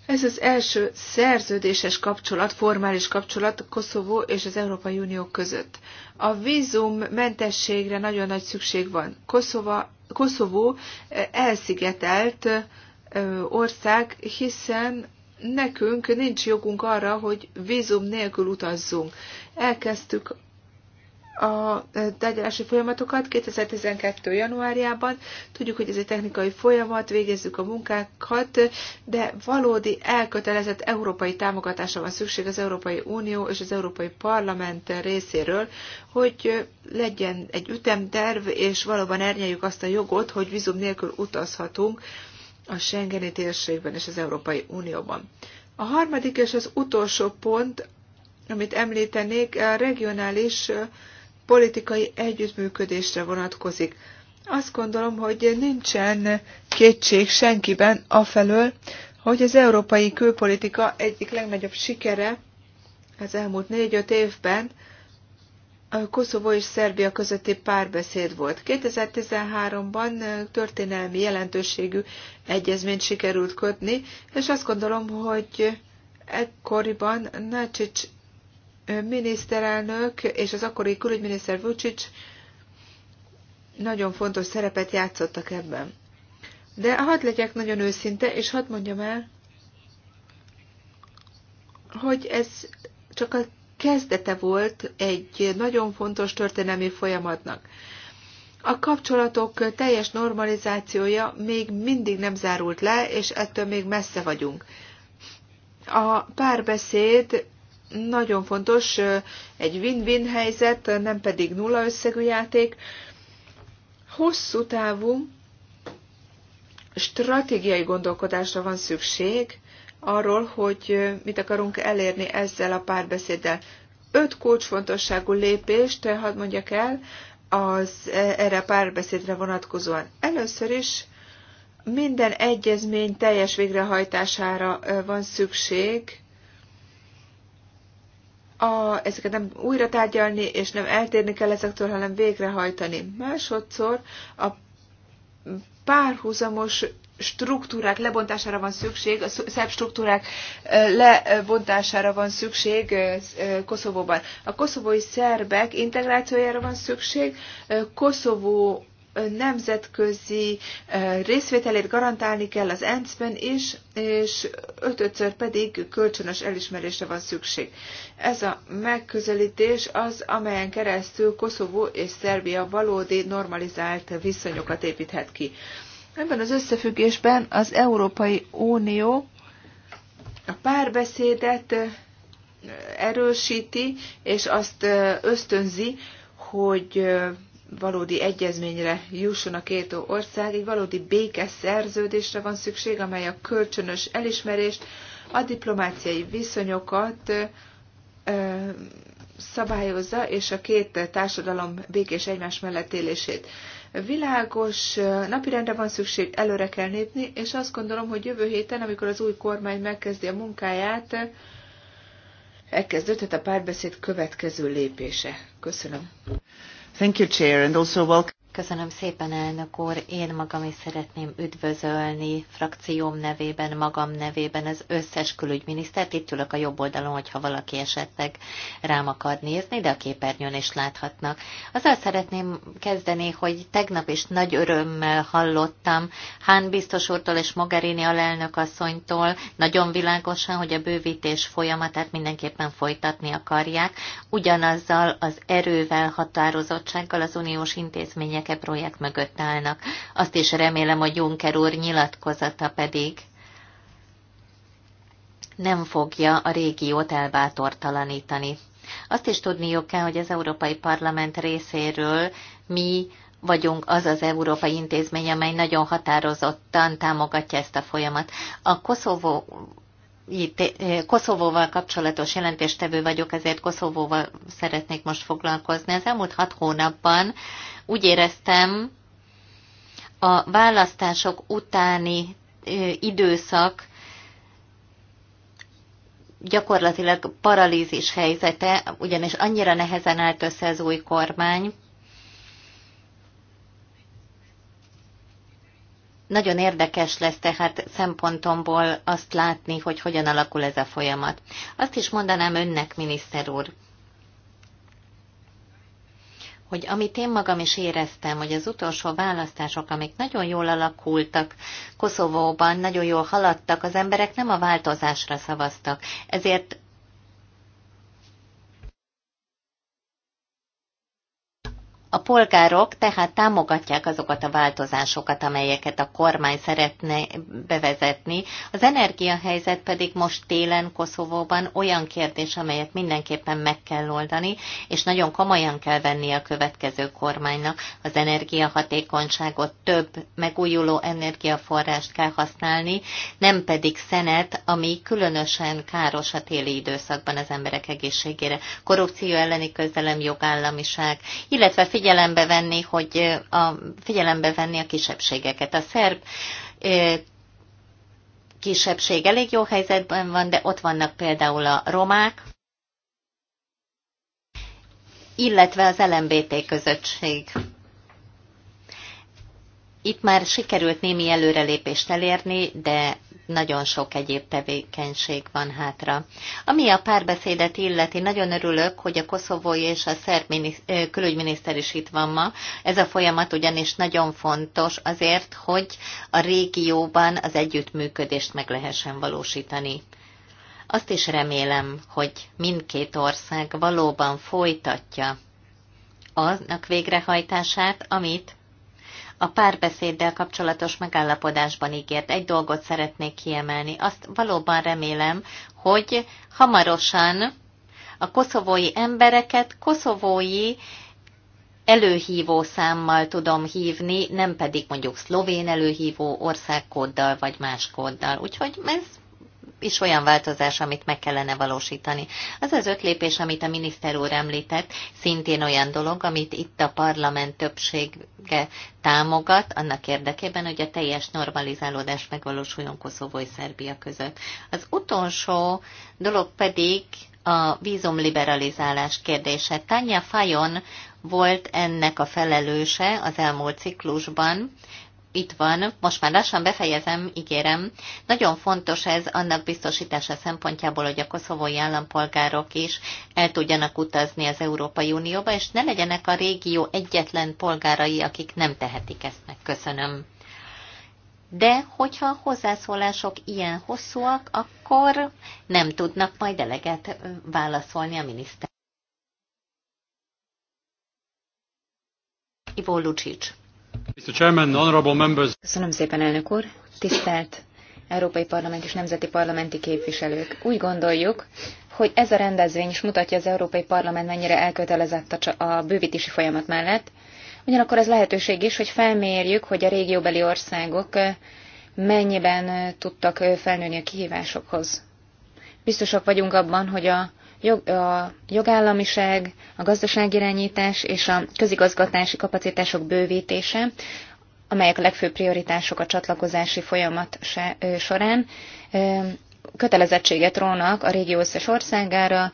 Ez az első szerződéses kapcsolat, formális kapcsolat Koszovó és az Európai Unió között. A mentességre nagyon nagy szükség van. Koszova, Koszovó elszigetelt ország, hiszen nekünk nincs jogunk arra, hogy vízum nélkül utazzunk. Elkezdtük a tárgyalási folyamatokat 2012. januárjában. Tudjuk, hogy ez egy technikai folyamat, végezzük a munkákat, de valódi elkötelezett európai támogatásra van szükség az Európai Unió és az Európai Parlament részéről, hogy legyen egy ütemterv, és valóban ernyeljük azt a jogot, hogy vízum nélkül utazhatunk a Schengeni térségben és az Európai Unióban. A harmadik és az utolsó pont, amit említenék, a regionális politikai együttműködésre vonatkozik. Azt gondolom, hogy nincsen kétség senkiben afelől, hogy az európai külpolitika egyik legnagyobb sikere az elmúlt négy-öt évben Koszovó és Szerbia közötti párbeszéd volt. 2013-ban történelmi jelentőségű egyezményt sikerült kötni, és azt gondolom, hogy ekkoriban Nácsics miniszterelnök és az akkori külügyminiszter Vucic nagyon fontos szerepet játszottak ebben. De hadd legyek nagyon őszinte, és hadd mondjam el, hogy ez csak a kezdete volt egy nagyon fontos történelmi folyamatnak. A kapcsolatok teljes normalizációja még mindig nem zárult le, és ettől még messze vagyunk. A párbeszéd nagyon fontos, egy win-win helyzet, nem pedig nulla összegű játék. Hosszú távú stratégiai gondolkodásra van szükség, arról, hogy mit akarunk elérni ezzel a párbeszéddel. Öt kulcsfontosságú lépést hadd mondjak el az e, erre a párbeszédre vonatkozóan. Először is minden egyezmény teljes végrehajtására van szükség, a, ezeket nem újra tárgyalni, és nem eltérni kell ezektől, hanem végrehajtani. Másodszor a párhuzamos struktúrák lebontására van szükség, a szerb struktúrák lebontására van szükség Koszovóban. A koszovói szerbek integrációjára van szükség, Koszovó nemzetközi részvételét garantálni kell az ENSZ-ben is, és ötötször pedig kölcsönös elismerésre van szükség. Ez a megközelítés az, amelyen keresztül Koszovó és Szerbia valódi normalizált viszonyokat építhet ki. Ebben az összefüggésben az Európai Unió a párbeszédet erősíti, és azt ösztönzi, hogy valódi egyezményre jusson a két ország, egy valódi békeszerződésre van szükség, amely a kölcsönös elismerést, a diplomáciai viszonyokat szabályozza, és a két társadalom békés egymás mellett élését. Világos napirendre van szükség, előre kell lépni, és azt gondolom, hogy jövő héten, amikor az új kormány megkezdi a munkáját, elkezdődhet a párbeszéd következő lépése. Köszönöm. Thank you, Chair, and also welcome. Köszönöm szépen, elnök úr. Én magam is szeretném üdvözölni frakcióm nevében, magam nevében az összes külügyminisztert. Itt ülök a jobb oldalon, hogyha valaki esetleg rám akar nézni, de a képernyőn is láthatnak. Azzal szeretném kezdeni, hogy tegnap is nagy örömmel hallottam Hán biztos úrtól és Mogherini alelnök asszonytól nagyon világosan, hogy a bővítés folyamatát mindenképpen folytatni akarják, ugyanazzal az erővel, határozottsággal az uniós intézmények e projekt mögött állnak. Azt is remélem, hogy Juncker úr nyilatkozata pedig nem fogja a régiót elbátortalanítani. Azt is tudniuk kell, hogy az Európai Parlament részéről mi vagyunk az az európai intézmény, amely nagyon határozottan támogatja ezt a folyamat. A Koszovó Koszovóval kapcsolatos jelentéstevő vagyok, ezért Koszovóval szeretnék most foglalkozni. Az elmúlt hat hónapban úgy éreztem, a választások utáni időszak gyakorlatilag paralízis helyzete, ugyanis annyira nehezen állt össze az új kormány. Nagyon érdekes lesz tehát szempontomból azt látni, hogy hogyan alakul ez a folyamat. Azt is mondanám önnek, miniszter úr, hogy amit én magam is éreztem, hogy az utolsó választások, amik nagyon jól alakultak Koszovóban, nagyon jól haladtak, az emberek nem a változásra szavaztak. Ezért A polgárok tehát támogatják azokat a változásokat, amelyeket a kormány szeretne bevezetni. Az energiahelyzet pedig most télen Koszovóban olyan kérdés, amelyet mindenképpen meg kell oldani, és nagyon komolyan kell venni a következő kormánynak. Az energiahatékonyságot több megújuló energiaforrást kell használni, nem pedig szenet, ami különösen káros a téli időszakban az emberek egészségére. Korrupció elleni közelem, jogállamiság, illetve figyelembe venni, hogy a, figyelembe venni a kisebbségeket. A szerb kisebbség elég jó helyzetben van, de ott vannak például a romák, illetve az LMBT közösség. Itt már sikerült némi előrelépést elérni, de nagyon sok egyéb tevékenység van hátra. Ami a párbeszédet illeti, nagyon örülök, hogy a koszovói és a szerb külügyminiszter is itt van ma. Ez a folyamat ugyanis nagyon fontos azért, hogy a régióban az együttműködést meg lehessen valósítani. Azt is remélem, hogy mindkét ország valóban folytatja annak végrehajtását, amit a párbeszéddel kapcsolatos megállapodásban ígért. Egy dolgot szeretnék kiemelni. Azt valóban remélem, hogy hamarosan a koszovói embereket koszovói előhívó számmal tudom hívni, nem pedig mondjuk szlovén előhívó országkóddal vagy más kóddal. Úgyhogy ez is olyan változás, amit meg kellene valósítani. Az az öt lépés, amit a miniszter úr említett, szintén olyan dolog, amit itt a parlament többsége támogat, annak érdekében, hogy a teljes normalizálódás megvalósuljon Koszovó és Szerbia között. Az utolsó dolog pedig a vízumliberalizálás kérdése. Tanya Fajon volt ennek a felelőse az elmúlt ciklusban, itt van, most már lassan befejezem, ígérem. Nagyon fontos ez annak biztosítása szempontjából, hogy a koszovói állampolgárok is el tudjanak utazni az Európai Unióba, és ne legyenek a régió egyetlen polgárai, akik nem tehetik ezt meg. Köszönöm. De hogyha a hozzászólások ilyen hosszúak, akkor nem tudnak majd eleget válaszolni a miniszter. Ivo Lucic. Köszönöm szépen, elnök úr. Tisztelt Európai Parlament és Nemzeti Parlamenti képviselők. Úgy gondoljuk, hogy ez a rendezvény is mutatja az Európai Parlament mennyire elkötelezett a bővítési folyamat mellett, ugyanakkor ez lehetőség is, hogy felmérjük, hogy a régióbeli országok mennyiben tudtak felnőni a kihívásokhoz. Biztosak vagyunk abban, hogy a jog, a jogállamiság, a gazdaságirányítás és a közigazgatási kapacitások bővítése, amelyek a legfőbb prioritások a csatlakozási folyamat se, ö, során, ö, kötelezettséget rónak a régió összes országára,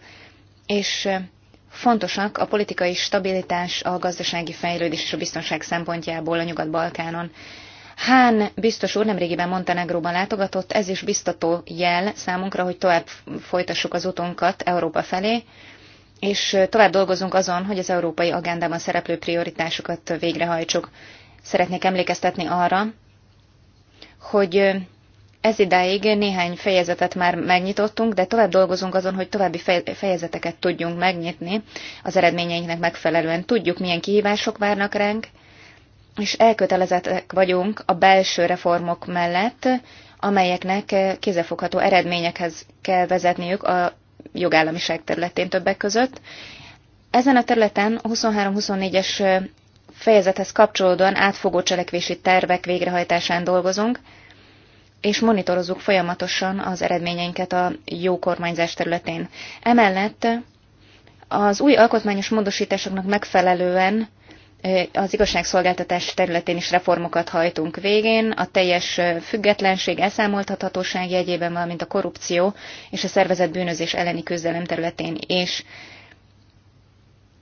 és fontosak a politikai stabilitás, a gazdasági fejlődés és a biztonság szempontjából a Nyugat-Balkánon. Hán biztos úr nemrégiben Montenegróban látogatott, ez is biztató jel számunkra, hogy tovább folytassuk az utunkat Európa felé, és tovább dolgozunk azon, hogy az európai agendában szereplő prioritásokat végrehajtsuk. Szeretnék emlékeztetni arra, hogy ez idáig néhány fejezetet már megnyitottunk, de tovább dolgozunk azon, hogy további fejezeteket tudjunk megnyitni az eredményeinknek megfelelően. Tudjuk, milyen kihívások várnak ránk, és elkötelezettek vagyunk a belső reformok mellett, amelyeknek kézefogható eredményekhez kell vezetniük a jogállamiság területén többek között. Ezen a területen a 23-24-es fejezethez kapcsolódóan átfogó cselekvési tervek végrehajtásán dolgozunk, és monitorozzuk folyamatosan az eredményeinket a jó kormányzás területén. Emellett az új alkotmányos módosításoknak megfelelően az igazságszolgáltatás területén is reformokat hajtunk végén, a teljes függetlenség, elszámoltathatóság jegyében, valamint a korrupció és a szervezett bűnözés elleni küzdelem területén is.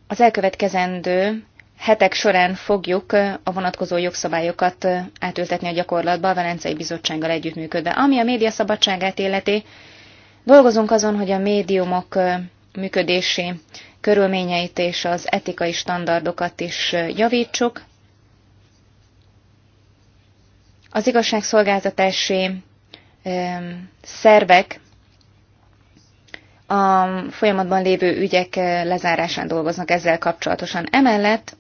Az elkövetkezendő hetek során fogjuk a vonatkozó jogszabályokat átültetni a gyakorlatba a Velencei Bizottsággal együttműködve. Ami a média szabadságát illeti, dolgozunk azon, hogy a médiumok működési körülményeit és az etikai standardokat is javítsuk. Az igazságszolgáltatási szervek a folyamatban lévő ügyek lezárásán dolgoznak ezzel kapcsolatosan. Emellett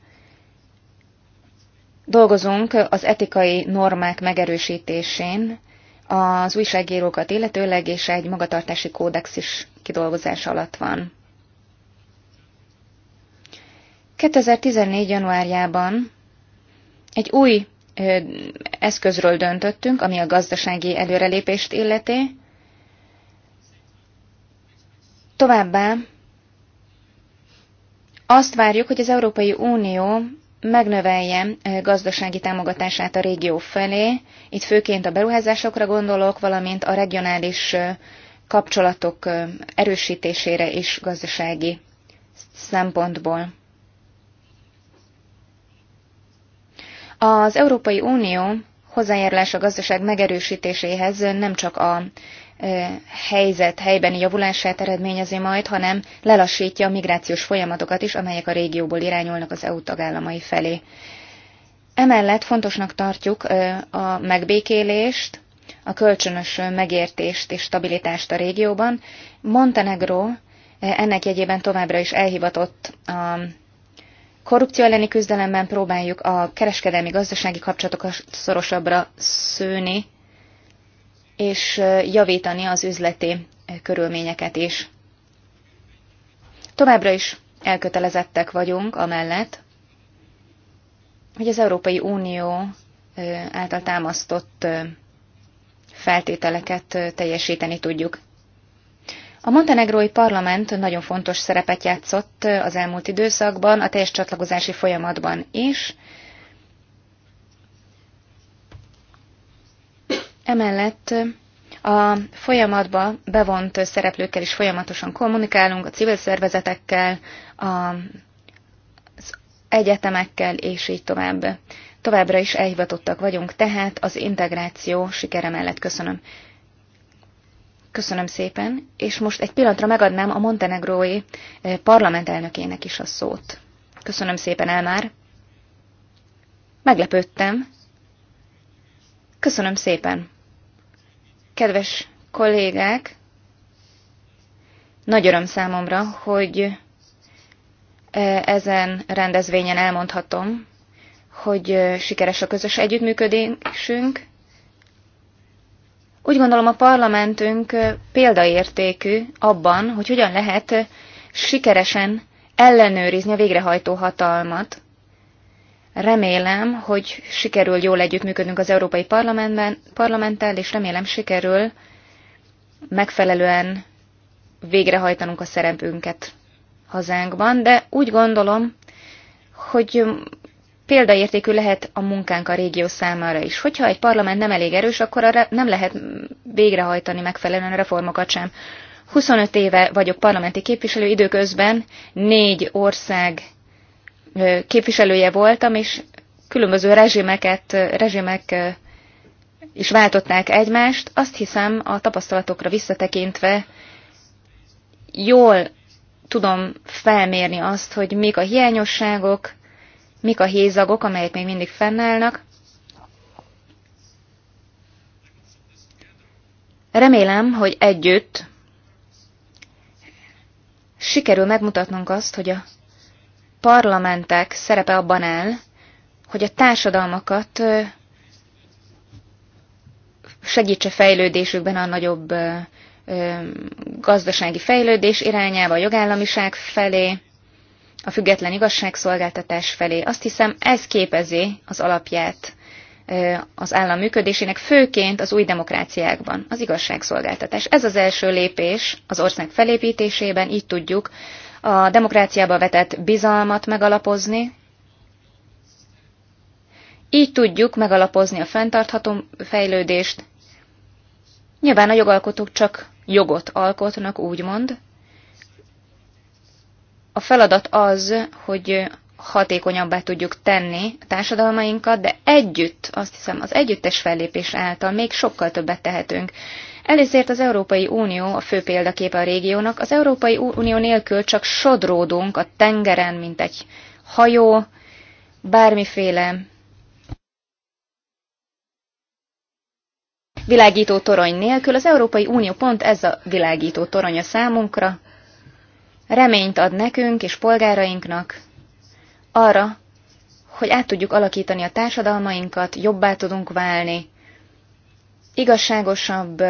dolgozunk az etikai normák megerősítésén, az újságírókat illetőleg, és egy magatartási kódex is kidolgozás alatt van. 2014. januárjában egy új ö, eszközről döntöttünk, ami a gazdasági előrelépést illeti. Továbbá azt várjuk, hogy az Európai Unió megnövelje gazdasági támogatását a régió felé. Itt főként a beruházásokra gondolok, valamint a regionális kapcsolatok erősítésére is gazdasági szempontból. Az Európai Unió hozzájárulása a gazdaság megerősítéséhez nem csak a helyzet helybeni javulását eredményezi majd, hanem lelassítja a migrációs folyamatokat is, amelyek a régióból irányulnak az EU tagállamai felé. Emellett fontosnak tartjuk a megbékélést, a kölcsönös megértést és stabilitást a régióban. Montenegro ennek jegyében továbbra is elhivatott a korrupció elleni küzdelemben próbáljuk a kereskedelmi gazdasági kapcsolatokat szorosabbra szőni, és javítani az üzleti körülményeket is. Továbbra is elkötelezettek vagyunk amellett, hogy az Európai Unió által támasztott feltételeket teljesíteni tudjuk. A montenegrói parlament nagyon fontos szerepet játszott az elmúlt időszakban, a teljes csatlakozási folyamatban is. Emellett a folyamatba bevont szereplőkkel is folyamatosan kommunikálunk, a civil szervezetekkel, az egyetemekkel, és így tovább. Továbbra is elhivatottak vagyunk, tehát az integráció sikere mellett köszönöm. Köszönöm szépen, és most egy pillanatra megadnám a montenegrói eh, parlamentelnökének is a szót. Köszönöm szépen, Elmár. Meglepődtem. Köszönöm szépen. Kedves kollégák, nagy öröm számomra, hogy eh, ezen rendezvényen elmondhatom, hogy eh, sikeres a közös együttműködésünk, úgy gondolom a parlamentünk példaértékű abban, hogy hogyan lehet sikeresen ellenőrizni a végrehajtó hatalmat. Remélem, hogy sikerül jól együttműködnünk az Európai Parlamentben, Parlamenttel, és remélem sikerül megfelelően végrehajtanunk a szerepünket hazánkban, de úgy gondolom, hogy példaértékű lehet a munkánk a régió számára is. Hogyha egy parlament nem elég erős, akkor arra nem lehet végrehajtani megfelelően reformokat sem. 25 éve vagyok parlamenti képviselő, időközben négy ország képviselője voltam, és különböző rezsimeket, rezsimek is váltották egymást. Azt hiszem, a tapasztalatokra visszatekintve jól tudom felmérni azt, hogy mik a hiányosságok, mik a hézagok, amelyek még mindig fennállnak. Remélem, hogy együtt sikerül megmutatnunk azt, hogy a parlamentek szerepe abban áll, hogy a társadalmakat segítse fejlődésükben a nagyobb gazdasági fejlődés irányába, a jogállamiság felé, a független igazságszolgáltatás felé. Azt hiszem, ez képezi az alapját az állam működésének, főként az új demokráciákban, az igazságszolgáltatás. Ez az első lépés az ország felépítésében, így tudjuk a demokráciába vetett bizalmat megalapozni, így tudjuk megalapozni a fenntartható fejlődést. Nyilván a jogalkotók csak jogot alkotnak, úgymond, a feladat az, hogy hatékonyabbá tudjuk tenni a társadalmainkat, de együtt, azt hiszem, az együttes fellépés által még sokkal többet tehetünk. Elészért az Európai Unió a fő példaképe a régiónak. Az Európai Unió nélkül csak sodródunk a tengeren, mint egy hajó, bármiféle világító torony nélkül. Az Európai Unió pont ez a világító torony a számunkra, reményt ad nekünk és polgárainknak arra, hogy át tudjuk alakítani a társadalmainkat, jobbá tudunk válni, igazságosabb,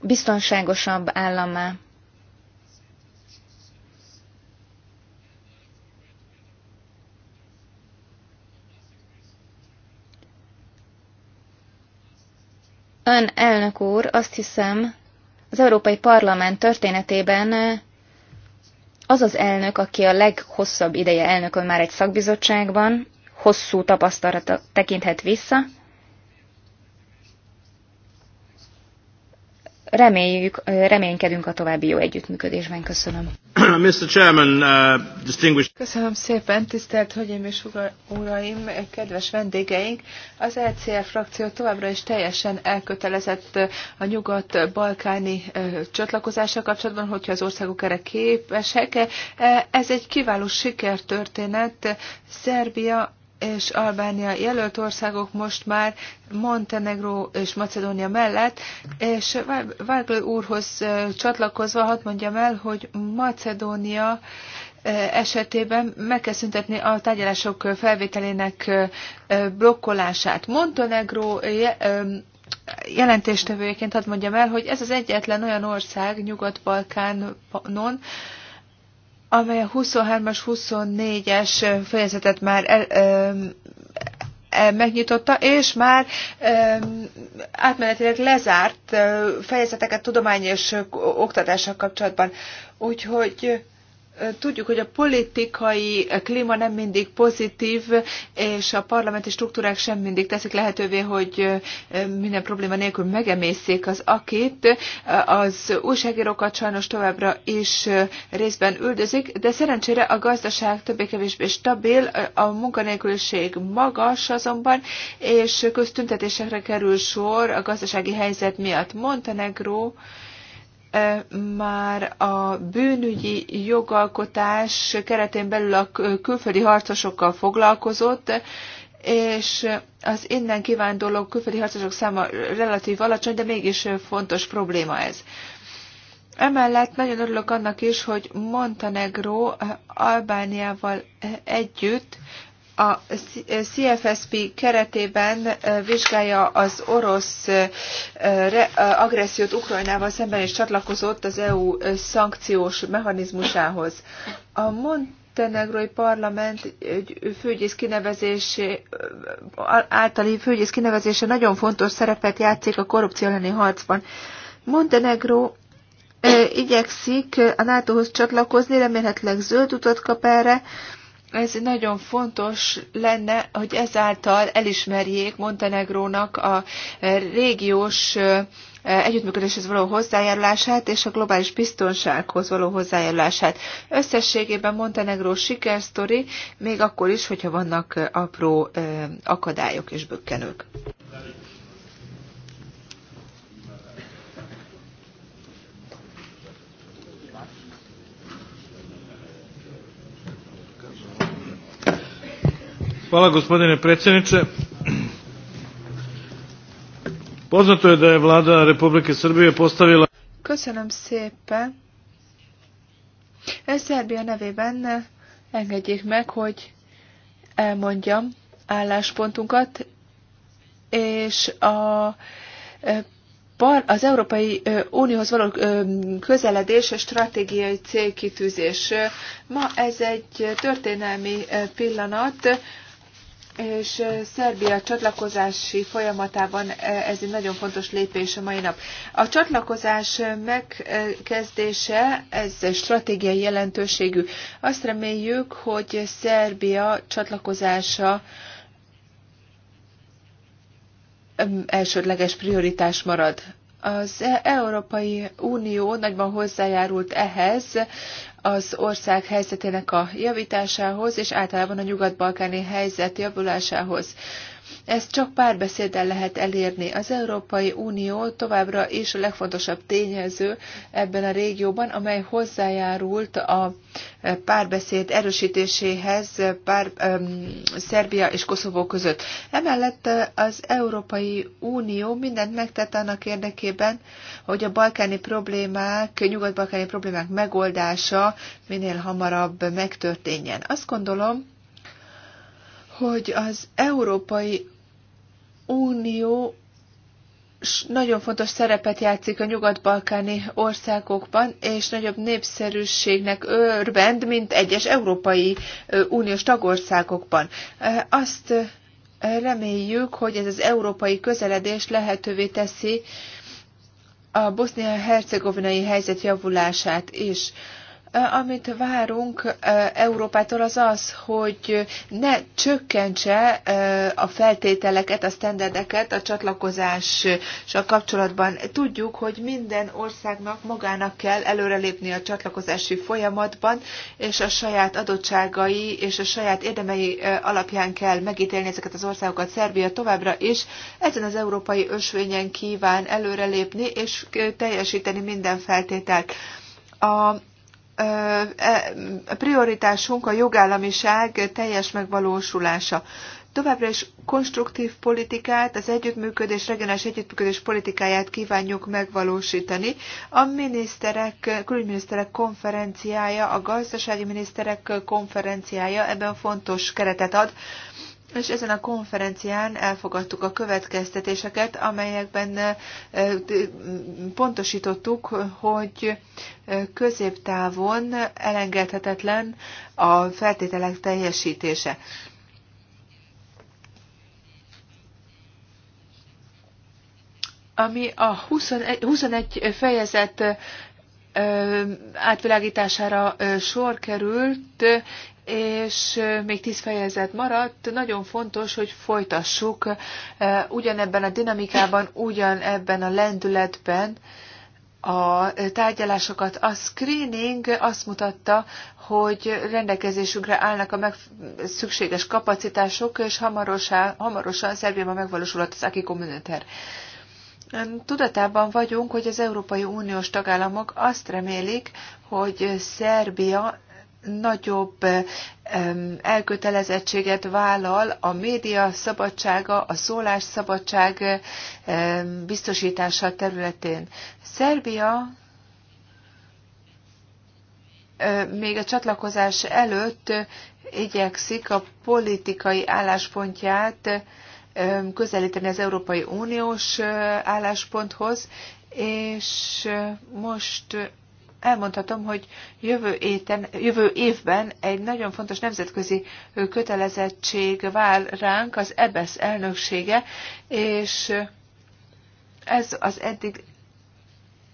biztonságosabb állammá. Ön elnök úr, azt hiszem, az Európai Parlament történetében az az elnök, aki a leghosszabb ideje elnökön már egy szakbizottságban, hosszú tapasztalata tekinthet vissza, reméljük, reménykedünk a további jó együttműködésben. Köszönöm. Mr. Chairman, uh, distinguished... Köszönöm szépen, tisztelt Hölgyeim és Uraim, kedves vendégeink! Az ECF frakció továbbra is teljesen elkötelezett uh, a nyugat-balkáni uh, csatlakozása kapcsolatban, hogyha az országok erre képesek. Uh, ez egy kiváló sikertörténet. Szerbia és Albánia jelölt országok most már Montenegro és Macedónia mellett, és Váglő úrhoz csatlakozva hadd mondjam el, hogy Macedónia esetében meg kell szüntetni a tárgyalások felvételének blokkolását. Montenegro jelentéstevőjeként hadd mondjam el, hogy ez az egyetlen olyan ország Nyugat-Balkánon, amely a 23-as, 24-es fejezetet már el, e, megnyitotta, és már átmenetileg lezárt fejezeteket tudományos oktatással kapcsolatban. Úgyhogy tudjuk, hogy a politikai klíma nem mindig pozitív, és a parlamenti struktúrák sem mindig teszik lehetővé, hogy minden probléma nélkül megemészszék az akit. Az újságírókat sajnos továbbra is részben üldözik, de szerencsére a gazdaság többé-kevésbé stabil, a munkanélküliség magas azonban, és köztüntetésekre kerül sor a gazdasági helyzet miatt. Montenegró már a bűnügyi jogalkotás keretén belül a külföldi harcosokkal foglalkozott, és az innen kivándorló külföldi harcosok száma relatív alacsony, de mégis fontos probléma ez. Emellett nagyon örülök annak is, hogy Montenegro Albániával együtt a CFSP keretében vizsgálja az orosz agressziót Ukrajnával szemben és csatlakozott az EU szankciós mechanizmusához. A Montenegrói parlament főgyész kinevezése, általi főgyész kinevezése nagyon fontos szerepet játszik a korrupció elleni harcban. Montenegró igyekszik a NATO-hoz csatlakozni, remélhetőleg zöld utat kap erre, ez nagyon fontos lenne, hogy ezáltal elismerjék Montenegrónak a régiós együttműködéshez való hozzájárulását és a globális biztonsághoz való hozzájárulását. Összességében Montenegró sikersztori, még akkor is, hogyha vannak apró akadályok és bökkenők. Hvala gospodine predsjedniče. Poznato je da je vlada Republike Srbije postavila... Köszönöm szépen. Ez Szerbia nevében engedjék meg, hogy elmondjam álláspontunkat, és a e, az Európai e, Unióhoz való e, közeledés a stratégiai célkitűzés. Ma ez egy történelmi pillanat és Szerbia csatlakozási folyamatában ez egy nagyon fontos lépés a mai nap. A csatlakozás megkezdése, ez stratégiai jelentőségű. Azt reméljük, hogy Szerbia csatlakozása elsődleges prioritás marad. Az e-, Európai Unió nagyban hozzájárult ehhez az ország helyzetének a javításához, és általában a nyugat-balkáni helyzet javulásához. Ezt csak párbeszéddel lehet elérni. Az Európai Unió továbbra is a legfontosabb tényező ebben a régióban, amely hozzájárult a párbeszéd erősítéséhez pár, um, Szerbia és Koszovó között. Emellett az Európai Unió mindent megtett annak érdekében, hogy a balkáni problémák, nyugat-balkáni problémák megoldása minél hamarabb megtörténjen. Azt gondolom, hogy az Európai Unió nagyon fontos szerepet játszik a nyugat-balkáni országokban, és nagyobb népszerűségnek örvend, mint egyes Európai Uniós tagországokban. Azt reméljük, hogy ez az európai közeledés lehetővé teszi a bosznia-hercegovinai helyzet javulását is amit várunk Európától az az, hogy ne csökkentse a feltételeket, a standardeket a csatlakozással kapcsolatban. Tudjuk, hogy minden országnak magának kell előrelépni a csatlakozási folyamatban, és a saját adottságai és a saját érdemei alapján kell megítélni ezeket az országokat. Szerbia továbbra is ezen az európai ösvényen kíván előrelépni és teljesíteni minden feltételt. A E, a prioritásunk a jogállamiság teljes megvalósulása. Továbbra is konstruktív politikát, az együttműködés, regionális együttműködés politikáját kívánjuk megvalósítani. A miniszterek, külügyminiszterek konferenciája, a gazdasági miniszterek konferenciája ebben fontos keretet ad és ezen a konferencián elfogadtuk a következtetéseket, amelyekben pontosítottuk, hogy középtávon elengedhetetlen a feltételek teljesítése. Ami a 21, 21 fejezet átvilágítására sor került, és még tíz fejezet maradt. Nagyon fontos, hogy folytassuk ugyanebben a dinamikában, ugyanebben a lendületben a tárgyalásokat. A screening azt mutatta, hogy rendelkezésünkre állnak a meg, szükséges kapacitások, és hamarosan, hamarosan Szerbiában megvalósulhat az Aki Communiter. Tudatában vagyunk, hogy az Európai Uniós tagállamok azt remélik, hogy Szerbia nagyobb elkötelezettséget vállal a média szabadsága, a szólás szabadság biztosítása területén. Szerbia még a csatlakozás előtt igyekszik a politikai álláspontját közelíteni az Európai Uniós állásponthoz, és most elmondhatom, hogy jövő, éten, jövő évben egy nagyon fontos nemzetközi kötelezettség vár ránk az EBESZ elnöksége, és ez az eddig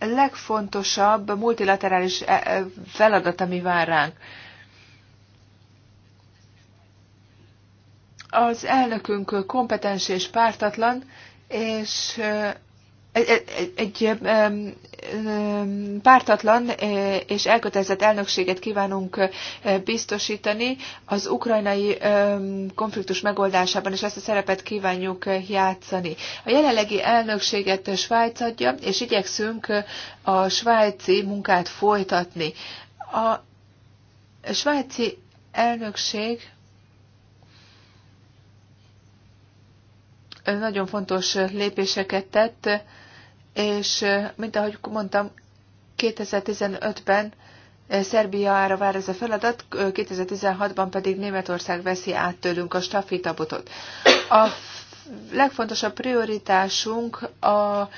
legfontosabb multilaterális e, e, feladat, ami vár ránk. Az elnökünk kompetens és pártatlan, és egy, pártatlan és elkötelezett elnökséget kívánunk biztosítani az ukrajnai konfliktus megoldásában, és ezt a szerepet kívánjuk játszani. A jelenlegi elnökséget Svájc adja, és igyekszünk a svájci munkát folytatni. A svájci elnökség nagyon fontos lépéseket tett, és mint ahogy mondtam, 2015-ben Szerbiára vár ez a feladat, 2016-ban pedig Németország veszi át tőlünk a stafétabotot. A legfontosabb prioritásunk a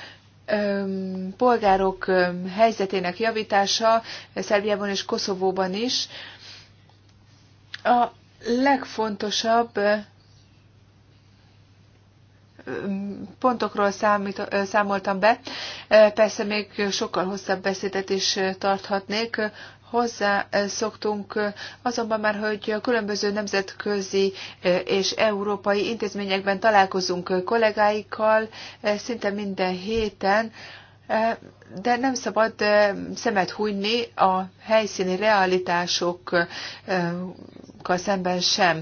polgárok helyzetének javítása Szerbiában és Koszovóban is. A legfontosabb pontokról számít, számoltam be. Persze még sokkal hosszabb beszédet is tarthatnék. Hozzá szoktunk azonban már, hogy különböző nemzetközi és európai intézményekben találkozunk kollégáikkal szinte minden héten, de nem szabad szemet hunyni a helyszíni realitásokkal szemben sem.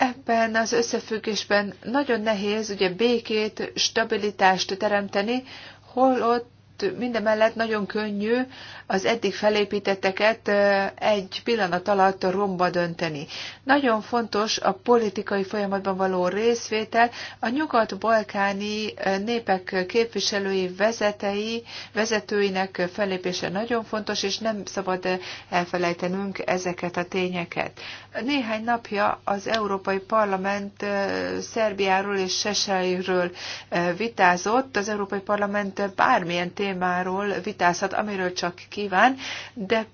Ebben az összefüggésben nagyon nehéz ugye békét, stabilitást teremteni, holott mindemellett nagyon könnyű az eddig felépíteteket egy pillanat alatt romba dönteni. Nagyon fontos a politikai folyamatban való részvétel. A nyugat-balkáni népek képviselői vezetei, vezetőinek felépése nagyon fontos, és nem szabad elfelejtenünk ezeket a tényeket. Néhány napja az Európai Parlament Szerbiáról és Seseiről vitázott. Az Európai Parlament bármilyen témáról vitázhat, amiről csak ki kíván, de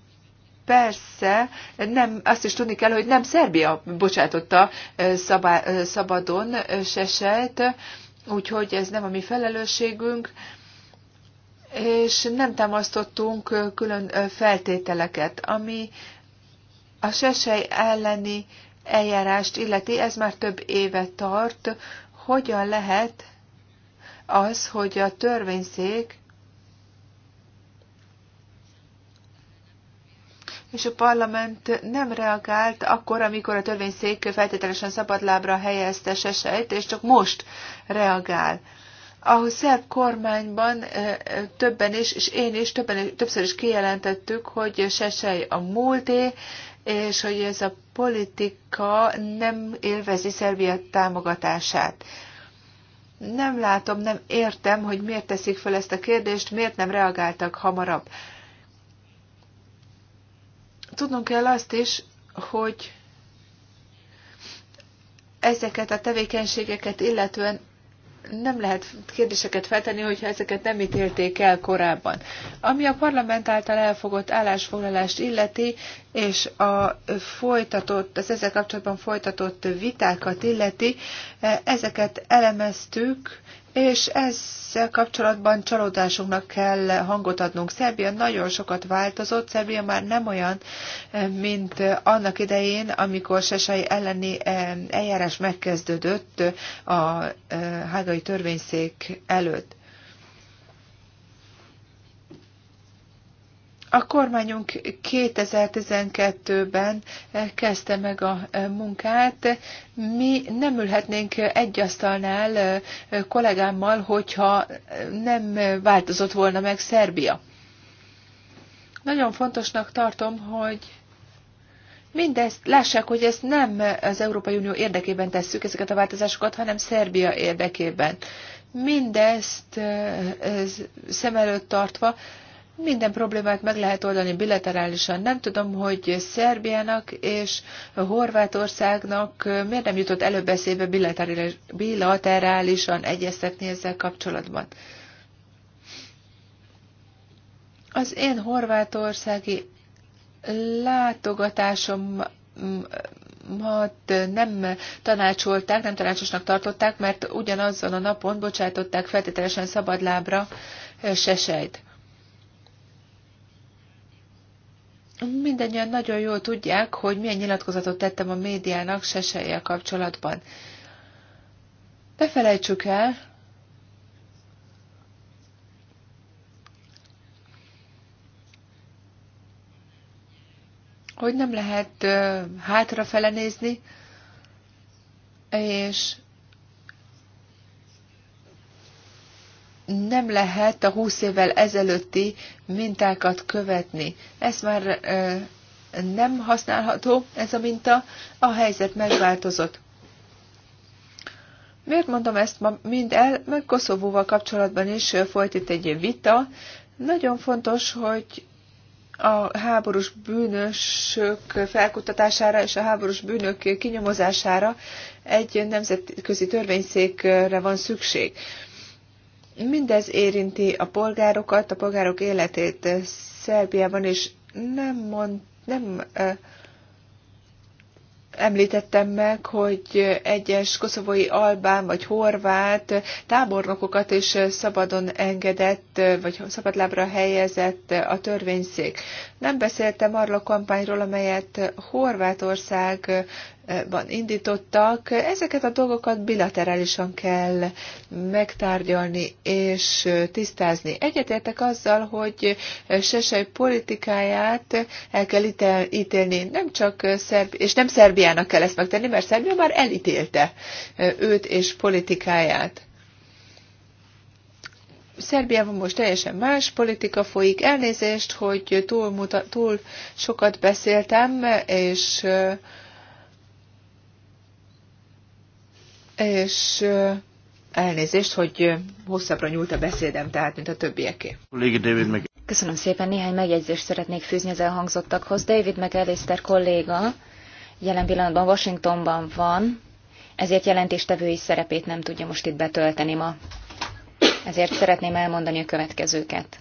persze nem, azt is tudni kell, hogy nem Szerbia bocsátotta szabá, szabadon seset, úgyhogy ez nem a mi felelősségünk, és nem támasztottunk külön feltételeket, ami a sesej elleni eljárást illeti, ez már több éve tart, hogyan lehet az, hogy a törvényszék és a parlament nem reagált akkor, amikor a törvényszék feltételesen szabadlábra helyezte sesejt, és csak most reagál. A szerb kormányban többen is, és én is többen, többször is kijelentettük, hogy sesej a múlté, és hogy ez a politika nem élvezi Szerbia támogatását. Nem látom, nem értem, hogy miért teszik fel ezt a kérdést, miért nem reagáltak hamarabb. Tudnunk kell azt is, hogy ezeket a tevékenységeket illetően nem lehet kérdéseket feltenni, hogyha ezeket nem ítélték el korábban. Ami a parlament által elfogott állásfoglalást illeti, és a folytatott, az ezzel kapcsolatban folytatott vitákat illeti, eh, ezeket elemeztük, és ezzel kapcsolatban csalódásunknak kell hangot adnunk. Szerbia nagyon sokat változott, Szerbia már nem olyan, eh, mint annak idején, amikor Sesai elleni eh, eljárás megkezdődött eh, a hágai törvényszék előtt. A kormányunk 2012-ben eh, kezdte meg a eh, munkát. Mi nem ülhetnénk egy asztalnál eh, kollégámmal, hogyha nem változott volna meg Szerbia. Nagyon fontosnak tartom, hogy mindezt lássák, hogy ezt nem az Európai Unió érdekében tesszük ezeket a változásokat, hanem Szerbia érdekében. Mindezt szem előtt tartva, minden problémát meg lehet oldani bilaterálisan. Nem tudom, hogy Szerbiának és Horvátországnak miért nem jutott előbb eszébe bilaterálisan egyeztetni ezzel kapcsolatban. Az én horvátországi látogatásom nem tanácsolták, nem tanácsosnak tartották, mert ugyanazon a napon bocsátották feltételesen szabadlábra Sesejt. mindannyian nagyon jól tudják, hogy milyen nyilatkozatot tettem a médiának seseljel kapcsolatban. Ne felejtsük el, hogy nem lehet hátrafele nézni, és nem lehet a 20 évvel ezelőtti mintákat követni. Ez már nem használható, ez a minta, a helyzet megváltozott. Miért mondom ezt ma mind el? meg Koszovóval kapcsolatban is folyt itt egy vita. Nagyon fontos, hogy a háborús bűnösök felkutatására és a háborús bűnök kinyomozására egy nemzetközi törvényszékre van szükség. Mindez érinti a polgárokat, a polgárok életét eh, Szerbiában, és nem, mond, nem eh, említettem meg, hogy egyes koszovói albán vagy horvát tábornokokat is eh, szabadon engedett, vagy szabadlábra helyezett a törvényszék. Nem beszéltem arról a kampányról, amelyet Horvátország ban indítottak. Ezeket a dolgokat bilaterálisan kell megtárgyalni és tisztázni. Egyetértek azzal, hogy Sesej politikáját el kell ítélni, nem csak Szerb és nem Szerbiának kell ezt megtenni, mert Szerbia már elítélte őt és politikáját. Szerbiában most teljesen más politika folyik. Elnézést, hogy túl, muta, túl sokat beszéltem, és és elnézést, hogy hosszabbra nyúlt a beszédem, tehát, mint a többieké. Köszönöm szépen, néhány megjegyzést szeretnék fűzni az elhangzottakhoz. David McAllister kolléga jelen pillanatban Washingtonban van, ezért jelentéstevői szerepét nem tudja most itt betölteni ma. Ezért szeretném elmondani a következőket.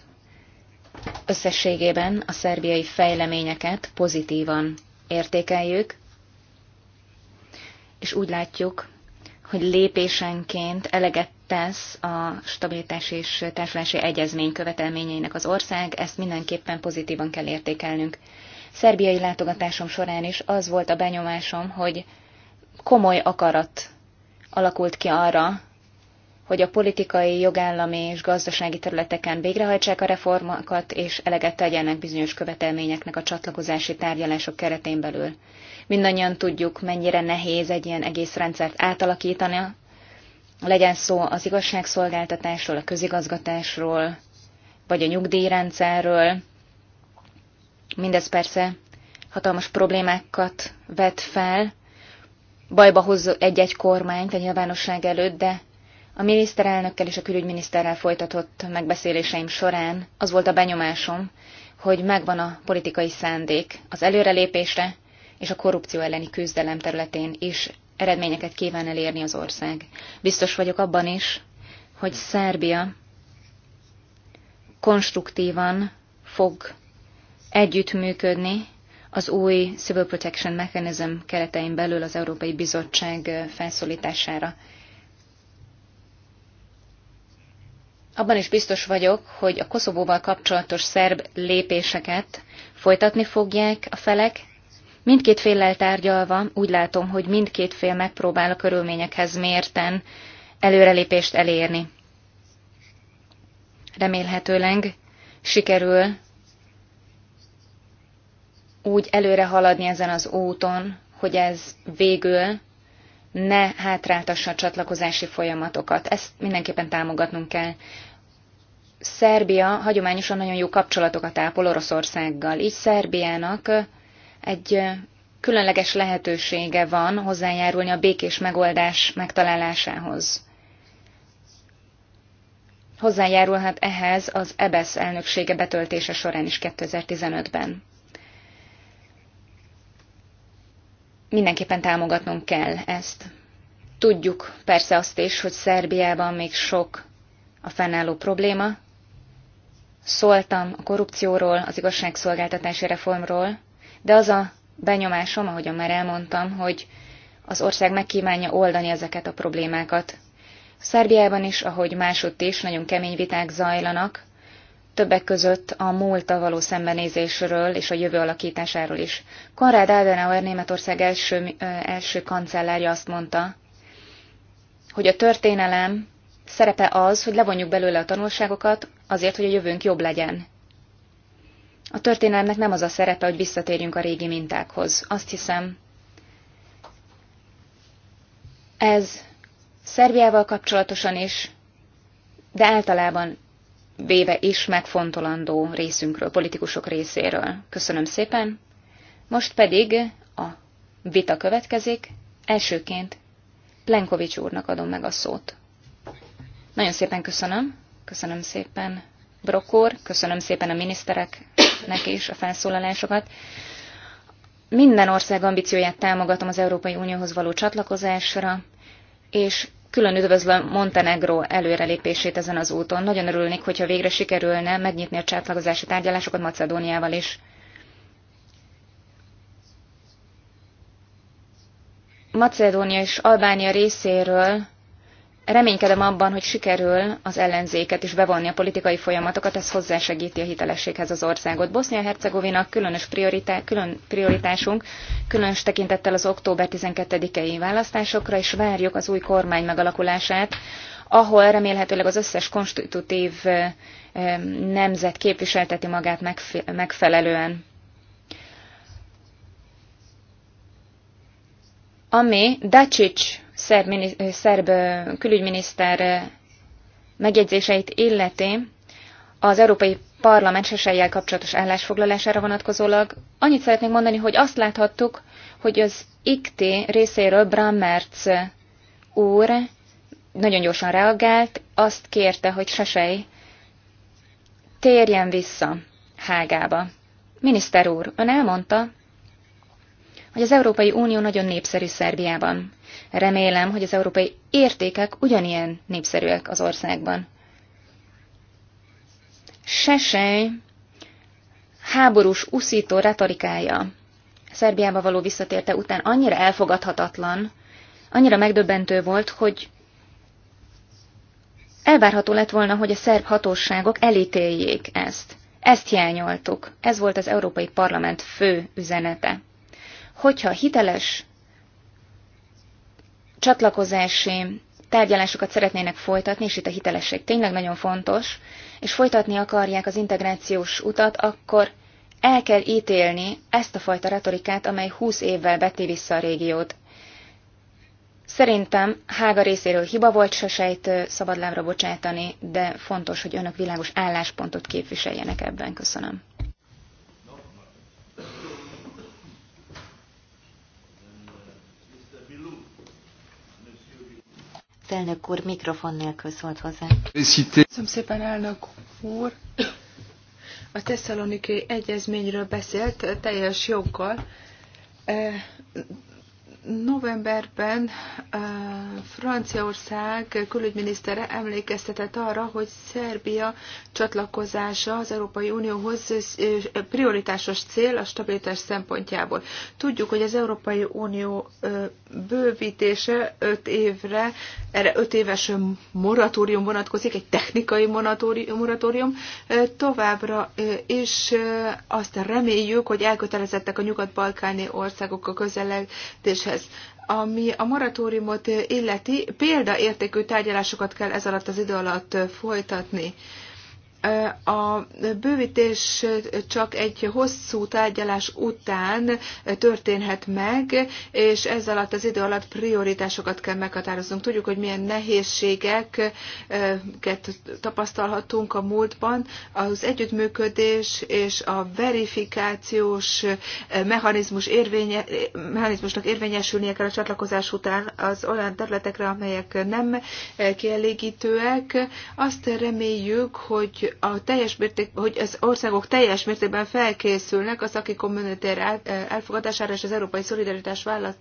Összességében a szerbiai fejleményeket pozitívan értékeljük, és úgy látjuk, hogy lépésenként eleget tesz a stabilitás és társulási egyezmény követelményeinek az ország, ezt mindenképpen pozitívan kell értékelnünk. Szerbiai látogatásom során is az volt a benyomásom, hogy komoly akarat alakult ki arra, hogy a politikai, jogállami és gazdasági területeken végrehajtsák a reformokat, és eleget tegyenek bizonyos követelményeknek a csatlakozási tárgyalások keretén belül. Mindannyian tudjuk, mennyire nehéz egy ilyen egész rendszert átalakítani, legyen szó az igazságszolgáltatásról, a közigazgatásról, vagy a nyugdíjrendszerről. Mindez persze hatalmas problémákat vet fel, bajba hoz egy-egy kormányt a nyilvánosság előtt, de a miniszterelnökkel és a külügyminiszterrel folytatott megbeszéléseim során az volt a benyomásom, hogy megvan a politikai szándék az előrelépésre, és a korrupció elleni küzdelem területén is eredményeket kíván elérni az ország. Biztos vagyok abban is, hogy Szerbia konstruktívan fog együttműködni az új Civil Protection Mechanism keretein belül az Európai Bizottság felszólítására. Abban is biztos vagyok, hogy a Koszovóval kapcsolatos szerb lépéseket folytatni fogják a felek, Mindkét féllel tárgyalva úgy látom, hogy mindkét fél megpróbál a körülményekhez mérten előrelépést elérni. Remélhetőleg sikerül úgy előre haladni ezen az úton, hogy ez végül ne hátráltassa a csatlakozási folyamatokat. Ezt mindenképpen támogatnunk kell. Szerbia hagyományosan nagyon jó kapcsolatokat ápol Oroszországgal, így Szerbiának egy különleges lehetősége van hozzájárulni a békés megoldás megtalálásához. Hozzájárulhat ehhez az EBESZ elnöksége betöltése során is 2015-ben. Mindenképpen támogatnunk kell ezt. Tudjuk persze azt is, hogy Szerbiában még sok a fennálló probléma. Szóltam a korrupcióról, az igazságszolgáltatási reformról, de az a benyomásom, ahogyan már elmondtam, hogy az ország megkívánja oldani ezeket a problémákat. Szerbiában is, ahogy másodt is, nagyon kemény viták zajlanak, többek között a múlta való szembenézésről és a jövő alakításáról is. Konrád Adenauer Németország első, első kancellárja azt mondta, hogy a történelem szerepe az, hogy levonjuk belőle a tanulságokat azért, hogy a jövőnk jobb legyen. A történelmnek nem az a szerepe, hogy visszatérjünk a régi mintákhoz. Azt hiszem, ez Szerbiával kapcsolatosan is, de általában véve is megfontolandó részünkről, politikusok részéről. Köszönöm szépen. Most pedig a vita következik. Elsőként Plenkovics úrnak adom meg a szót. Nagyon szépen köszönöm. Köszönöm szépen, Brokor, köszönöm szépen a miniszterek önöknek is a felszólalásokat. Minden ország ambícióját támogatom az Európai Unióhoz való csatlakozásra, és külön üdvözlöm Montenegro előrelépését ezen az úton. Nagyon örülnék, hogyha végre sikerülne megnyitni a csatlakozási tárgyalásokat Macedóniával is. Macedónia és Albánia részéről Reménykedem abban, hogy sikerül az ellenzéket is bevonni a politikai folyamatokat, ez hozzásegíti a hitelességhez az országot. Bosznia-Hercegovina különös prioritá- külön prioritásunk, különös tekintettel az október 12-i választásokra, és várjuk az új kormány megalakulását, ahol remélhetőleg az összes konstitutív eh, nemzet képviselteti magát megfelelően. Ami Dacic szerb, szerb külügyminiszter megjegyzéseit illeti, az Európai Parlament seseljel kapcsolatos állásfoglalására vonatkozólag, annyit szeretnék mondani, hogy azt láthattuk, hogy az IKT részéről Brammertz úr nagyon gyorsan reagált, azt kérte, hogy Sesej térjen vissza Hágába. Miniszter úr, ön elmondta, hogy az Európai Unió nagyon népszerű Szerbiában. Remélem, hogy az európai értékek ugyanilyen népszerűek az országban. Sesej háborús uszító retorikája Szerbiába való visszatérte után annyira elfogadhatatlan, annyira megdöbbentő volt, hogy elvárható lett volna, hogy a szerb hatóságok elítéljék ezt. Ezt hiányoltuk. Ez volt az Európai Parlament fő üzenete hogyha hiteles csatlakozási tárgyalásokat szeretnének folytatni, és itt a hitelesség tényleg nagyon fontos, és folytatni akarják az integrációs utat, akkor el kell ítélni ezt a fajta retorikát, amely 20 évvel beti vissza a régiót. Szerintem Hága részéről hiba volt, sejt szabadlábra bocsátani, de fontos, hogy önök világos álláspontot képviseljenek ebben. Köszönöm. Elnök úr mikrofon nélkül szólt hozzá. Köszönöm szépen, elnök úr. A tesszalonikai egyezményről beszélt teljes joggal. Eh, Novemberben Franciaország külügyminisztere emlékeztetett arra, hogy Szerbia csatlakozása az Európai Unióhoz prioritásos cél a stabilitás szempontjából. Tudjuk, hogy az Európai Unió bővítése öt évre, erre öt éves moratórium vonatkozik, egy technikai moratórium, továbbra is azt reméljük, hogy elkötelezettek a nyugat-balkáni országok a közeledéshez ez. Ami a moratóriumot illeti, példaértékű tárgyalásokat kell ez alatt az idő alatt folytatni. A bővítés csak egy hosszú tárgyalás után történhet meg, és ez alatt az idő alatt prioritásokat kell meghatároznunk. Tudjuk, hogy milyen nehézségeket tapasztalhatunk a múltban. Az együttműködés és a verifikációs mechanizmus érvénye, mechanizmusnak érvényesülnie kell a csatlakozás után az olyan területekre, amelyek nem kielégítőek. Azt reméljük, hogy a teljes mérték, hogy az országok teljes mértékben felkészülnek az aki kommunitér elfogadására és az európai szolidaritás vállalat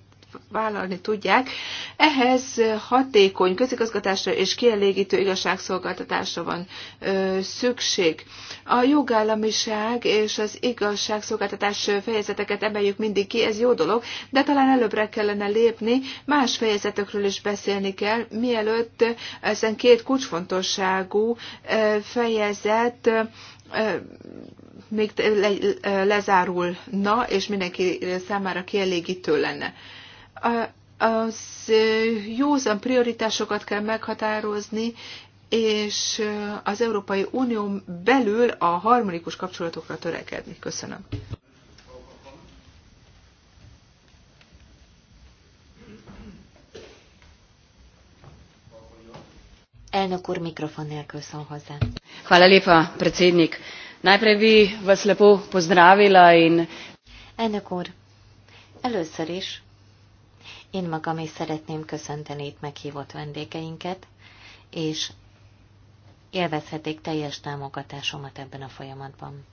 vállalni tudják. Ehhez hatékony közigazgatásra és kielégítő igazságszolgáltatásra van ö, szükség. A jogállamiság és az igazságszolgáltatás fejezeteket emeljük mindig ki, ez jó dolog, de talán előbbre kellene lépni, más fejezetekről is beszélni kell, mielőtt ezen két kulcsfontosságú fejezet még lezárulna, és mindenki számára kielégítő lenne. Az józan prioritásokat kell meghatározni, és az Európai Unión belül a harmonikus kapcsolatokra törekedni. Köszönöm. Elnök úr mikrofon nélkül szól hozzá. Hvala lépa, predsednik. Najprej bi vas lepo pozdravila in... Elnök úr, először is én magam is szeretném köszönteni itt meghívott vendégeinket, és élvezhetik teljes támogatásomat ebben a folyamatban.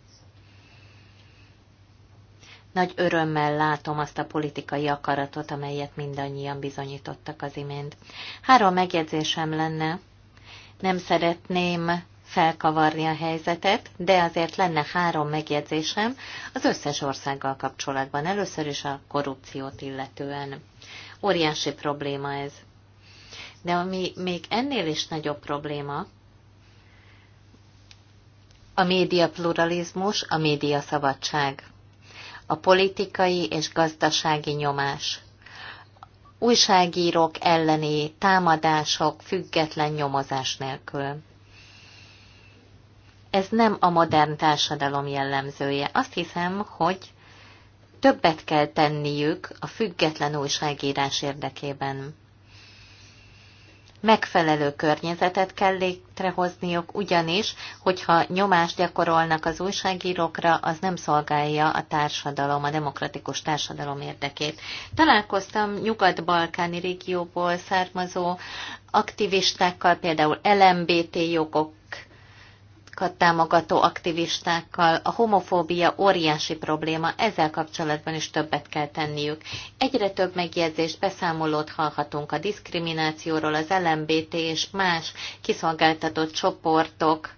Nagy örömmel látom azt a politikai akaratot, amelyet mindannyian bizonyítottak az imént. Három megjegyzésem lenne. Nem szeretném felkavarni a helyzetet, de azért lenne három megjegyzésem az összes országgal kapcsolatban. Először is a korrupciót illetően. Óriási probléma ez. De ami még ennél is nagyobb probléma, a média pluralizmus, a média szabadság, a politikai és gazdasági nyomás, újságírók elleni támadások független nyomozás nélkül. Ez nem a modern társadalom jellemzője. Azt hiszem, hogy többet kell tenniük a független újságírás érdekében megfelelő környezetet kell létrehozniuk, ugyanis, hogyha nyomást gyakorolnak az újságírókra, az nem szolgálja a társadalom, a demokratikus társadalom érdekét. Találkoztam nyugat-balkáni régióból származó aktivistákkal, például LMBT jogok támogató aktivistákkal, a homofóbia óriási probléma, ezzel kapcsolatban is többet kell tenniük. Egyre több megjegyzést, beszámolót hallhatunk a diszkriminációról, az LMBT és más kiszolgáltatott csoportok,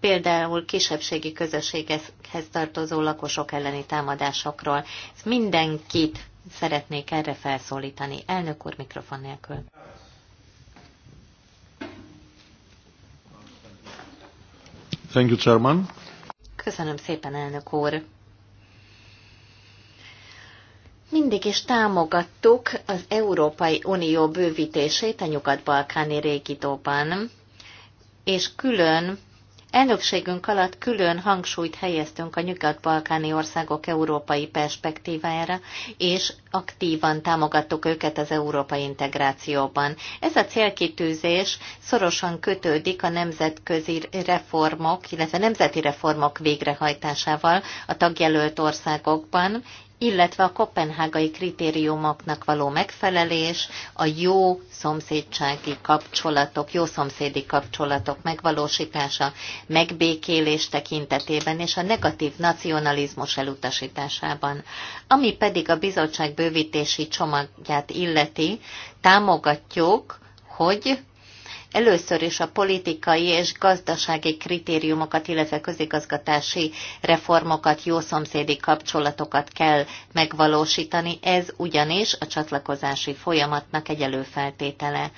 például kisebbségi közösségekhez tartozó lakosok elleni támadásokról. Ezt mindenkit szeretnék erre felszólítani. Elnök úr mikrofon nélkül. Thank you, Chairman. Köszönöm szépen, elnök úr. Mindig is támogattuk az Európai Unió bővítését a nyugat-balkáni régidóban, és külön Elnökségünk alatt külön hangsúlyt helyeztünk a nyugat-balkáni országok európai perspektívájára, és aktívan támogattuk őket az európai integrációban. Ez a célkitűzés szorosan kötődik a nemzetközi reformok, illetve nemzeti reformok végrehajtásával a tagjelölt országokban, illetve a kopenhágai kritériumoknak való megfelelés, a jó szomszédsági kapcsolatok, jó szomszédi kapcsolatok megvalósítása, megbékélés tekintetében és a negatív nacionalizmus elutasításában. Ami pedig a bizottság bővítési csomagját illeti, támogatjuk, hogy először is a politikai és gazdasági kritériumokat, illetve közigazgatási reformokat, szomszédi kapcsolatokat kell megvalósítani. Ez ugyanis a csatlakozási folyamatnak egy előfeltétele.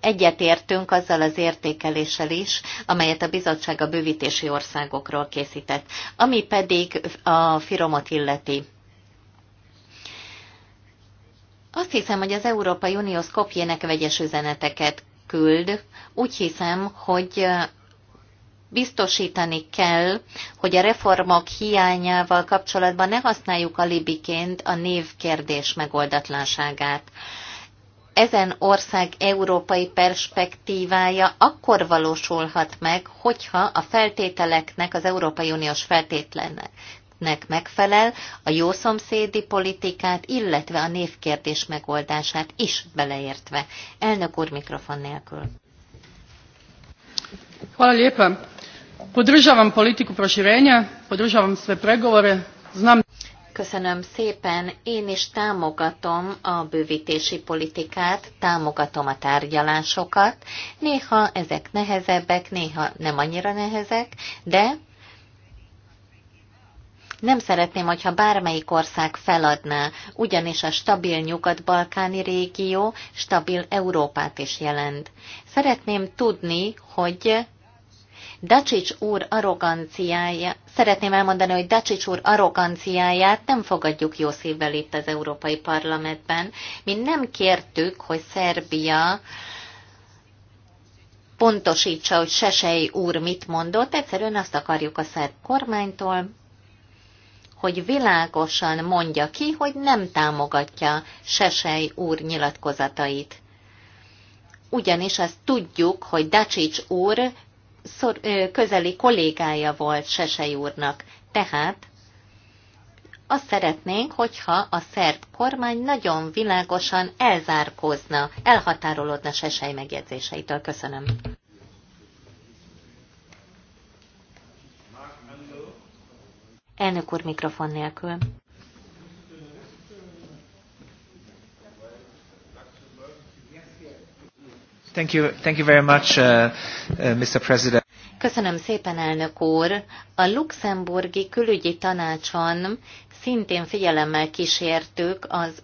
Egyetértünk azzal az értékeléssel is, amelyet a bizottság a bővítési országokról készített, ami pedig a firomot illeti. Azt hiszem, hogy az Európai Unió Skopjének vegyes üzeneteket küld, úgy hiszem, hogy biztosítani kell, hogy a reformok hiányával kapcsolatban ne használjuk a libiként a névkérdés megoldatlanságát. Ezen ország európai perspektívája akkor valósulhat meg, hogyha a feltételeknek, az Európai Uniós feltétlenek nek megfelel, a jó szomszédi politikát, illetve a névkérdés megoldását is beleértve. Elnök úr mikrofon nélkül. Hvala lijepa. Podržavam politiku proširenja, podržavam sve pregovore, znam... Köszönöm szépen, én is támogatom a bővítési politikát, támogatom a tárgyalásokat. Néha ezek nehezebbek, néha nem annyira nehezek, de nem szeretném, hogyha bármelyik ország feladná, ugyanis a stabil nyugat-balkáni régió stabil Európát is jelent. Szeretném tudni, hogy Dacsics úr arroganciája, szeretném elmondani, hogy Dacsics úr arroganciáját nem fogadjuk jó szívvel itt az Európai Parlamentben. Mi nem kértük, hogy Szerbia pontosítsa, hogy Sesei úr mit mondott, egyszerűen azt akarjuk a szerb kormánytól, hogy világosan mondja ki, hogy nem támogatja Sesej úr nyilatkozatait. Ugyanis azt tudjuk, hogy Dacsics úr szor, közeli kollégája volt Sesej úrnak, tehát azt szeretnénk, hogyha a szerb kormány nagyon világosan elzárkózna, elhatárolódna Sesej megjegyzéseitől. Köszönöm. Elnök úr mikrofon nélkül. Thank you, thank you very much, uh, uh, Mr. President. Köszönöm szépen, elnök úr! A luxemburgi külügyi tanácson szintén figyelemmel kísértük az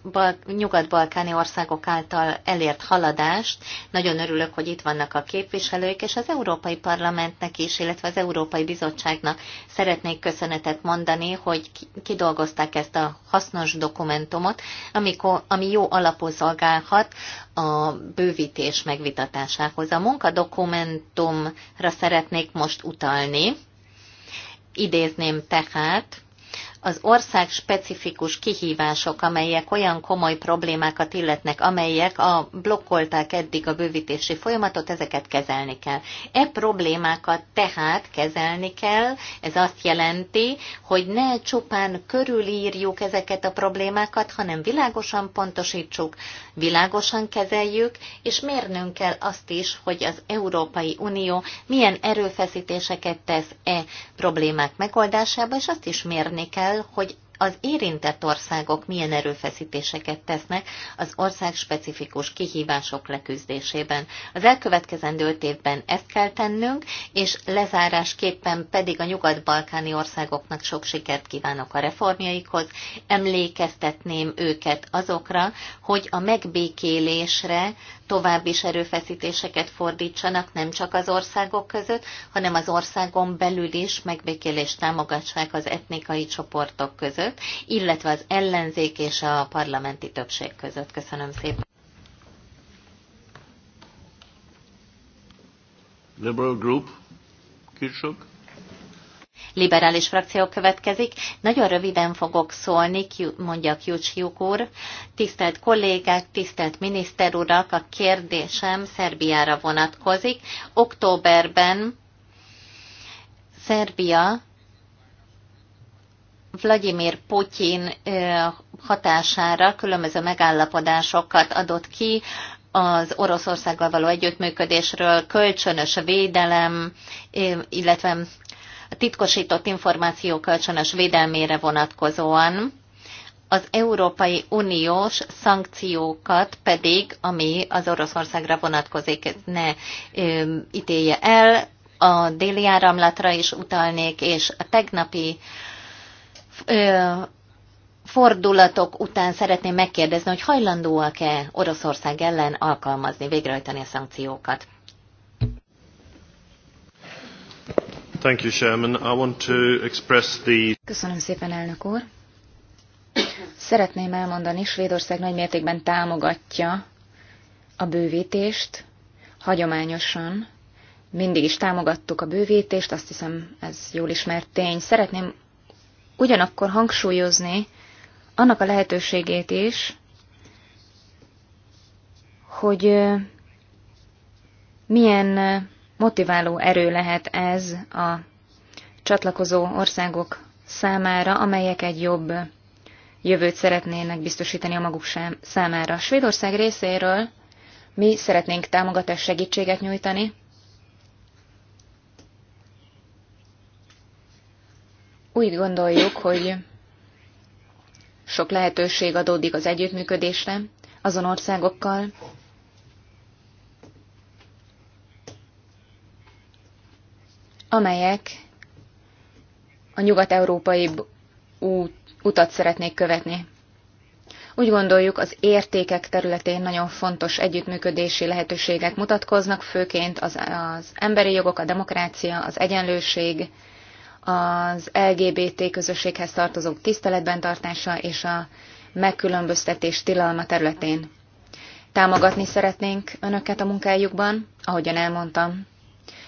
nyugat-balkáni országok által elért haladást. Nagyon örülök, hogy itt vannak a képviselők, és az Európai Parlamentnek is, illetve az Európai Bizottságnak szeretnék köszönetet mondani, hogy kidolgozták ezt a hasznos dokumentumot, amikor, ami jó alapul szolgálhat a bővítés megvitatásához. A munkadokumentumra szeretnék most utalni. Idézném tehát, az ország specifikus kihívások, amelyek olyan komoly problémákat illetnek, amelyek a blokkolták eddig a bővítési folyamatot, ezeket kezelni kell. E problémákat tehát kezelni kell, ez azt jelenti, hogy ne csupán körülírjuk ezeket a problémákat, hanem világosan pontosítsuk, világosan kezeljük, és mérnünk kell azt is, hogy az Európai Unió milyen erőfeszítéseket tesz e problémák megoldásába, és azt is mérni kell, kell, hogy az érintett országok milyen erőfeszítéseket tesznek az ország specifikus kihívások leküzdésében. Az elkövetkezendő öt évben ezt kell tennünk, és lezárásképpen pedig a nyugat-balkáni országoknak sok sikert kívánok a reformjaikhoz. Emlékeztetném őket azokra, hogy a megbékélésre további is erőfeszítéseket fordítsanak nem csak az országok között, hanem az országon belül is megbékélést támogassák az etnikai csoportok között között, illetve az ellenzék és a parlamenti többség között. Köszönöm szépen. Liberal Group, Kirchhoff. Liberális frakció következik. Nagyon röviden fogok szólni, mondja Kjucsjuk úr. Tisztelt kollégák, tisztelt miniszter urak, a kérdésem Szerbiára vonatkozik. Októberben Szerbia Vladimir Putyin hatására különböző megállapodásokat adott ki az Oroszországgal való együttműködésről, kölcsönös védelem, illetve a titkosított információ kölcsönös védelmére vonatkozóan. Az Európai Uniós szankciókat pedig, ami az Oroszországra vonatkozik, ne ítélje el. A déli áramlatra is utalnék, és a tegnapi fordulatok után szeretném megkérdezni, hogy hajlandóak-e Oroszország ellen alkalmazni, végrehajtani a szankciókat. Thank you, Chairman. I want to express the... Köszönöm szépen, elnök úr. Szeretném elmondani, Svédország nagy mértékben támogatja a bővítést, hagyományosan mindig is támogattuk a bővítést, azt hiszem ez jól ismert tény. Szeretném ugyanakkor hangsúlyozni annak a lehetőségét is, hogy milyen motiváló erő lehet ez a csatlakozó országok számára, amelyek egy jobb jövőt szeretnének biztosítani a maguk számára. Svédország részéről mi szeretnénk támogatás segítséget nyújtani, úgy gondoljuk, hogy sok lehetőség adódik az együttműködésre azon országokkal, amelyek a nyugat-európai út, utat szeretnék követni. Úgy gondoljuk, az értékek területén nagyon fontos együttműködési lehetőségek mutatkoznak, főként az, az emberi jogok, a demokrácia, az egyenlőség, az LGBT közösséghez tartozók tiszteletben tartása és a megkülönböztetés tilalma területén. Támogatni szeretnénk önöket a munkájukban, ahogyan elmondtam.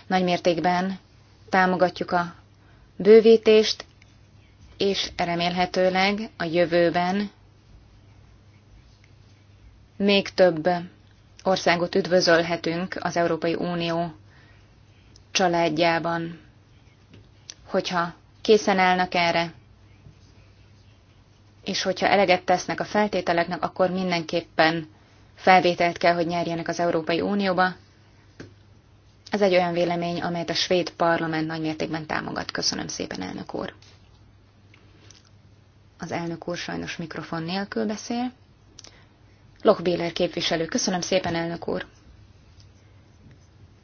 Nagy mértékben támogatjuk a bővítést, és remélhetőleg a jövőben még több országot üdvözölhetünk az Európai Unió családjában hogyha készen állnak erre, és hogyha eleget tesznek a feltételeknek, akkor mindenképpen felvételt kell, hogy nyerjenek az Európai Unióba. Ez egy olyan vélemény, amelyet a svéd parlament nagymértékben támogat. Köszönöm szépen, elnök úr. Az elnök úr sajnos mikrofon nélkül beszél. Lochbéler képviselő, köszönöm szépen, elnök úr.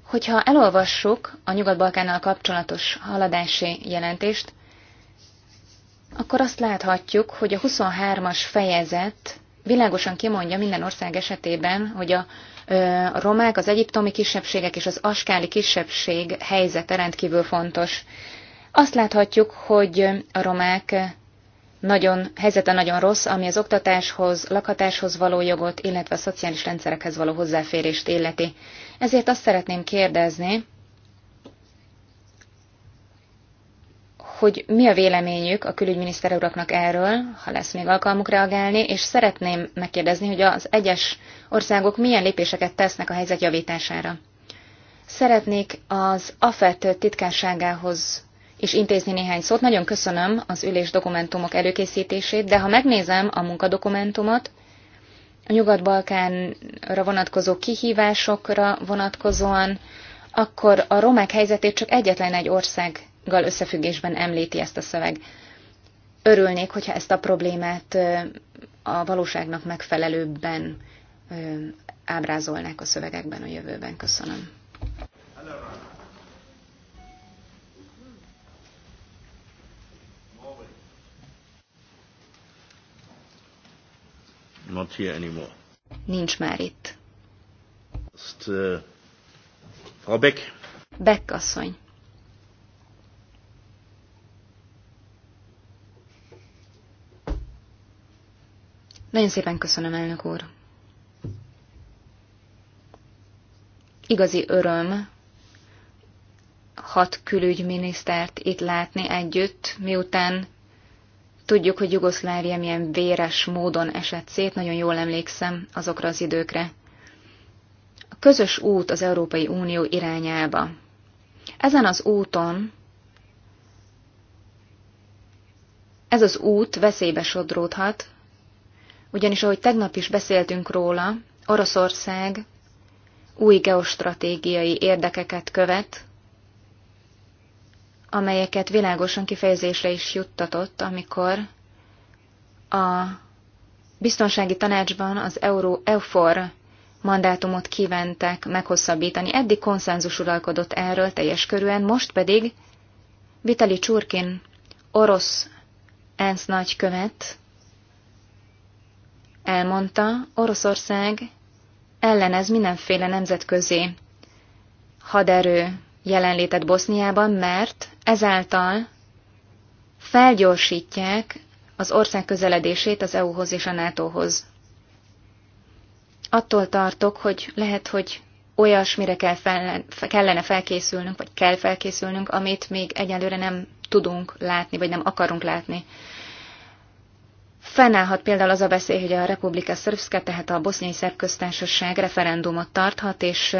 Hogyha elolvassuk a Nyugat-Balkánnal kapcsolatos haladási jelentést, akkor azt láthatjuk, hogy a 23-as fejezet világosan kimondja minden ország esetében, hogy a, a romák, az egyiptomi kisebbségek és az askáli kisebbség helyzete rendkívül fontos. Azt láthatjuk, hogy a romák nagyon, helyzete nagyon rossz, ami az oktatáshoz, lakhatáshoz való jogot, illetve a szociális rendszerekhez való hozzáférést illeti. Ezért azt szeretném kérdezni, hogy mi a véleményük a külügyminiszter uraknak erről, ha lesz még alkalmuk reagálni, és szeretném megkérdezni, hogy az egyes országok milyen lépéseket tesznek a helyzet javítására. Szeretnék az AFET titkárságához és intézni néhány szót. Nagyon köszönöm az ülés dokumentumok előkészítését, de ha megnézem a munkadokumentumot, a Nyugat-Balkánra vonatkozó kihívásokra vonatkozóan, akkor a romák helyzetét csak egyetlen egy országgal összefüggésben említi ezt a szöveg. Örülnék, hogyha ezt a problémát a valóságnak megfelelőbben ábrázolnák a szövegekben a jövőben. Köszönöm. not here anymore. Nincs már itt. Azt, uh, Frau Beck. Beck asszony. Nagyon szépen köszönöm, elnök úr. Igazi öröm hat külügyminisztert itt látni együtt, miután Tudjuk, hogy Jugoszlávia milyen véres módon esett szét, nagyon jól emlékszem azokra az időkre. A közös út az Európai Unió irányába. Ezen az úton ez az út veszélybe sodródhat, ugyanis ahogy tegnap is beszéltünk róla, Oroszország új geostratégiai érdekeket követ, amelyeket világosan kifejezésre is juttatott, amikor a biztonsági tanácsban az Euró, EUFOR mandátumot kívántak meghosszabbítani. Eddig konszenzus uralkodott erről teljes körűen, most pedig Vitali Csurkin, orosz ENSZ nagykövet, elmondta, Oroszország ellenez mindenféle nemzetközi haderő jelenlétet Boszniában, mert Ezáltal felgyorsítják az ország közeledését az EU-hoz és a NATO-hoz. Attól tartok, hogy lehet, hogy olyasmire kell fel, kellene felkészülnünk, vagy kell felkészülnünk, amit még egyelőre nem tudunk látni, vagy nem akarunk látni. Fennállhat például az a veszély, hogy a Republika Srpska, tehát a boszniai szerb köztársaság referendumot tarthat, és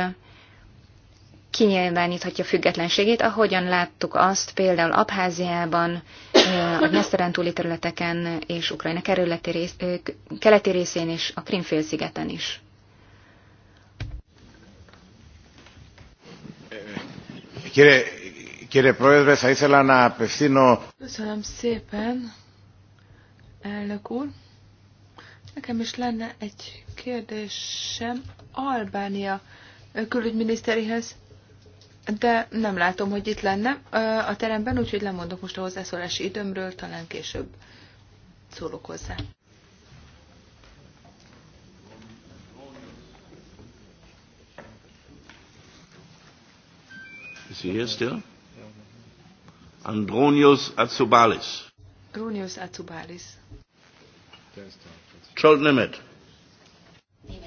kinyilváníthatja függetlenségét, ahogyan láttuk azt például Abháziában, eh, a Nyeszteren túli területeken és Ukrajna kerületi rész, eh, keleti részén és a Krimfélszigeten is. Kérem, Köszönöm szépen, elnök úr. Nekem is lenne egy kérdésem Albánia külügyminiszterihez de nem látom, hogy itt lenne a teremben, úgyhogy lemondok most a hozzászólási időmről, talán később szólok hozzá. Is he here still? Andronius Atsubalis. Andronius Atsubalis. Zsolt Nemet.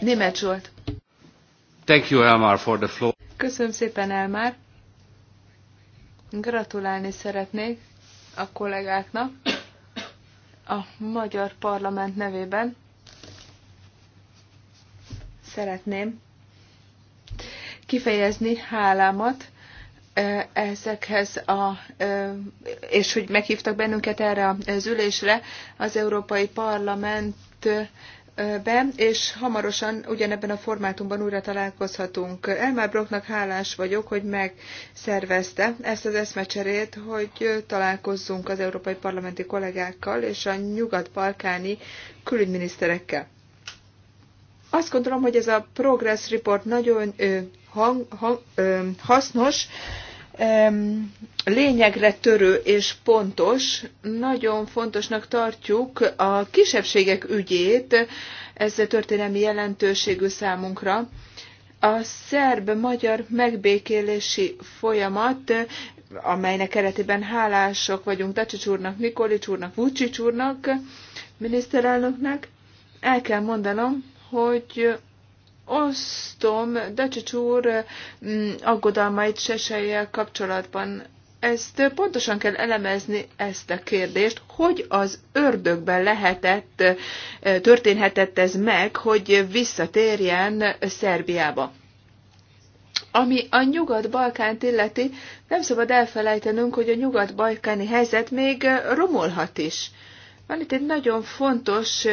Nemet Zsolt. Thank you, Elmar, for the floor. Köszönöm szépen, Elmár. Gratulálni szeretnék a kollégáknak a Magyar Parlament nevében. Szeretném kifejezni hálámat ezekhez a, és hogy meghívtak bennünket erre az ülésre, az Európai Parlament be, és hamarosan ugyanebben a formátumban újra találkozhatunk. Elmar Brocknak hálás vagyok, hogy megszervezte ezt az eszmecserét, hogy találkozzunk az európai parlamenti kollégákkal és a nyugat-balkáni külügyminiszterekkel. Azt gondolom, hogy ez a Progress Report nagyon ö, hang, hang, ö, hasznos, lényegre törő és pontos. Nagyon fontosnak tartjuk a kisebbségek ügyét, ez történelmi jelentőségű számunkra. A szerb-magyar megbékélési folyamat, amelynek keretében hálások vagyunk Tacsics úrnak, Nikolics úrnak, Vucsics úrnak, miniszterelnöknek, el kell mondanom, hogy osztom Dacsics úr mm, aggodalmait seseljel kapcsolatban. Ezt pontosan kell elemezni, ezt a kérdést, hogy az ördögben lehetett, eh, történhetett ez meg, hogy visszatérjen Szerbiába. Ami a Nyugat-Balkánt illeti, nem szabad elfelejtenünk, hogy a Nyugat-Balkáni helyzet még romolhat is. Van itt egy nagyon fontos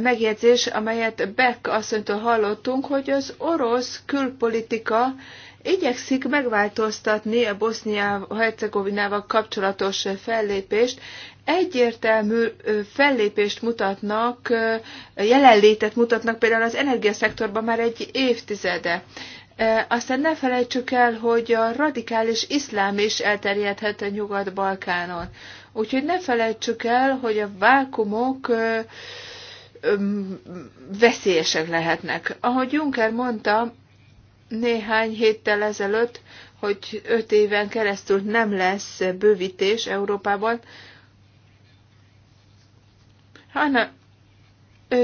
megjegyzés, amelyet Beck asszonytól hallottunk, hogy az orosz külpolitika igyekszik megváltoztatni a Bosznia-Hercegovinával kapcsolatos fellépést. Egyértelmű fellépést mutatnak, jelenlétet mutatnak például az energiaszektorban már egy évtizede. Aztán ne felejtsük el, hogy a radikális iszlám is elterjedhet a Nyugat-Balkánon. Úgyhogy ne felejtsük el, hogy a vákumok veszélyesek lehetnek. Ahogy Juncker mondta néhány héttel ezelőtt, hogy öt éven keresztül nem lesz bővítés Európában, hanem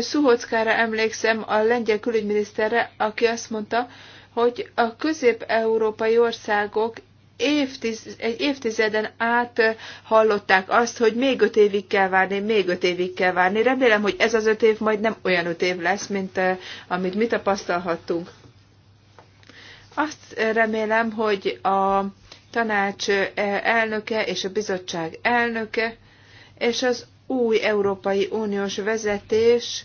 Szuhockára emlékszem, a lengyel külügyminiszterre, aki azt mondta, hogy a közép-európai országok egy évtizeden át hallották azt, hogy még öt évig kell várni, még öt évig kell várni. Remélem, hogy ez az öt év majd nem olyan öt év lesz, mint eh, amit mi tapasztalhattunk. Azt remélem, hogy a tanács eh, elnöke és a bizottság elnöke és az új Európai Uniós vezetés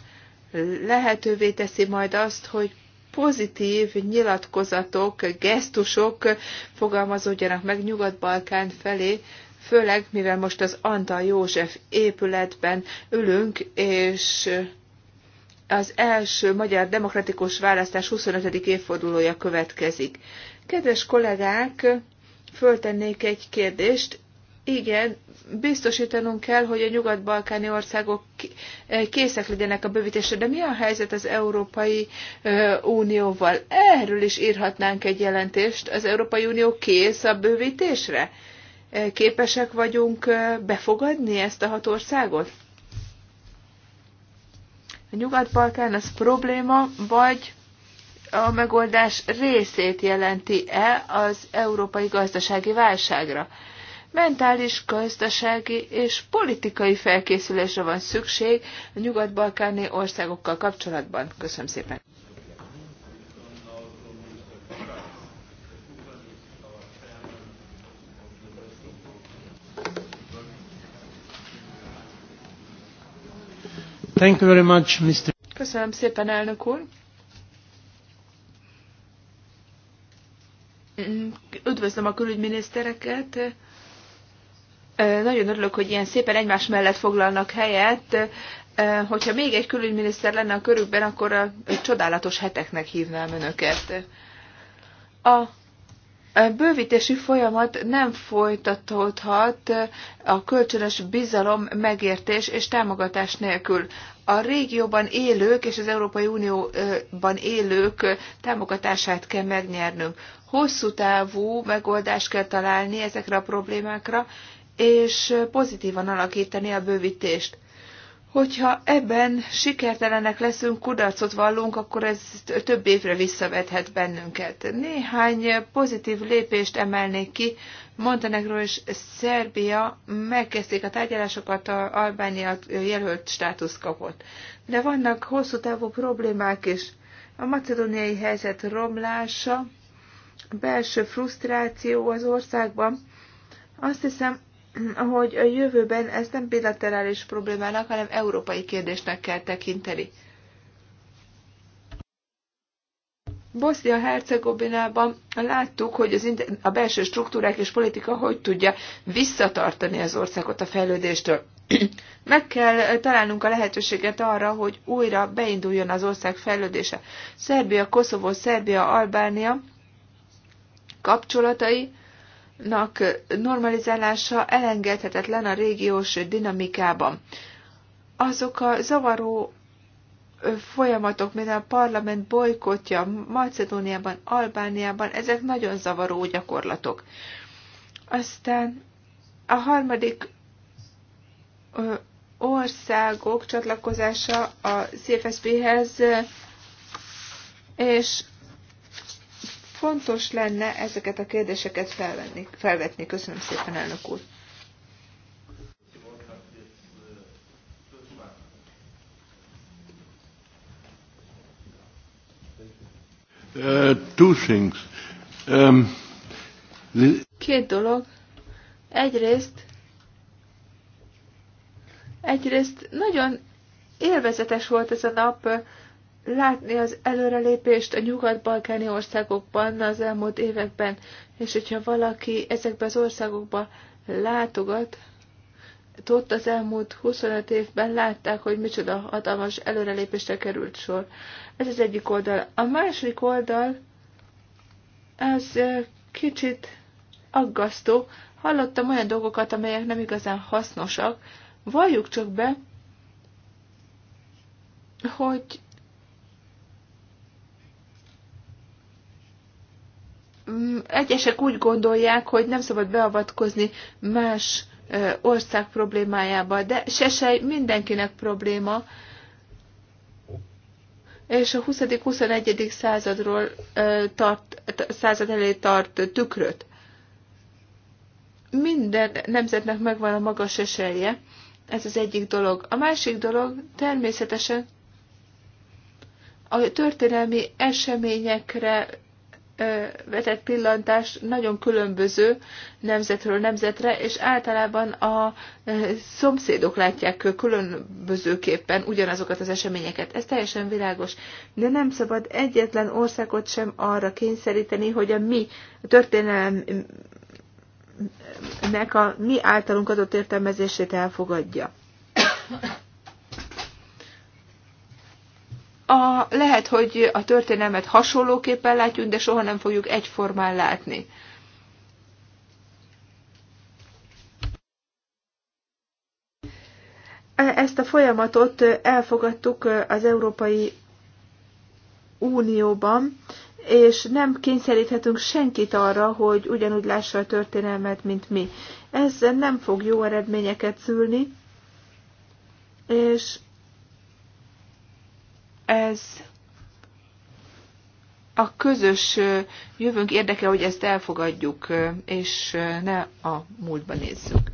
lehetővé teszi majd azt, hogy pozitív nyilatkozatok, gesztusok fogalmazódjanak meg Nyugat-Balkán felé, főleg mivel most az Antal József épületben ülünk, és az első magyar demokratikus választás 25. évfordulója következik. Kedves kollégák, föltennék egy kérdést. Igen, biztosítanunk kell, hogy a nyugat-balkáni országok eh, készek legyenek a bővítésre, de mi a helyzet az Európai eh, Unióval? Erről is írhatnánk egy jelentést. Az Európai Unió kész a bővítésre? Eh, képesek vagyunk befogadni ezt a hat országot? A nyugat-balkán az probléma, vagy a megoldás részét jelenti-e az európai gazdasági válságra? mentális, gazdasági és politikai felkészülésre van szükség a nyugat-balkáni országokkal kapcsolatban. Köszönöm szépen! Thank you very much, Mr. Köszönöm szépen, elnök úr! Üdvözlöm a külügyminisztereket! Nagyon örülök, hogy ilyen szépen egymás mellett foglalnak helyet. Hogyha még egy külügyminiszter lenne a körükben, akkor a csodálatos heteknek hívnám önöket. A bővítési folyamat nem folytatódhat a kölcsönös bizalom, megértés és támogatás nélkül. A régióban élők és az Európai Unióban élők támogatását kell megnyernünk. Hosszú távú megoldást kell találni ezekre a problémákra, és pozitívan alakítani a bővítést. Hogyha ebben sikertelenek leszünk, kudarcot vallunk, akkor ez több évre visszavethet bennünket. Néhány pozitív lépést emelnék ki. Montenegro és Szerbia megkezdték a tárgyalásokat, a Albánia jelölt státusz kapott. De vannak hosszú távú problémák is. A macedóniai helyzet romlása, belső frusztráció az országban. Azt hiszem, hogy a jövőben ezt nem bilaterális problémának, hanem európai kérdésnek kell tekinteni. Bosznia-Hercegovinában láttuk, hogy az a belső struktúrák és politika hogy tudja visszatartani az országot a fejlődéstől. Meg kell találnunk a lehetőséget arra, hogy újra beinduljon az ország fejlődése. Szerbia, Koszovó, Szerbia, Albánia kapcsolatai nak normalizálása elengedhetetlen a régiós dinamikában. Azok a zavaró folyamatok, mint a parlament bolykotja Macedóniában, Albániában, ezek nagyon zavaró gyakorlatok. Aztán a harmadik országok csatlakozása a cfsp hez és Fontos lenne ezeket a kérdéseket felvenni, felvetni. Köszönöm szépen, elnök úr. Uh, two things. Um, the... Két dolog. Egyrészt, egyrészt nagyon élvezetes volt ez a nap, látni az előrelépést a nyugat-balkáni országokban az elmúlt években, és hogyha valaki ezekbe az országokba látogat, ott az elmúlt 25 évben látták, hogy micsoda hatalmas előrelépésre került sor. Ez az egyik oldal. A másik oldal, ez kicsit aggasztó. Hallottam olyan dolgokat, amelyek nem igazán hasznosak. Valljuk csak be, hogy egyesek úgy gondolják, hogy nem szabad beavatkozni más ország problémájába, de sesej mindenkinek probléma, és a 20.-21. századról tart, század elé tart tükröt. Minden nemzetnek megvan a maga seselje, ez az egyik dolog. A másik dolog természetesen a történelmi eseményekre vetett pillantás nagyon különböző nemzetről nemzetre, és általában a szomszédok látják különbözőképpen ugyanazokat az eseményeket. Ez teljesen világos. De nem szabad egyetlen országot sem arra kényszeríteni, hogy a mi történelemnek a mi általunk adott értelmezését elfogadja a, lehet, hogy a történelmet hasonlóképpen látjuk, de soha nem fogjuk egyformán látni. Ezt a folyamatot elfogadtuk az Európai Unióban, és nem kényszeríthetünk senkit arra, hogy ugyanúgy lássa a történelmet, mint mi. Ez nem fog jó eredményeket szülni, és ez a közös jövőnk érdeke, hogy ezt elfogadjuk, és ne a múltba nézzük.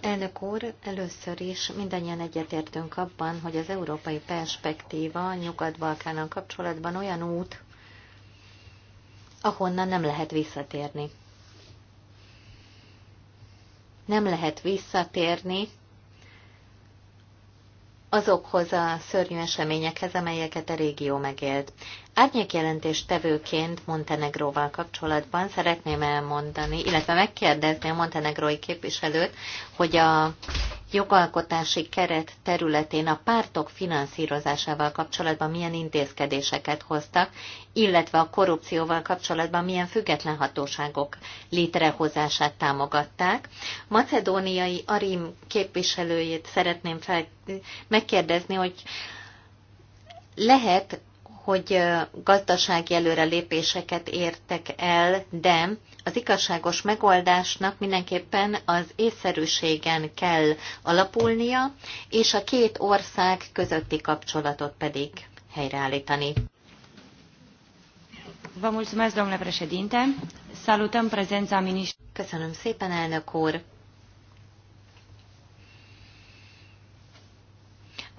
Elnök úr, először is mindannyian egyetértünk abban, hogy az európai perspektíva Nyugat-Balkánon kapcsolatban olyan út, ahonnan nem lehet visszatérni nem lehet visszatérni azokhoz a szörnyű eseményekhez, amelyeket a régió megélt. Árnyékjelentés tevőként Montenegróval kapcsolatban szeretném elmondani, illetve megkérdezni a montenegrói képviselőt, hogy a jogalkotási keret területén a pártok finanszírozásával kapcsolatban milyen intézkedéseket hoztak, illetve a korrupcióval kapcsolatban milyen független hatóságok létrehozását támogatták. Macedóniai Arim képviselőjét szeretném fel, megkérdezni, hogy lehet hogy gazdasági előrelépéseket értek el, de az igazságos megoldásnak mindenképpen az észszerűségen kell alapulnia, és a két ország közötti kapcsolatot pedig helyreállítani. Köszönöm szépen, elnök úr.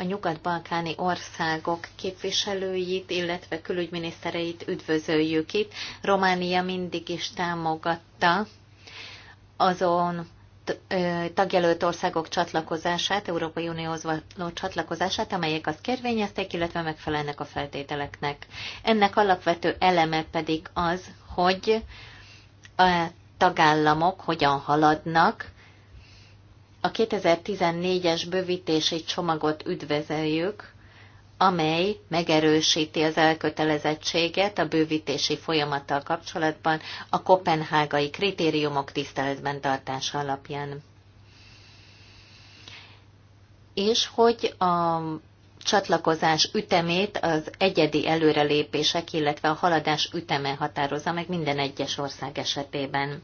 a nyugat-balkáni országok képviselőit, illetve külügyminisztereit üdvözöljük itt. Románia mindig is támogatta azon tagjelölt országok csatlakozását, Európai Unióhoz való csatlakozását, amelyek azt kérvényezték, illetve megfelelnek a feltételeknek. Ennek alapvető eleme pedig az, hogy a tagállamok hogyan haladnak a 2014-es bővítési csomagot üdvözöljük, amely megerősíti az elkötelezettséget a bővítési folyamattal kapcsolatban a kopenhágai kritériumok tiszteletben tartása alapján. És hogy a csatlakozás ütemét az egyedi előrelépések, illetve a haladás üteme határozza meg minden egyes ország esetében.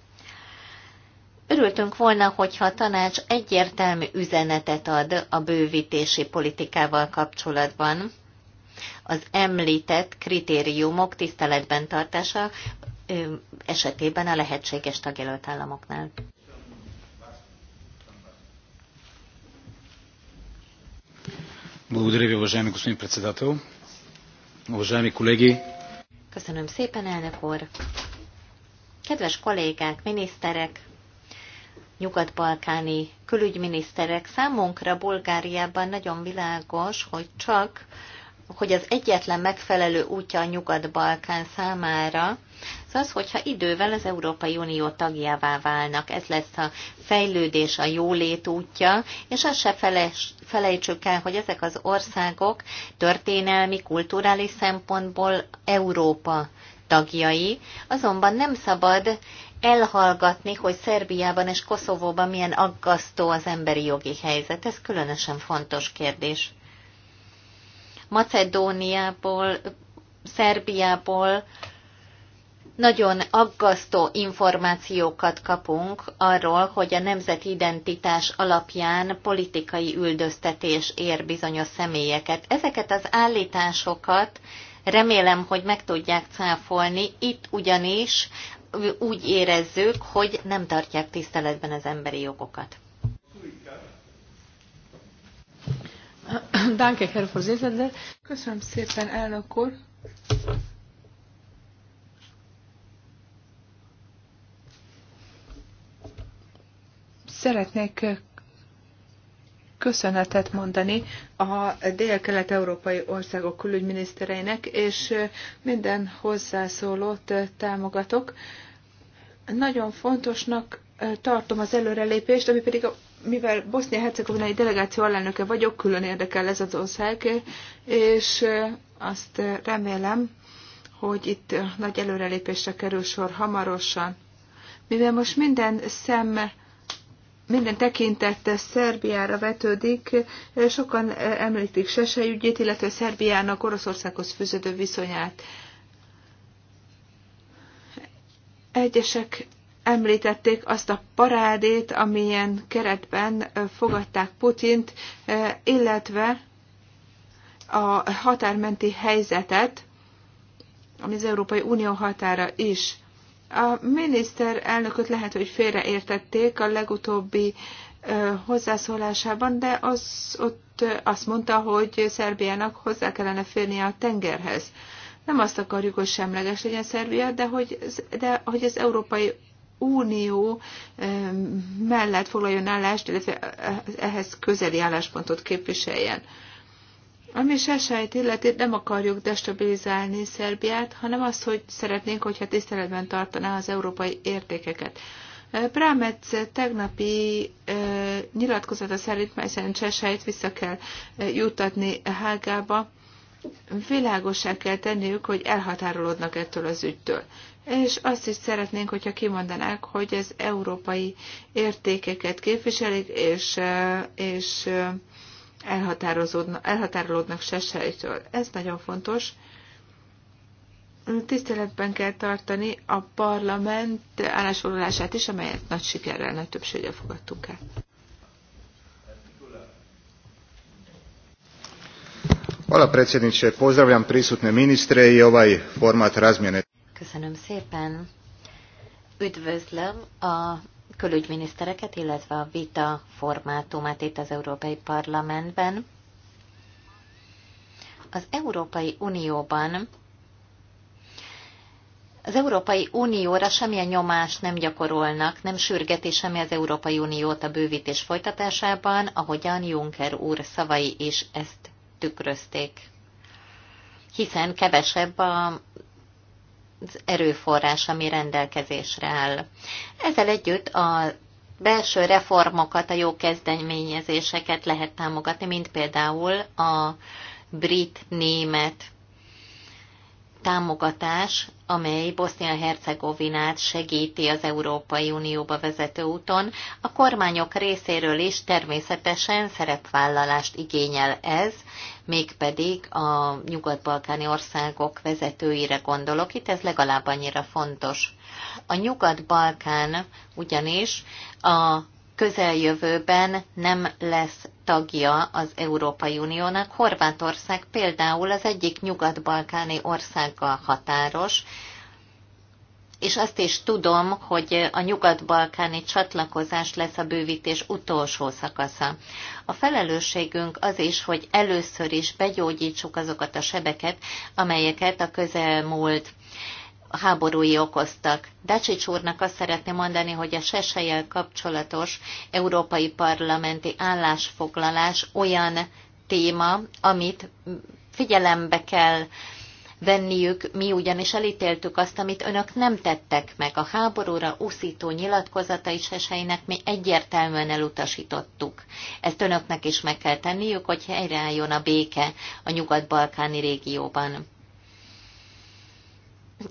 Örültünk volna, hogyha a tanács egyértelmű üzenetet ad a bővítési politikával kapcsolatban. Az említett kritériumok tiszteletben tartása esetében a lehetséges tagjelölt államoknál. Köszönöm szépen, elnök úr. Kedves kollégák, miniszterek, nyugat-balkáni külügyminiszterek. Számunkra Bulgáriában nagyon világos, hogy csak hogy az egyetlen megfelelő útja a Nyugat-Balkán számára, az az, hogyha idővel az Európai Unió tagjává válnak. Ez lesz a fejlődés, a jólét útja, és azt se feles, felejtsük el, hogy ezek az országok történelmi, kulturális szempontból Európa tagjai, azonban nem szabad elhallgatni, hogy Szerbiában és Koszovóban milyen aggasztó az emberi jogi helyzet. Ez különösen fontos kérdés. Macedóniából, Szerbiából nagyon aggasztó információkat kapunk arról, hogy a nemzeti identitás alapján politikai üldöztetés ér bizonyos személyeket. Ezeket az állításokat remélem, hogy meg tudják cáfolni. Itt ugyanis úgy érezzük, hogy nem tartják tiszteletben az emberi jogokat. Danke, Herr Vorsitzender. Köszönöm szépen, elnök úr. Szeretnék köszönetet mondani a dél-kelet-európai országok külügyminisztereinek, és minden hozzászólót támogatok. Nagyon fontosnak tartom az előrelépést, ami pedig, a, mivel Bosznia-Hercegovinai delegáció alelnöke vagyok, külön érdekel ez az ország, és azt remélem, hogy itt nagy előrelépésre kerül sor hamarosan. Mivel most minden szem, minden tekintettel Szerbiára vetődik, sokan említik Sesei ügyét, illetve Szerbiának Oroszországhoz fűződő viszonyát. Egyesek említették azt a parádét, amilyen keretben fogadták Putint, illetve a határmenti helyzetet, ami az Európai Unió határa is. A miniszterelnököt lehet, hogy félreértették a legutóbbi hozzászólásában, de az ott azt mondta, hogy Szerbiának hozzá kellene férnie a tengerhez. Nem azt akarjuk, hogy semleges legyen Szerbia, de hogy, de hogy az Európai Unió mellett foglaljon állást, illetve ehhez közeli álláspontot képviseljen. Ami sejt illeti, nem akarjuk destabilizálni Szerbiát, hanem azt, hogy szeretnénk, hogyha tiszteletben tartaná az európai értékeket. Prámec tegnapi e, nyilatkozata szerint, mely szerint Csesejt vissza kell e, jutatni Hágába, világosá kell tenniük, hogy elhatárolódnak ettől az ügytől. És azt is szeretnénk, hogyha kimondanák, hogy ez európai értékeket képviselik, és, és elhatárolódnak, se sejtől. Ez nagyon fontos. Tiszteletben kell tartani a parlament állásfoglalását is, amelyet nagy sikerrel, nagy többséggel fogadtunk el. Hvala predsjedniče, pozdravljam prisutne ministre i ovaj format razmjene. Köszönöm szépen. Üdvözlöm a külügyminisztereket, illetve a vita formátumát itt az Európai Parlamentben. Az Európai Unióban az Európai Unióra semmilyen nyomást nem gyakorolnak, nem sürgeti semmi az Európai Uniót a bővítés folytatásában, ahogyan Juncker úr szavai is ezt tükrözték, hiszen kevesebb a az erőforrás, ami rendelkezésre áll. Ezzel együtt a belső reformokat, a jó kezdeményezéseket lehet támogatni, mint például a brit-német támogatás, amely Bosznia-Hercegovinát segíti az Európai Unióba vezető úton, a kormányok részéről is természetesen szerepvállalást igényel ez, mégpedig a nyugat-balkáni országok vezetőire gondolok, itt ez legalább annyira fontos. A nyugat-balkán ugyanis a közeljövőben nem lesz tagja az Európai Uniónak. Horvátország például az egyik nyugat-balkáni országgal határos, és azt is tudom, hogy a nyugat-balkáni csatlakozás lesz a bővítés utolsó szakasza. A felelősségünk az is, hogy először is begyógyítsuk azokat a sebeket, amelyeket a közelmúlt a háborúi okoztak. Dacsics úrnak azt szeretném mondani, hogy a sesejel kapcsolatos európai parlamenti állásfoglalás olyan téma, amit figyelembe kell venniük, mi ugyanis elítéltük azt, amit önök nem tettek meg. A háborúra úszító nyilatkozatai seseinek mi egyértelműen elutasítottuk. Ezt önöknek is meg kell tenniük, hogy helyreálljon a béke a nyugat-balkáni régióban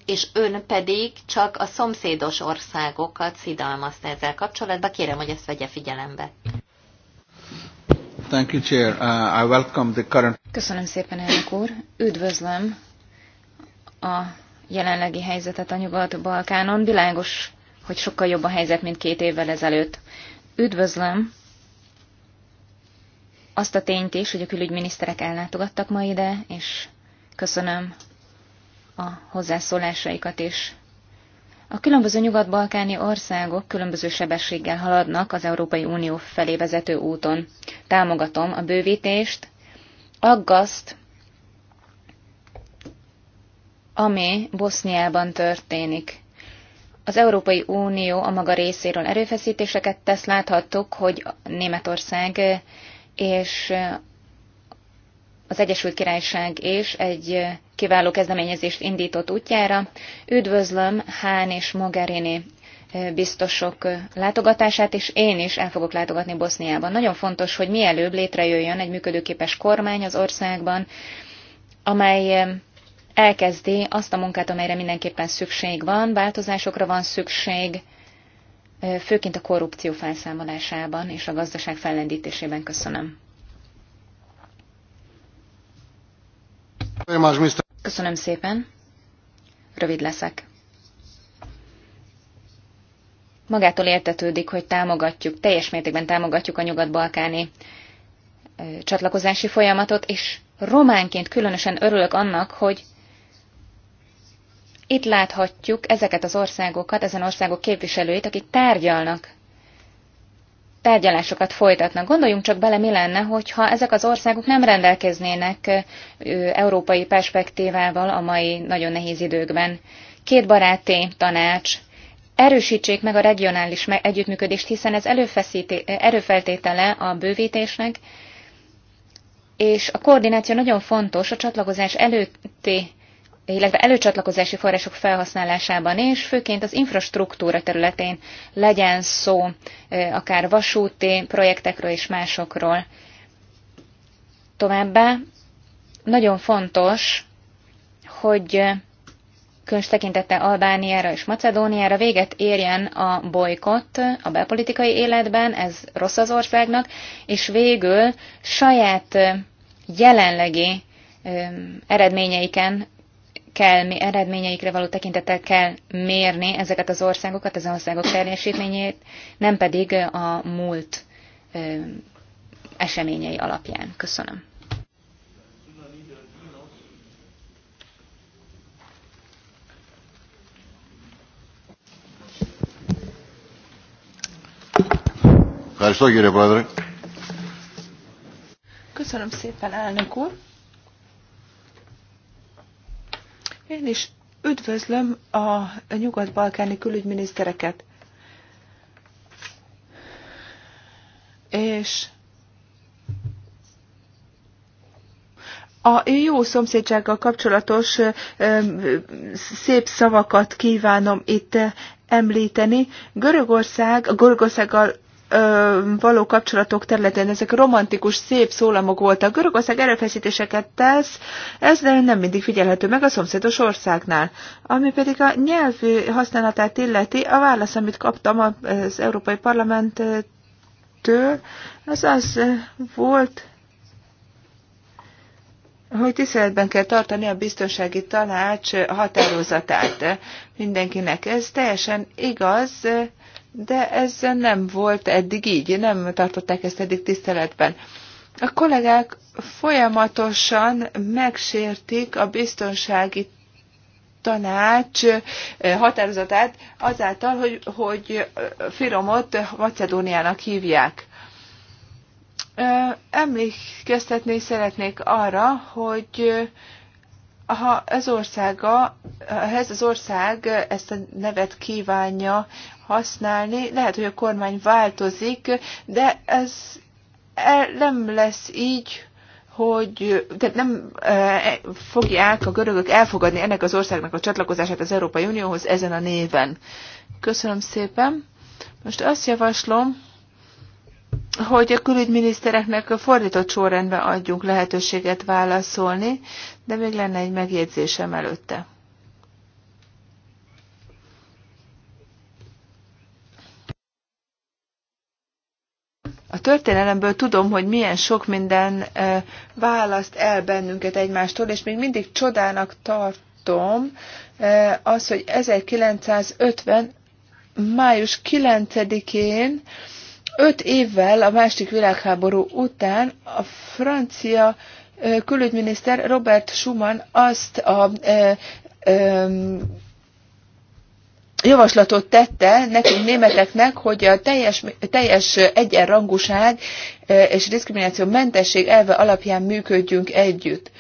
és ön pedig csak a szomszédos országokat szidalmazta ezzel kapcsolatban. Kérem, hogy ezt vegye figyelembe. Thank you, Chair. Uh, I welcome the current... Köszönöm szépen, elnök úr. Üdvözlöm a jelenlegi helyzetet a Nyugat-Balkánon. Világos, hogy sokkal jobb a helyzet, mint két évvel ezelőtt. Üdvözlöm azt a tényt is, hogy a külügyminiszterek ellátogattak ma ide, és köszönöm a hozzászólásaikat is. A különböző nyugat-balkáni országok különböző sebességgel haladnak az Európai Unió felé vezető úton. Támogatom a bővítést, aggaszt, ami Boszniában történik. Az Európai Unió a maga részéről erőfeszítéseket tesz, láthattuk, hogy Németország és az Egyesült Királyság és egy kiváló kezdeményezést indított útjára. Üdvözlöm Hán és Mogherini biztosok látogatását, és én is el fogok látogatni Boszniában. Nagyon fontos, hogy mielőbb létrejöjjön egy működőképes kormány az országban, amely elkezdi azt a munkát, amelyre mindenképpen szükség van, változásokra van szükség, főként a korrupció felszámolásában és a gazdaság fellendítésében. Köszönöm. Köszönöm szépen. Rövid leszek. Magától értetődik, hogy támogatjuk, teljes mértékben támogatjuk a nyugat-balkáni csatlakozási folyamatot, és románként különösen örülök annak, hogy itt láthatjuk ezeket az országokat, ezen országok képviselőit, akik tárgyalnak tárgyalásokat folytatnak. Gondoljunk csak bele, mi lenne, hogyha ezek az országok nem rendelkeznének európai perspektívával a mai nagyon nehéz időkben. Két baráti tanács, erősítsék meg a regionális együttműködést, hiszen ez erőfeltétele a bővítésnek, és a koordináció nagyon fontos a csatlakozás előtti illetve előcsatlakozási források felhasználásában is, főként az infrastruktúra területén legyen szó akár vasúti projektekről és másokról. Továbbá nagyon fontos, hogy különös tekintette Albániára és Macedóniára véget érjen a bolykott a belpolitikai életben, ez rossz az országnak, és végül saját jelenlegi eredményeiken kell, eredményeikre való tekintettel kell mérni ezeket az országokat, az országok teljesítményét, nem pedig a múlt eseményei alapján. Köszönöm. Köszönöm szépen, elnök úr! Én is üdvözlöm a nyugat-balkáni külügyminisztereket. És a jó szomszédsággal kapcsolatos szép szavakat kívánom itt említeni. Görögország, a Görögországgal való kapcsolatok területén ezek romantikus, szép szólamok voltak. Görögország erőfeszítéseket tesz, ez nem mindig figyelhető meg a szomszédos országnál. Ami pedig a nyelv használatát illeti, a válasz, amit kaptam az Európai Parlamenttől, az az volt, hogy tiszteletben kell tartani a biztonsági tanács határozatát mindenkinek. Ez teljesen igaz, de ez nem volt eddig így, nem tartották ezt eddig tiszteletben. A kollégák folyamatosan megsértik a biztonsági tanács eh, határozatát azáltal, hogy, hogy eh, Firomot Macedóniának hívják. Eh, emlékeztetni szeretnék arra, hogy ha ez, országa, ha ez az ország ezt a nevet kívánja használni. Lehet, hogy a kormány változik, de ez el nem lesz így, hogy tehát nem e, e, fogják a görögök elfogadni ennek az országnak a csatlakozását az Európai Unióhoz ezen a néven. Köszönöm szépen. Most azt javaslom, hogy a külügyminisztereknek a fordított sorrendben adjunk lehetőséget válaszolni, de még lenne egy megjegyzésem előtte. A történelemből tudom, hogy milyen sok minden választ el bennünket egymástól, és még mindig csodának tartom az, hogy 1950. május 9-én, öt évvel a második világháború után a francia külügyminiszter Robert Schuman azt a javaslatot tette nekünk németeknek, hogy a teljes, teljes egyenrangúság eh, és diszkrimináció mentesség elve alapján működjünk együtt.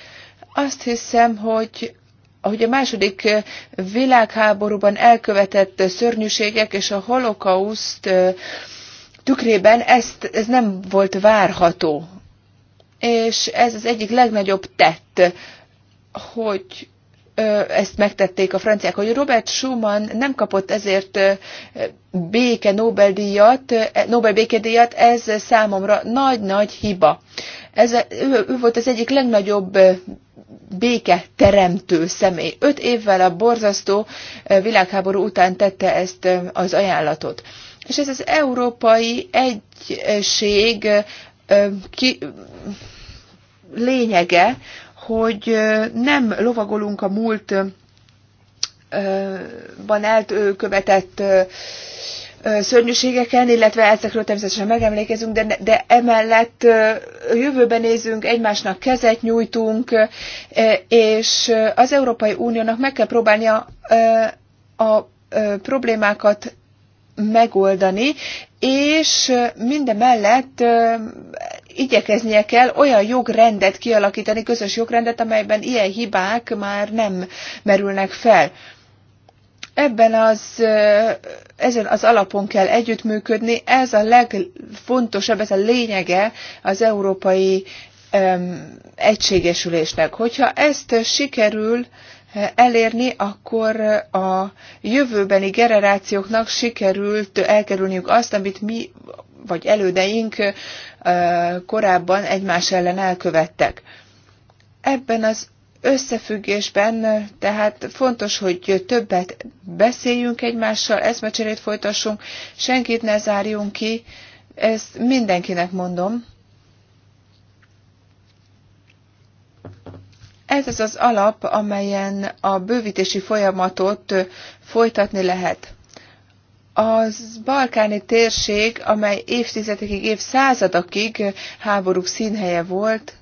Azt hiszem, hogy ahogy a második eh, világháborúban elkövetett szörnyűségek és a holokauszt eh, tükrében ezt, ez nem volt várható. És ez az egyik legnagyobb tett, hogy ezt megtették a franciák, hogy Robert Schumann nem kapott ezért béke Nobel-díjat, e, Nobel békedíjat, ez számomra nagy-nagy hiba. Ez, ő, ő volt az egyik legnagyobb béke teremtő személy. Öt évvel a borzasztó világháború után tette ezt az ajánlatot. És ez az európai egység ki, lényege, hogy nem lovagolunk a múlt van elkövetett szörnyűségeken, illetve ezekről természetesen megemlékezünk, de, de emellett jövőben nézünk, egymásnak kezet nyújtunk, és az Európai Uniónak meg kell próbálnia a problémákat megoldani, és minden mellett igyekeznie kell olyan jogrendet kialakítani, közös jogrendet, amelyben ilyen hibák már nem merülnek fel. Ebben az, ezen az alapon kell együttműködni, ez a legfontosabb, ez a lényege az európai um, egységesülésnek. Hogyha ezt sikerül, elérni, akkor a jövőbeni generációknak sikerült elkerülniük azt, amit mi vagy elődeink korábban egymás ellen elkövettek. Ebben az összefüggésben, tehát fontos, hogy többet beszéljünk egymással, eszmecserét folytassunk, senkit ne zárjunk ki, ezt mindenkinek mondom. Ez az az alap, amelyen a bővítési folyamatot folytatni lehet az balkáni térség, amely évtizedekig, évszázadokig háborúk színhelye volt,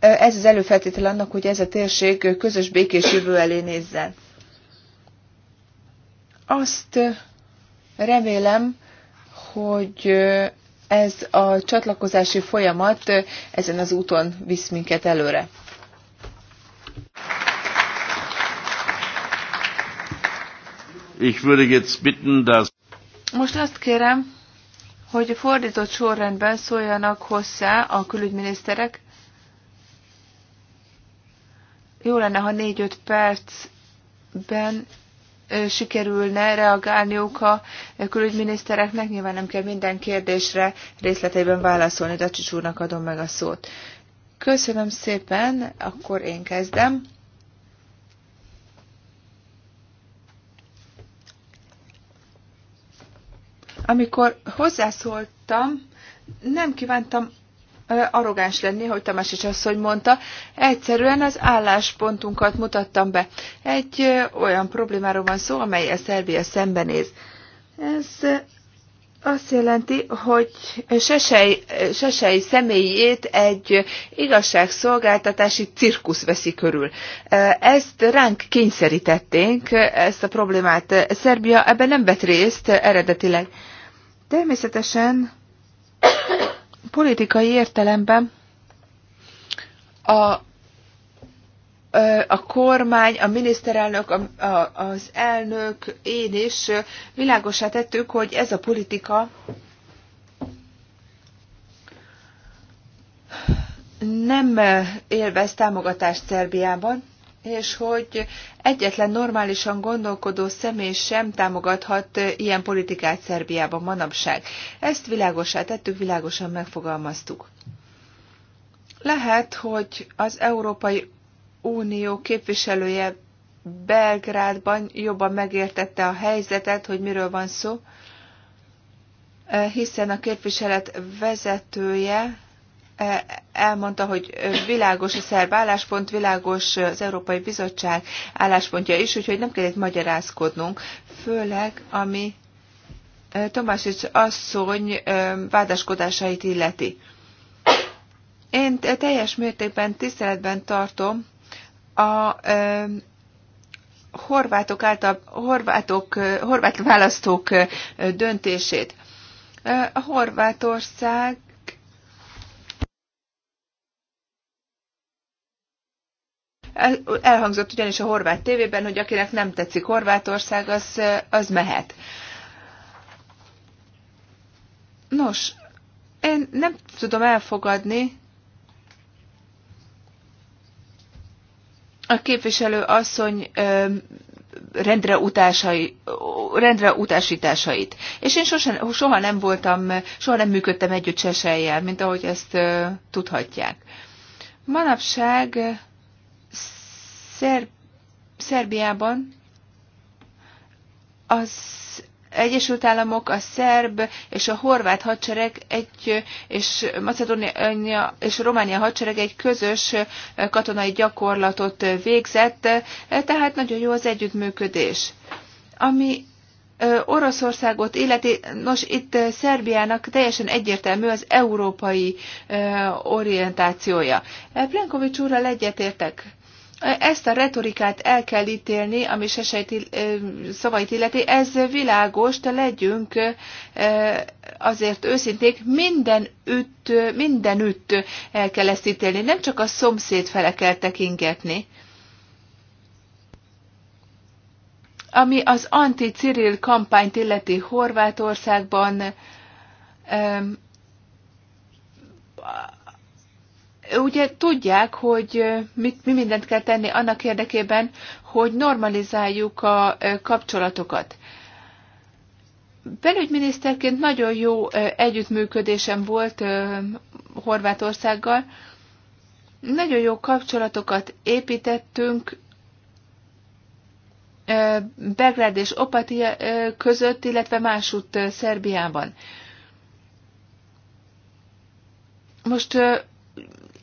ez az előfeltétel annak, hogy ez a térség közös békés jövő elé nézzen. Azt remélem, hogy ez a csatlakozási folyamat ezen az úton visz minket előre. Ich würde jetzt bitten, dass Most azt kérem, hogy a fordított sorrendben szóljanak hozzá a külügyminiszterek. Jó lenne, ha négy-öt percben sikerülne reagálniuk a külügyminisztereknek. Nyilván nem kell minden kérdésre részleteiben válaszolni, de a adom meg a szót. Köszönöm szépen, akkor én kezdem. Amikor hozzászóltam, nem kívántam arrogáns lenni, hogy Tamásics asszony mondta, egyszerűen az álláspontunkat mutattam be. Egy olyan problémáról van szó, amely a Szerbia szembenéz. Ez azt jelenti, hogy Sesei, Sesei személyét egy igazságszolgáltatási cirkusz veszi körül. Ezt ránk kényszerítették, ezt a problémát. Szerbia ebben nem vett részt eredetileg. Természetesen politikai értelemben a a kormány, a miniszterelnök, a, a, az elnök, én is világosá tettük, hogy ez a politika nem élvez támogatást Szerbiában és hogy egyetlen normálisan gondolkodó személy sem támogathat ilyen politikát Szerbiában manapság. Ezt világosá tettük, világosan megfogalmaztuk. Lehet, hogy az Európai Unió képviselője Belgrádban jobban megértette a helyzetet, hogy miről van szó, hiszen a képviselet vezetője elmondta, hogy világos a szerb álláspont, világos az Európai Bizottság álláspontja is, úgyhogy nem kellett magyarázkodnunk, főleg ami Tomásics asszony vádaskodásait illeti. Én teljes mértékben tiszteletben tartom a horvátok, által, horvátok, horvát választók döntését. A Horvátország Elhangzott ugyanis a horvát tévében, hogy akinek nem tetszik Horvátország, az, az mehet. Nos, én nem tudom elfogadni a képviselő asszony rendre, utásai, rendre utásításait. És én sosem, soha nem voltam, soha nem működtem együtt Cseselyjel, mint ahogy ezt tudhatják. Manapság Szer Szerbiában az Egyesült Államok, a szerb és a horvát hadsereg egy, és Macedónia és Románia hadsereg egy közös katonai gyakorlatot végzett, tehát nagyon jó az együttműködés. Ami Oroszországot illeti, nos itt Szerbiának teljesen egyértelmű az európai orientációja. Plenkovics úrral egyetértek. Ezt a retorikát el kell ítélni, ami sesejt szavait illeti, ez világos, de legyünk azért őszinték, minden mindenütt minden el kell ezt ítélni, nem csak a szomszéd fele kell tekingetni. Ami az anti-Ciril kampányt illeti Horvátországban, ugye tudják, hogy mit, mi mindent kell tenni annak érdekében, hogy normalizáljuk a kapcsolatokat. Belügyminiszterként nagyon jó együttműködésem volt Horvátországgal. Nagyon jó kapcsolatokat építettünk Belgrád és Opatia között, illetve másútt Szerbiában. Most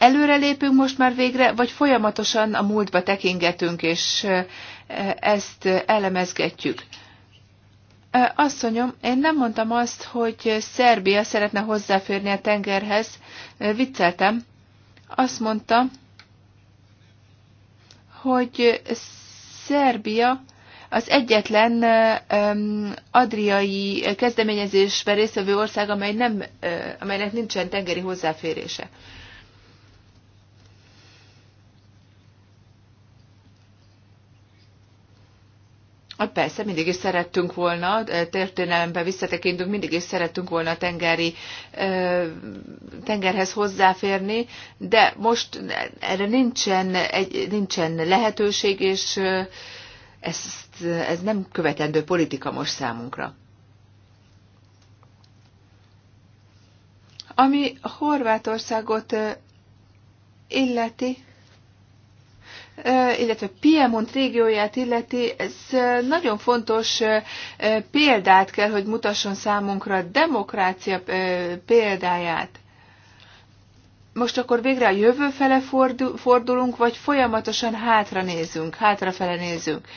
Előrelépünk most már végre, vagy folyamatosan a múltba tekingetünk, és ezt elemezgetjük? mondjam, én nem mondtam azt, hogy Szerbia szeretne hozzáférni a tengerhez. Vicceltem. Azt mondta, hogy Szerbia az egyetlen adriai kezdeményezésben résztvevő ország, amely nem, amelynek nincsen tengeri hozzáférése. Hát persze, mindig is szerettünk volna, történelembe visszatekintünk, mindig is szerettünk volna a tengeri, tengerhez hozzáférni, de most erre nincsen, egy, nincsen lehetőség, és ezt, ez nem követendő politika most számunkra. Ami Horvátországot illeti, illetve Piemont régióját illeti, ez nagyon fontos példát kell, hogy mutasson számunkra a demokrácia példáját. Most akkor végre a jövő fele fordulunk, vagy folyamatosan hátra nézünk, hátrafele nézünk.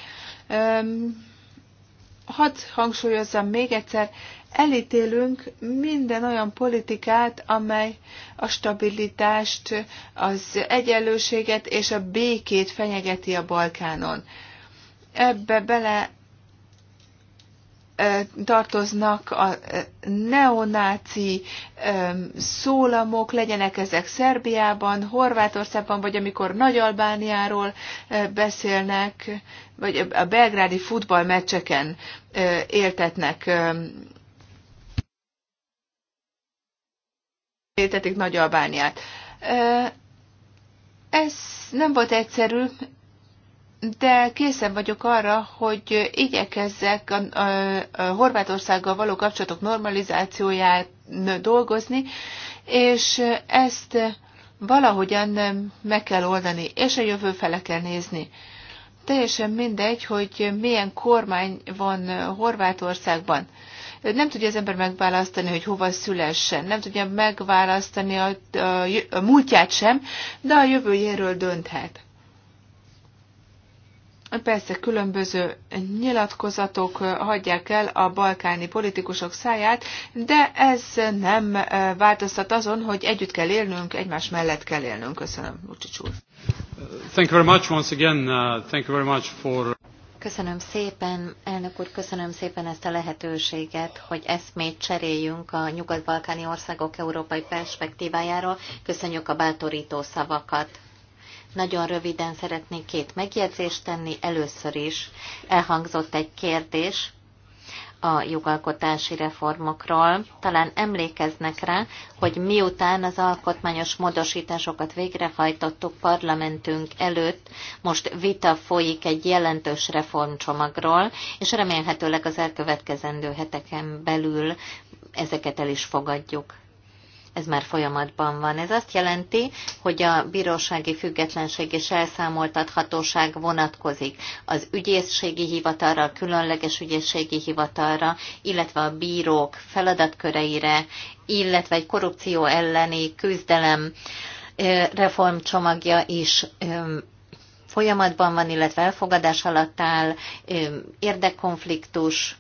Hadd hangsúlyozzam még egyszer, elítélünk minden olyan politikát, amely a stabilitást, az egyenlőséget és a békét fenyegeti a Balkánon. Ebbe bele tartoznak a neonáci szólamok, legyenek ezek Szerbiában, Horvátországban, vagy amikor Nagy-Albániáról beszélnek, vagy a belgrádi futballmeccseken éltetnek Éltetik Nagy Albániát. Ez nem volt egyszerű, de készen vagyok arra, hogy igyekezzek a, a, Horvátországgal való kapcsolatok normalizációján dolgozni, és ezt valahogyan meg kell oldani, és a jövő fele kell nézni. Teljesen mindegy, hogy milyen kormány van Horvátországban nem tudja az ember megválasztani, hogy hova szülessen, nem tudja megválasztani a, a, a múltját sem, de a jövőjéről dönthet. Persze különböző nyilatkozatok hagyják el a balkáni politikusok száját, de ez nem változtat azon, hogy együtt kell élnünk, egymás mellett kell élnünk. Köszönöm, Lucsics úr. Thank you very much once again. Uh, thank you very much for... Köszönöm szépen, elnök úr, köszönöm szépen ezt a lehetőséget, hogy eszmét cseréljünk a nyugat-balkáni országok európai perspektívájáról. Köszönjük a bátorító szavakat. Nagyon röviden szeretnék két megjegyzést tenni. Először is elhangzott egy kérdés a jogalkotási reformokról. Talán emlékeznek rá, hogy miután az alkotmányos módosításokat végrehajtottuk parlamentünk előtt, most vita folyik egy jelentős reformcsomagról, és remélhetőleg az elkövetkezendő heteken belül ezeket el is fogadjuk ez már folyamatban van. Ez azt jelenti, hogy a bírósági függetlenség és elszámoltathatóság vonatkozik az ügyészségi hivatalra, a különleges ügyészségi hivatalra, illetve a bírók feladatköreire, illetve egy korrupció elleni küzdelem reformcsomagja is folyamatban van, illetve elfogadás alatt áll, érdekkonfliktus,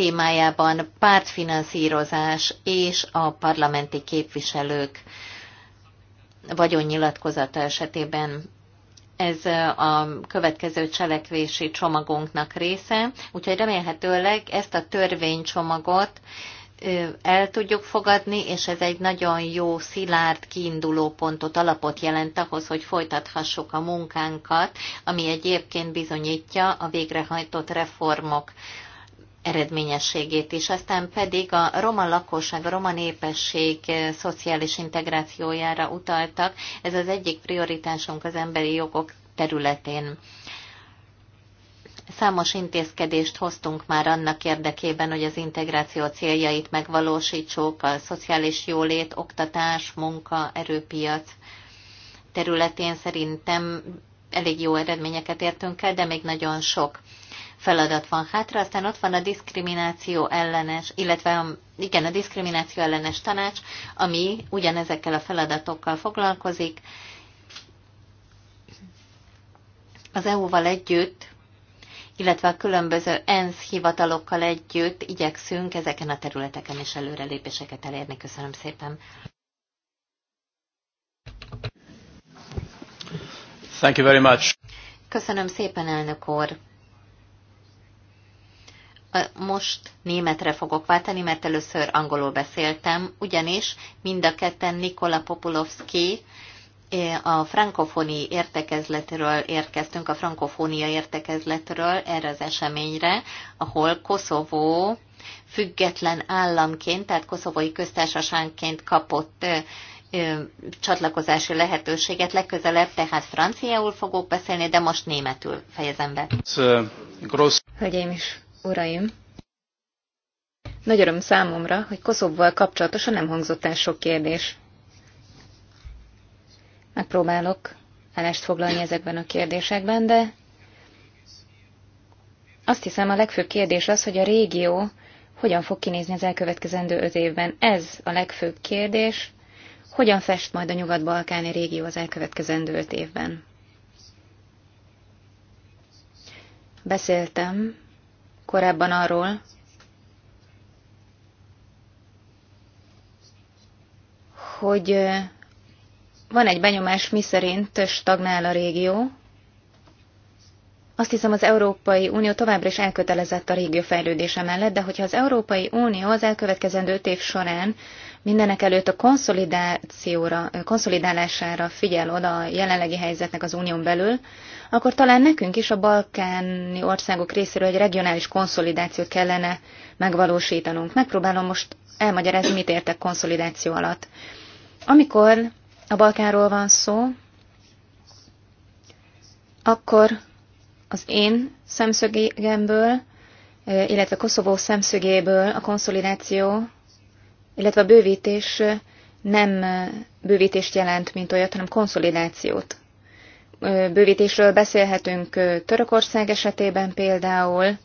témájában pártfinanszírozás és a parlamenti képviselők vagyonnyilatkozata esetében ez a következő cselekvési csomagunknak része, úgyhogy remélhetőleg ezt a törvénycsomagot el tudjuk fogadni, és ez egy nagyon jó, szilárd kiinduló pontot, alapot jelent ahhoz, hogy folytathassuk a munkánkat, ami egyébként bizonyítja a végrehajtott reformok eredményességét is, aztán pedig a roma lakosság, a roma népesség eh, szociális integrációjára utaltak. Ez az egyik prioritásunk az emberi jogok területén. Számos intézkedést hoztunk már annak érdekében, hogy az integráció céljait megvalósítsuk, a szociális jólét, oktatás, munka, erőpiac területén szerintem elég jó eredményeket értünk el, de még nagyon sok feladat van hátra, aztán ott van a diszkrimináció ellenes, illetve a, igen, a diszkrimináció ellenes tanács, ami ugyanezekkel a feladatokkal foglalkozik. Az EU-val együtt, illetve a különböző ENSZ hivatalokkal együtt igyekszünk ezeken a területeken is előrelépéseket elérni. Köszönöm szépen! Thank you very much. Köszönöm szépen, elnök úr! most németre fogok váltani, mert először angolul beszéltem, ugyanis mind a ketten Nikola Populovski a frankofoni értekezletről érkeztünk, a frankofónia értekezletről erre az eseményre, ahol Koszovó független államként, tehát koszovói köztársaságként kapott csatlakozási lehetőséget legközelebb, tehát franciául fogok beszélni, de most németül fejezem be. Hölgyeim is uraim! Nagy öröm számomra, hogy Koszovval kapcsolatosan nem hangzott el sok kérdés. Megpróbálok állást foglalni ezekben a kérdésekben, de azt hiszem a legfőbb kérdés az, hogy a régió hogyan fog kinézni az elkövetkezendő öt évben. Ez a legfőbb kérdés, hogyan fest majd a nyugat-balkáni régió az elkövetkezendő öt évben. Beszéltem korábban arról, hogy van egy benyomás, miszerint stagnál a régió. Azt hiszem, az Európai Unió továbbra is elkötelezett a régió fejlődése mellett, de hogyha az Európai Unió az elkövetkezendő öt év során Mindenek előtt a konszolidációra, konszolidálására figyel oda a jelenlegi helyzetnek az unión belül, akkor talán nekünk is a balkáni országok részéről egy regionális konszolidációt kellene megvalósítanunk. Megpróbálom most elmagyarázni, mit értek konszolidáció alatt. Amikor a Balkánról van szó, akkor az én szemszögemből, illetve Koszovó szemszögéből a konszolidáció illetve a bővítés nem bővítést jelent, mint olyat, hanem konszolidációt. Bővítésről beszélhetünk Törökország esetében például,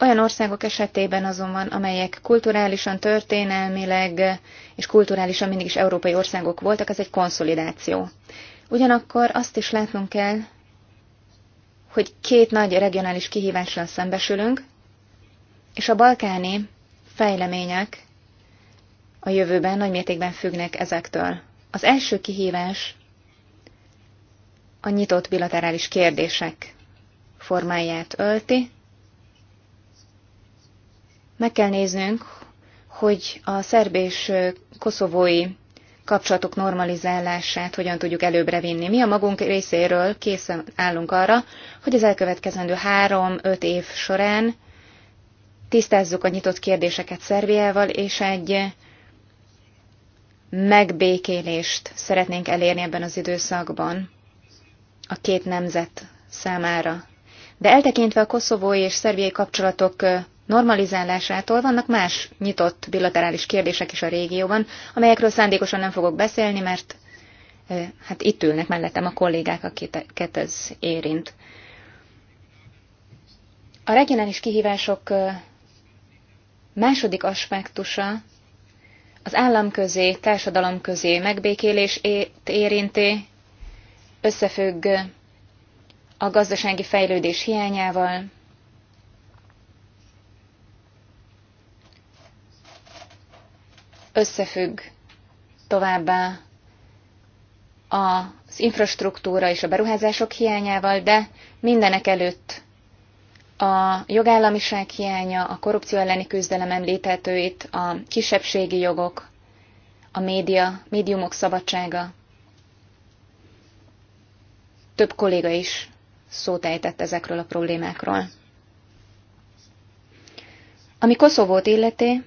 olyan országok esetében azonban, amelyek kulturálisan, történelmileg és kulturálisan mindig is európai országok voltak, ez egy konszolidáció. Ugyanakkor azt is látnunk kell, hogy két nagy regionális kihívással szembesülünk, és a balkáni fejlemények a jövőben nagymértékben függnek ezektől. Az első kihívás a nyitott bilaterális kérdések formáját ölti. Meg kell néznünk, hogy a szerb és koszovói kapcsolatok normalizálását hogyan tudjuk előbbre vinni. Mi a magunk részéről készen állunk arra, hogy az elkövetkezendő három-öt év során tisztázzuk a nyitott kérdéseket Szerbiával, és egy megbékélést szeretnénk elérni ebben az időszakban a két nemzet számára. De eltekintve a koszovói és szerbiai kapcsolatok normalizálásától vannak más nyitott bilaterális kérdések is a régióban, amelyekről szándékosan nem fogok beszélni, mert hát itt ülnek mellettem a kollégák, akiket ez érint. A regionális kihívások Második aspektusa az államközé, közé megbékélését érinti, összefügg a gazdasági fejlődés hiányával, összefügg továbbá az infrastruktúra és a beruházások hiányával, de mindenek előtt a jogállamiság hiánya, a korrupció elleni küzdelem említetőit, a kisebbségi jogok, a média, médiumok szabadsága. Több kolléga is szót ejtett ezekről a problémákról. Ami Koszovót illeti,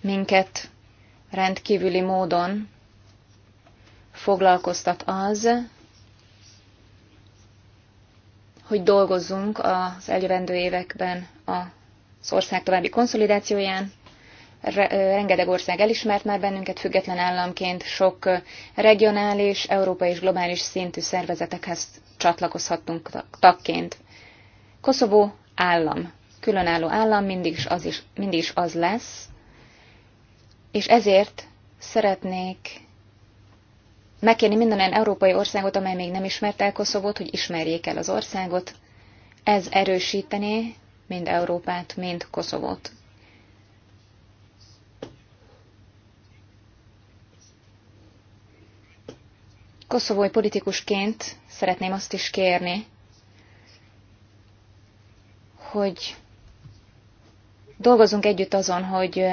minket rendkívüli módon foglalkoztat az, hogy dolgozzunk az eljövendő években az ország további konszolidációján. Rengeteg ország elismert már bennünket független államként, sok regionális, európai és globális szintű szervezetekhez csatlakozhattunk tagként. Koszovó állam, különálló állam mindig is az, is, mindig is az lesz, és ezért szeretnék megkérni minden olyan európai országot, amely még nem ismert el Koszovót, hogy ismerjék el az országot. Ez erősítené mind Európát, mind Koszovót. Koszovói politikusként szeretném azt is kérni, hogy dolgozunk együtt azon, hogy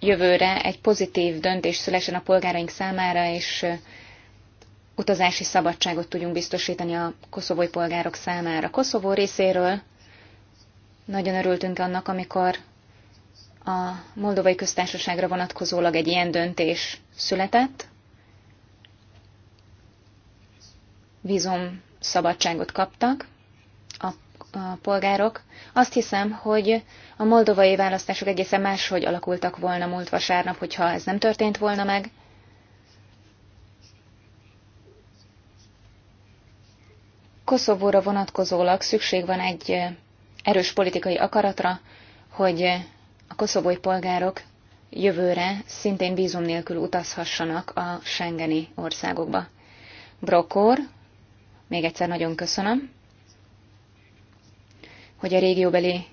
jövőre egy pozitív döntés szülessen a polgáraink számára, és utazási szabadságot tudjunk biztosítani a koszovói polgárok számára. Koszovó részéről nagyon örültünk annak, amikor a Moldovai Köztársaságra vonatkozólag egy ilyen döntés született. Vízum szabadságot kaptak a, a polgárok. Azt hiszem, hogy a moldovai választások egészen máshogy alakultak volna múlt vasárnap, hogyha ez nem történt volna meg. Koszovóra vonatkozólag szükség van egy erős politikai akaratra, hogy a koszovói polgárok jövőre szintén vízum nélkül utazhassanak a Schengeni országokba. Brokor, még egyszer nagyon köszönöm, hogy a régióbeli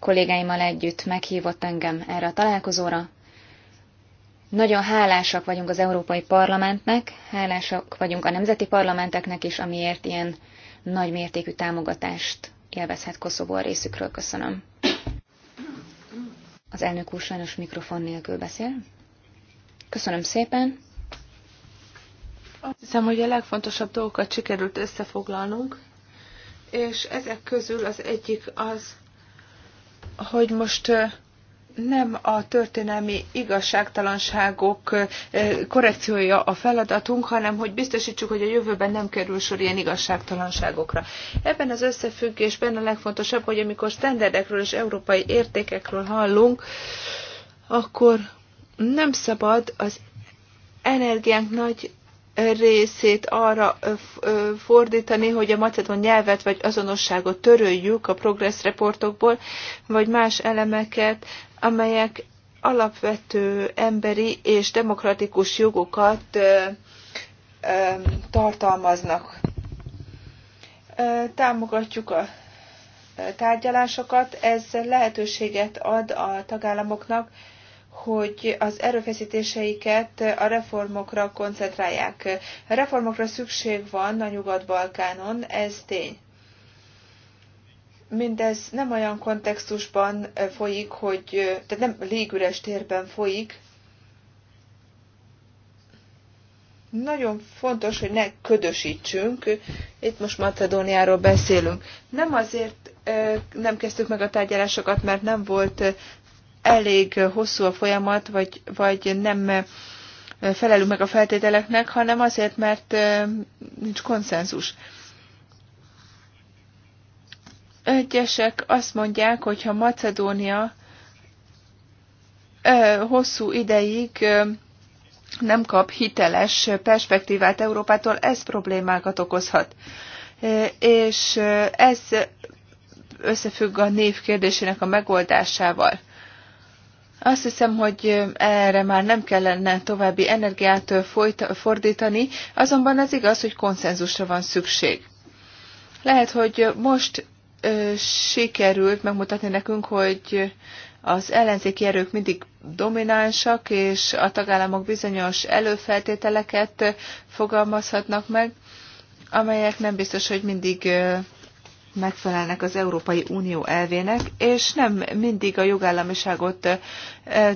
kollégáimmal együtt meghívott engem erre a találkozóra. Nagyon hálásak vagyunk az Európai Parlamentnek, hálásak vagyunk a nemzeti parlamenteknek is, amiért ilyen nagy mértékű támogatást élvezhet Koszovó a részükről. Köszönöm. Az elnök úr sajnos mikrofon nélkül beszél. Köszönöm szépen. Azt hiszem, hogy a legfontosabb dolgokat sikerült összefoglalnunk, és ezek közül az egyik az, hogy most nem a történelmi igazságtalanságok korrekciója a feladatunk, hanem hogy biztosítsuk, hogy a jövőben nem kerül sor ilyen igazságtalanságokra. Ebben az összefüggésben a legfontosabb, hogy amikor standardekről és európai értékekről hallunk, akkor nem szabad az energiánk nagy részét arra fordítani, hogy a macedon nyelvet vagy azonosságot töröljük a progress reportokból, vagy más elemeket, amelyek alapvető emberi és demokratikus jogokat tartalmaznak. Támogatjuk a tárgyalásokat, ez lehetőséget ad a tagállamoknak, hogy az erőfeszítéseiket a reformokra koncentrálják. A reformokra szükség van a Nyugat-Balkánon, ez tény. Mindez nem olyan kontextusban folyik, hogy, tehát nem légüres térben folyik. Nagyon fontos, hogy ne ködösítsünk. Itt most Macedóniáról beszélünk. Nem azért nem kezdtük meg a tárgyalásokat, mert nem volt elég hosszú a folyamat, vagy, vagy nem felelünk meg a feltételeknek, hanem azért, mert nincs konszenzus. Egyesek azt mondják, hogy ha Macedónia hosszú ideig nem kap hiteles perspektívát Európától, ez problémákat okozhat. És ez összefügg a név kérdésének a megoldásával. Azt hiszem, hogy erre már nem kellene további energiát fordítani, azonban az igaz, hogy konszenzusra van szükség. Lehet, hogy most sikerült megmutatni nekünk, hogy az ellenzéki erők mindig dominánsak, és a tagállamok bizonyos előfeltételeket fogalmazhatnak meg, amelyek nem biztos, hogy mindig megfelelnek az Európai Unió elvének, és nem mindig a jogállamiságot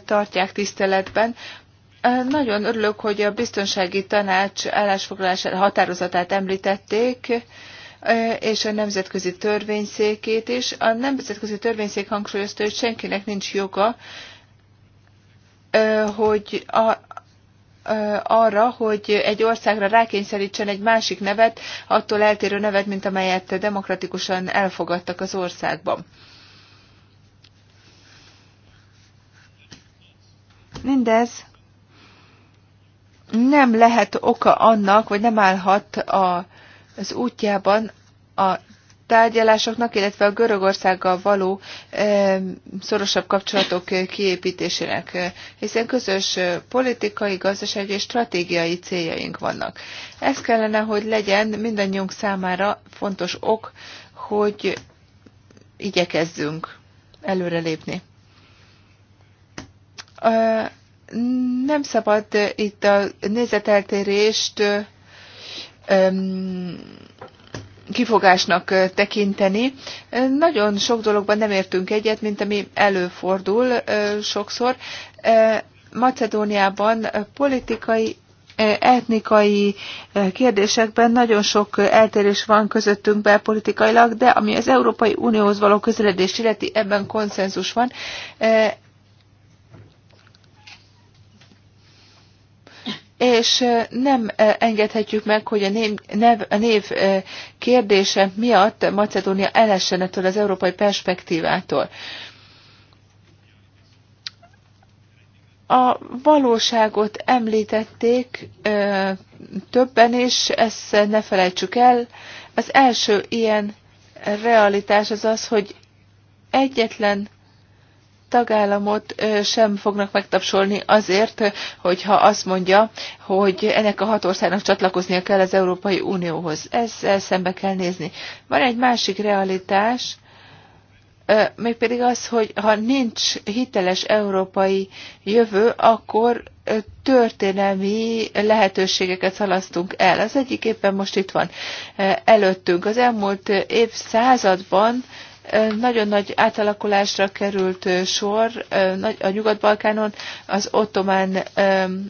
tartják tiszteletben. Nagyon örülök, hogy a biztonsági tanács állásfoglalás határozatát említették, és a nemzetközi törvényszékét is. A nemzetközi törvényszék hangsúlyozta, hogy senkinek nincs joga, hogy a arra, hogy egy országra rákényszerítsen egy másik nevet, attól eltérő nevet, mint amelyet demokratikusan elfogadtak az országban. Mindez nem lehet oka annak, vagy nem állhat a, az útjában a tárgyalásoknak, illetve a Görögországgal való szorosabb kapcsolatok kiépítésének, hiszen közös politikai, gazdasági és stratégiai céljaink vannak. Ez kellene, hogy legyen mindannyiunk számára fontos ok, hogy igyekezzünk előrelépni. Nem szabad itt a nézeteltérést kifogásnak tekinteni. Nagyon sok dologban nem értünk egyet, mint ami előfordul sokszor. Macedóniában politikai etnikai kérdésekben nagyon sok eltérés van közöttünk belpolitikailag, de ami az Európai Unióhoz való közeledést illeti, ebben konszenzus van. és nem engedhetjük meg, hogy a név, nev, a név kérdése miatt Macedónia elessen ettől az európai perspektívától. A valóságot említették többen is, ezt ne felejtsük el. Az első ilyen realitás az az, hogy egyetlen tagállamot sem fognak megtapsolni azért, hogyha azt mondja, hogy ennek a hat országnak csatlakoznia kell az Európai Unióhoz. Ezzel szembe kell nézni. Van egy másik realitás, mégpedig az, hogy ha nincs hiteles európai jövő, akkor történelmi lehetőségeket szalasztunk el. Az egyik éppen most itt van előttünk. Az elmúlt évszázadban nagyon nagy átalakulásra került sor a Nyugat-Balkánon, az ottomán,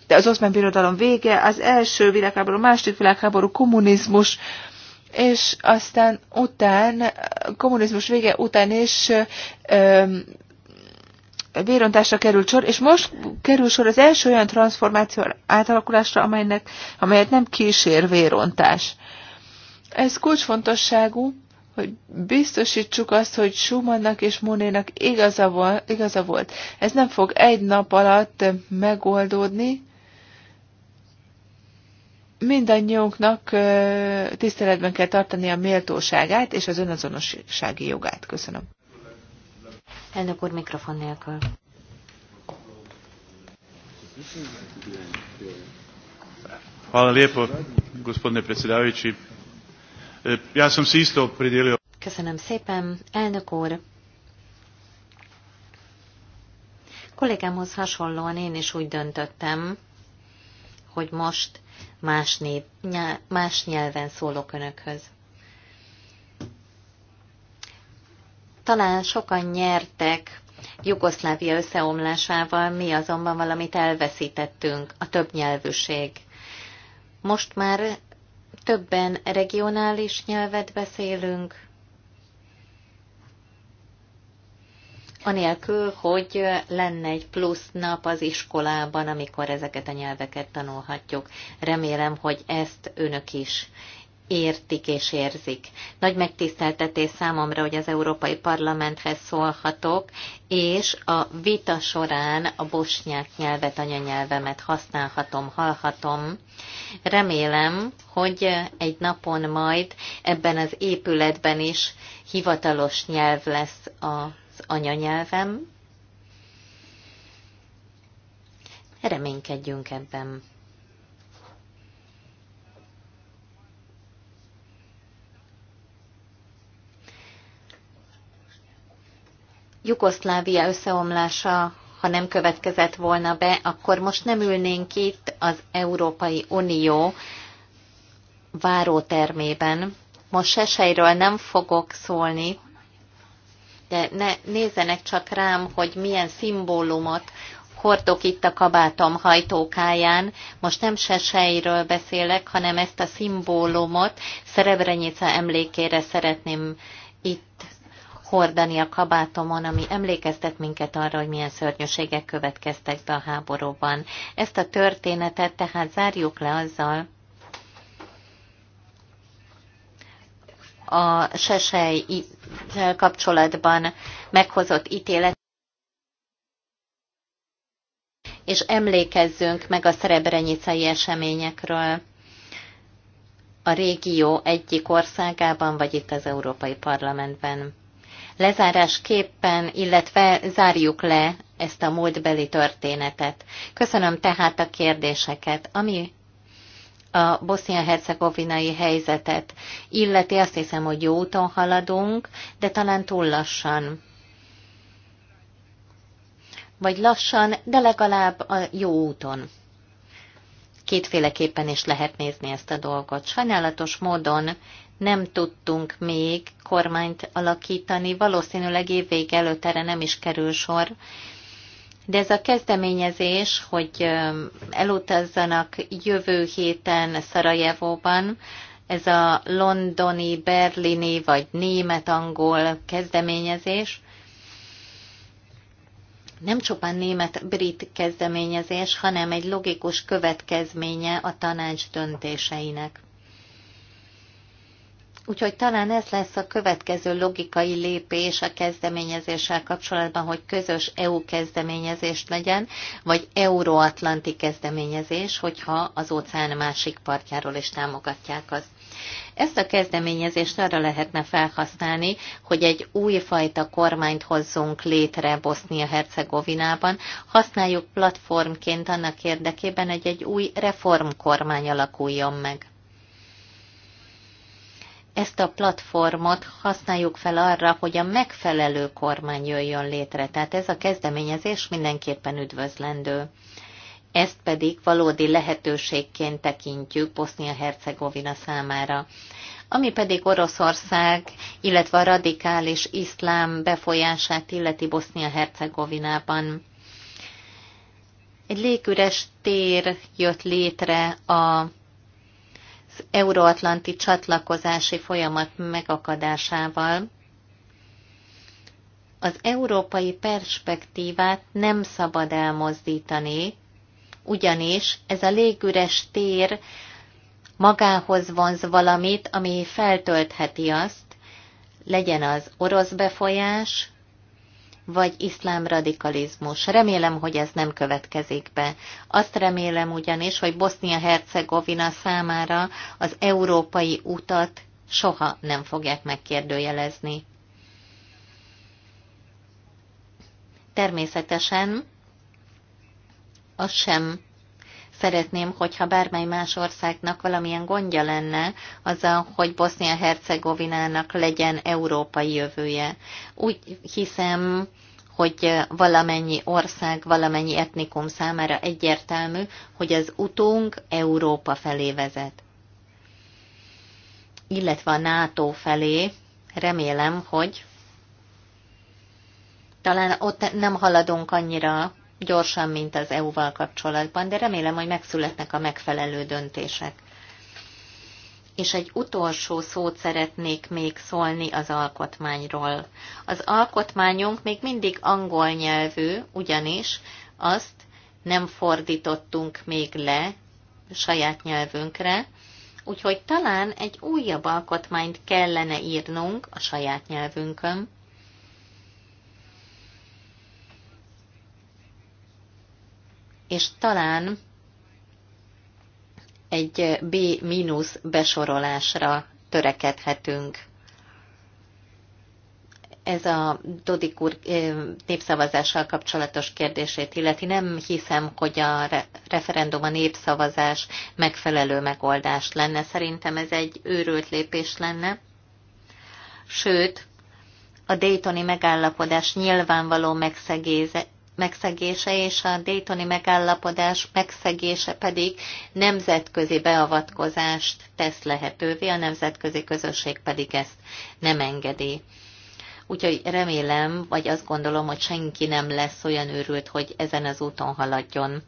de az oszmán birodalom vége, az első világháború, a második világháború, kommunizmus, és aztán után, kommunizmus vége után is vérontásra került sor, és most kerül sor az első olyan transformáció átalakulásra, amelynek, amelyet nem kísér vérontás. Ez kulcsfontosságú, hogy biztosítsuk azt, hogy Schumannnak és Monénak igaza, vol, igaza volt. Ez nem fog egy nap alatt megoldódni. Mindannyiunknak tiszteletben kell tartani a méltóságát és az önazonossági jogát. Köszönöm. Elnök úr mikrofon nélkül. Hvala lijepo, gospodine predsjedavajući. E, ja sam se isto opredijelio. Köszönöm szépen, elnök úr. Kollégámhoz hasonlóan én is úgy döntöttem, hogy most más, név, más nyelven szólok önökhöz. Talán sokan nyertek Jugoszlávia összeomlásával, mi azonban valamit elveszítettünk, a többnyelvűség. Most már többen regionális nyelvet beszélünk, anélkül, hogy lenne egy plusz nap az iskolában, amikor ezeket a nyelveket tanulhatjuk. Remélem, hogy ezt önök is értik és érzik. Nagy megtiszteltetés számomra, hogy az Európai Parlamenthez szólhatok, és a vita során a bosnyák nyelvet, anyanyelvemet használhatom, hallhatom. Remélem, hogy egy napon majd ebben az épületben is hivatalos nyelv lesz az anyanyelvem. Reménykedjünk ebben. Jugoszlávia összeomlása, ha nem következett volna be, akkor most nem ülnénk itt az Európai Unió várótermében. Most Sesejről nem fogok szólni, de ne, nézzenek csak rám, hogy milyen szimbólumot hordok itt a kabátom hajtókáján. Most nem Sesejről beszélek, hanem ezt a szimbólumot Szerebrenica emlékére szeretném itt hordani a kabátomon, ami emlékeztet minket arra, hogy milyen szörnyűségek következtek be a háborúban. Ezt a történetet tehát zárjuk le azzal, a sesely kapcsolatban meghozott ítélet, és emlékezzünk meg a szerebrenyicai eseményekről a régió egyik országában, vagy itt az Európai Parlamentben lezárásképpen, illetve zárjuk le ezt a múltbeli történetet. Köszönöm tehát a kérdéseket. Ami a bosznia-hercegovinai helyzetet illeti, azt hiszem, hogy jó úton haladunk, de talán túl lassan. Vagy lassan, de legalább a jó úton. Kétféleképpen is lehet nézni ezt a dolgot. Sajnálatos módon nem tudtunk még kormányt alakítani, valószínűleg évvég előtt erre nem is kerül sor. De ez a kezdeményezés, hogy elutazzanak jövő héten Szarajevóban, ez a londoni, berlini vagy német-angol kezdeményezés, nem csupán német-brit kezdeményezés, hanem egy logikus következménye a tanács döntéseinek. Úgyhogy talán ez lesz a következő logikai lépés a kezdeményezéssel kapcsolatban, hogy közös EU kezdeményezést legyen, vagy euróatlanti kezdeményezés, hogyha az óceán másik partjáról is támogatják azt. Ezt a kezdeményezést arra lehetne felhasználni, hogy egy újfajta kormányt hozzunk létre Bosznia-Hercegovinában, használjuk platformként annak érdekében, hogy egy új reformkormány alakuljon meg ezt a platformot használjuk fel arra, hogy a megfelelő kormány jöjjön létre. Tehát ez a kezdeményezés mindenképpen üdvözlendő. Ezt pedig valódi lehetőségként tekintjük Bosznia-Hercegovina számára. Ami pedig Oroszország, illetve a radikális iszlám befolyását illeti Bosznia-Hercegovinában. Egy légüres tér jött létre a euróatlanti csatlakozási folyamat megakadásával az európai perspektívát nem szabad elmozdítani, ugyanis ez a légüres tér magához vonz valamit, ami feltöltheti azt, legyen az orosz befolyás, vagy iszlám radikalizmus. Remélem, hogy ez nem következik be. Azt remélem ugyanis, hogy Bosznia-Hercegovina számára az európai utat soha nem fogják megkérdőjelezni. Természetesen az sem szeretném, hogyha bármely más országnak valamilyen gondja lenne azzal, hogy Bosznia-Hercegovinának legyen európai jövője. Úgy hiszem, hogy valamennyi ország, valamennyi etnikum számára egyértelmű, hogy az utunk Európa felé vezet. Illetve a NATO felé remélem, hogy talán ott nem haladunk annyira, gyorsan, mint az EU-val kapcsolatban, de remélem, hogy megszületnek a megfelelő döntések. És egy utolsó szót szeretnék még szólni az alkotmányról. Az alkotmányunk még mindig angol nyelvű, ugyanis azt nem fordítottunk még le saját nyelvünkre, úgyhogy talán egy újabb alkotmányt kellene írnunk a saját nyelvünkön, és talán egy B- besorolásra törekedhetünk. Ez a Dodik úr népszavazással kapcsolatos kérdését illeti. Nem hiszem, hogy a referendum a népszavazás megfelelő megoldás lenne. Szerintem ez egy őrült lépés lenne. Sőt, a Daytoni megállapodás nyilvánvaló megszegése és a Daytoni megállapodás megszegése pedig nemzetközi beavatkozást tesz lehetővé, a nemzetközi közösség pedig ezt nem engedi. Úgyhogy remélem, vagy azt gondolom, hogy senki nem lesz olyan őrült, hogy ezen az úton haladjon.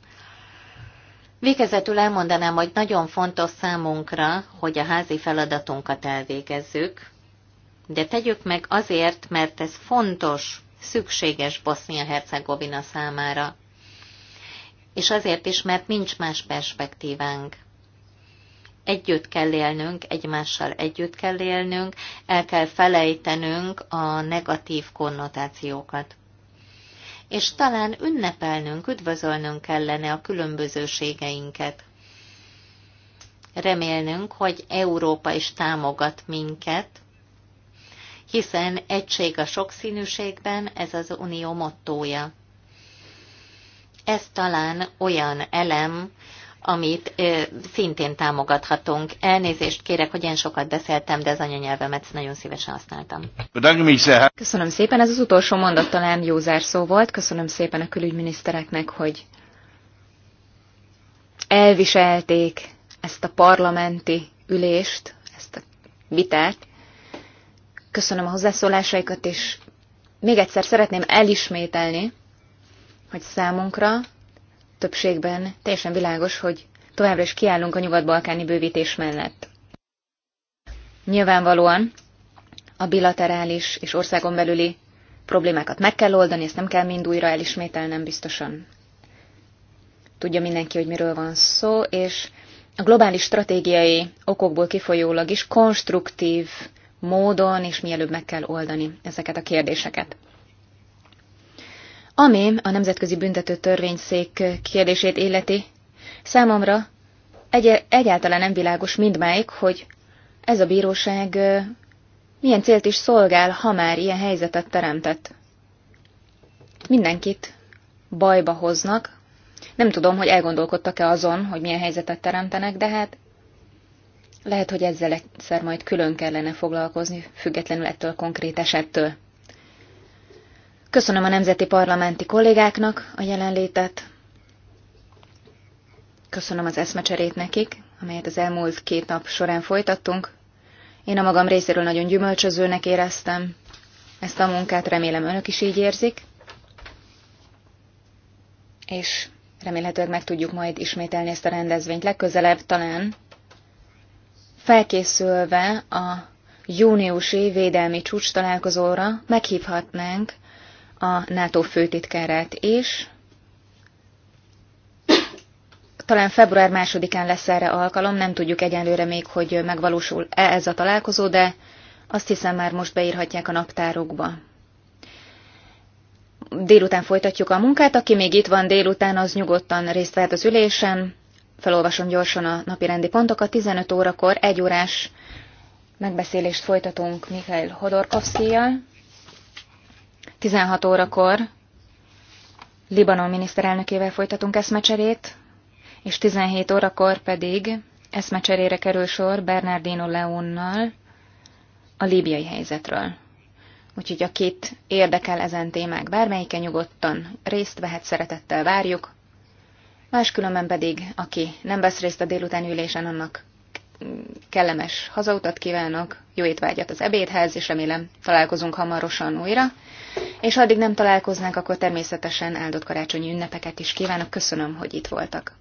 Végezetül elmondanám, hogy nagyon fontos számunkra, hogy a házi feladatunkat elvégezzük, de tegyük meg azért, mert ez fontos szükséges Bosznia-Hercegovina számára. És azért is, mert nincs más perspektívánk. Együtt kell élnünk, egymással együtt kell élnünk, el kell felejtenünk a negatív konnotációkat. És talán ünnepelnünk, üdvözölnünk kellene a különbözőségeinket remélnünk, hogy Európa is támogat minket, hiszen egység a sokszínűségben, ez az unió mottója. Ez talán olyan elem, amit ö, szintén támogathatunk. Elnézést kérek, hogy én sokat beszéltem, de az anyanyelvemet nagyon szívesen használtam. Hát- Köszönöm szépen, ez az utolsó mondat talán jó zárszó volt. Köszönöm szépen a külügyminisztereknek, hogy elviselték ezt a parlamenti ülést, ezt a vitát. Köszönöm a hozzászólásaikat, és még egyszer szeretném elismételni, hogy számunkra többségben teljesen világos, hogy továbbra is kiállunk a nyugat-balkáni bővítés mellett. Nyilvánvalóan a bilaterális és országon belüli problémákat meg kell oldani, ezt nem kell mind újra elismételnem biztosan. Tudja mindenki, hogy miről van szó, és a globális stratégiai okokból kifolyólag is konstruktív módon, és mielőbb meg kell oldani ezeket a kérdéseket. Ami a Nemzetközi Büntető Törvényszék kérdését illeti, számomra egy- egyáltalán nem világos mindmáig, hogy ez a bíróság milyen célt is szolgál, ha már ilyen helyzetet teremtett. Mindenkit bajba hoznak. Nem tudom, hogy elgondolkodtak-e azon, hogy milyen helyzetet teremtenek, de hát lehet, hogy ezzel egyszer majd külön kellene foglalkozni, függetlenül ettől a konkrét esettől. Köszönöm a nemzeti parlamenti kollégáknak a jelenlétet. Köszönöm az eszmecserét nekik, amelyet az elmúlt két nap során folytattunk. Én a magam részéről nagyon gyümölcsözőnek éreztem. Ezt a munkát remélem önök is így érzik. És remélhetőleg meg tudjuk majd ismételni ezt a rendezvényt legközelebb talán felkészülve a júniusi védelmi csúcs találkozóra meghívhatnánk a NATO főtitkárát is. Talán február másodikán lesz erre alkalom, nem tudjuk egyenlőre még, hogy megvalósul-e ez a találkozó, de azt hiszem már most beírhatják a naptárokba. Délután folytatjuk a munkát, aki még itt van délután, az nyugodtan részt vehet az ülésen felolvasom gyorsan a napi rendi pontokat. 15 órakor egy órás megbeszélést folytatunk Mikhail Hodorkovszíjjal. 16 órakor Libanon miniszterelnökével folytatunk eszmecserét, és 17 órakor pedig eszmecserére kerül sor Bernardino Leonnal a líbiai helyzetről. Úgyhogy akit érdekel ezen témák bármelyike, nyugodtan részt vehet, szeretettel várjuk. Máskülönben pedig, aki nem vesz részt a délután ülésen, annak kellemes hazautat kívánok, jó étvágyat az ebédhez, és remélem találkozunk hamarosan újra. És addig nem találkoznánk, akkor természetesen áldott karácsonyi ünnepeket is kívánok. Köszönöm, hogy itt voltak.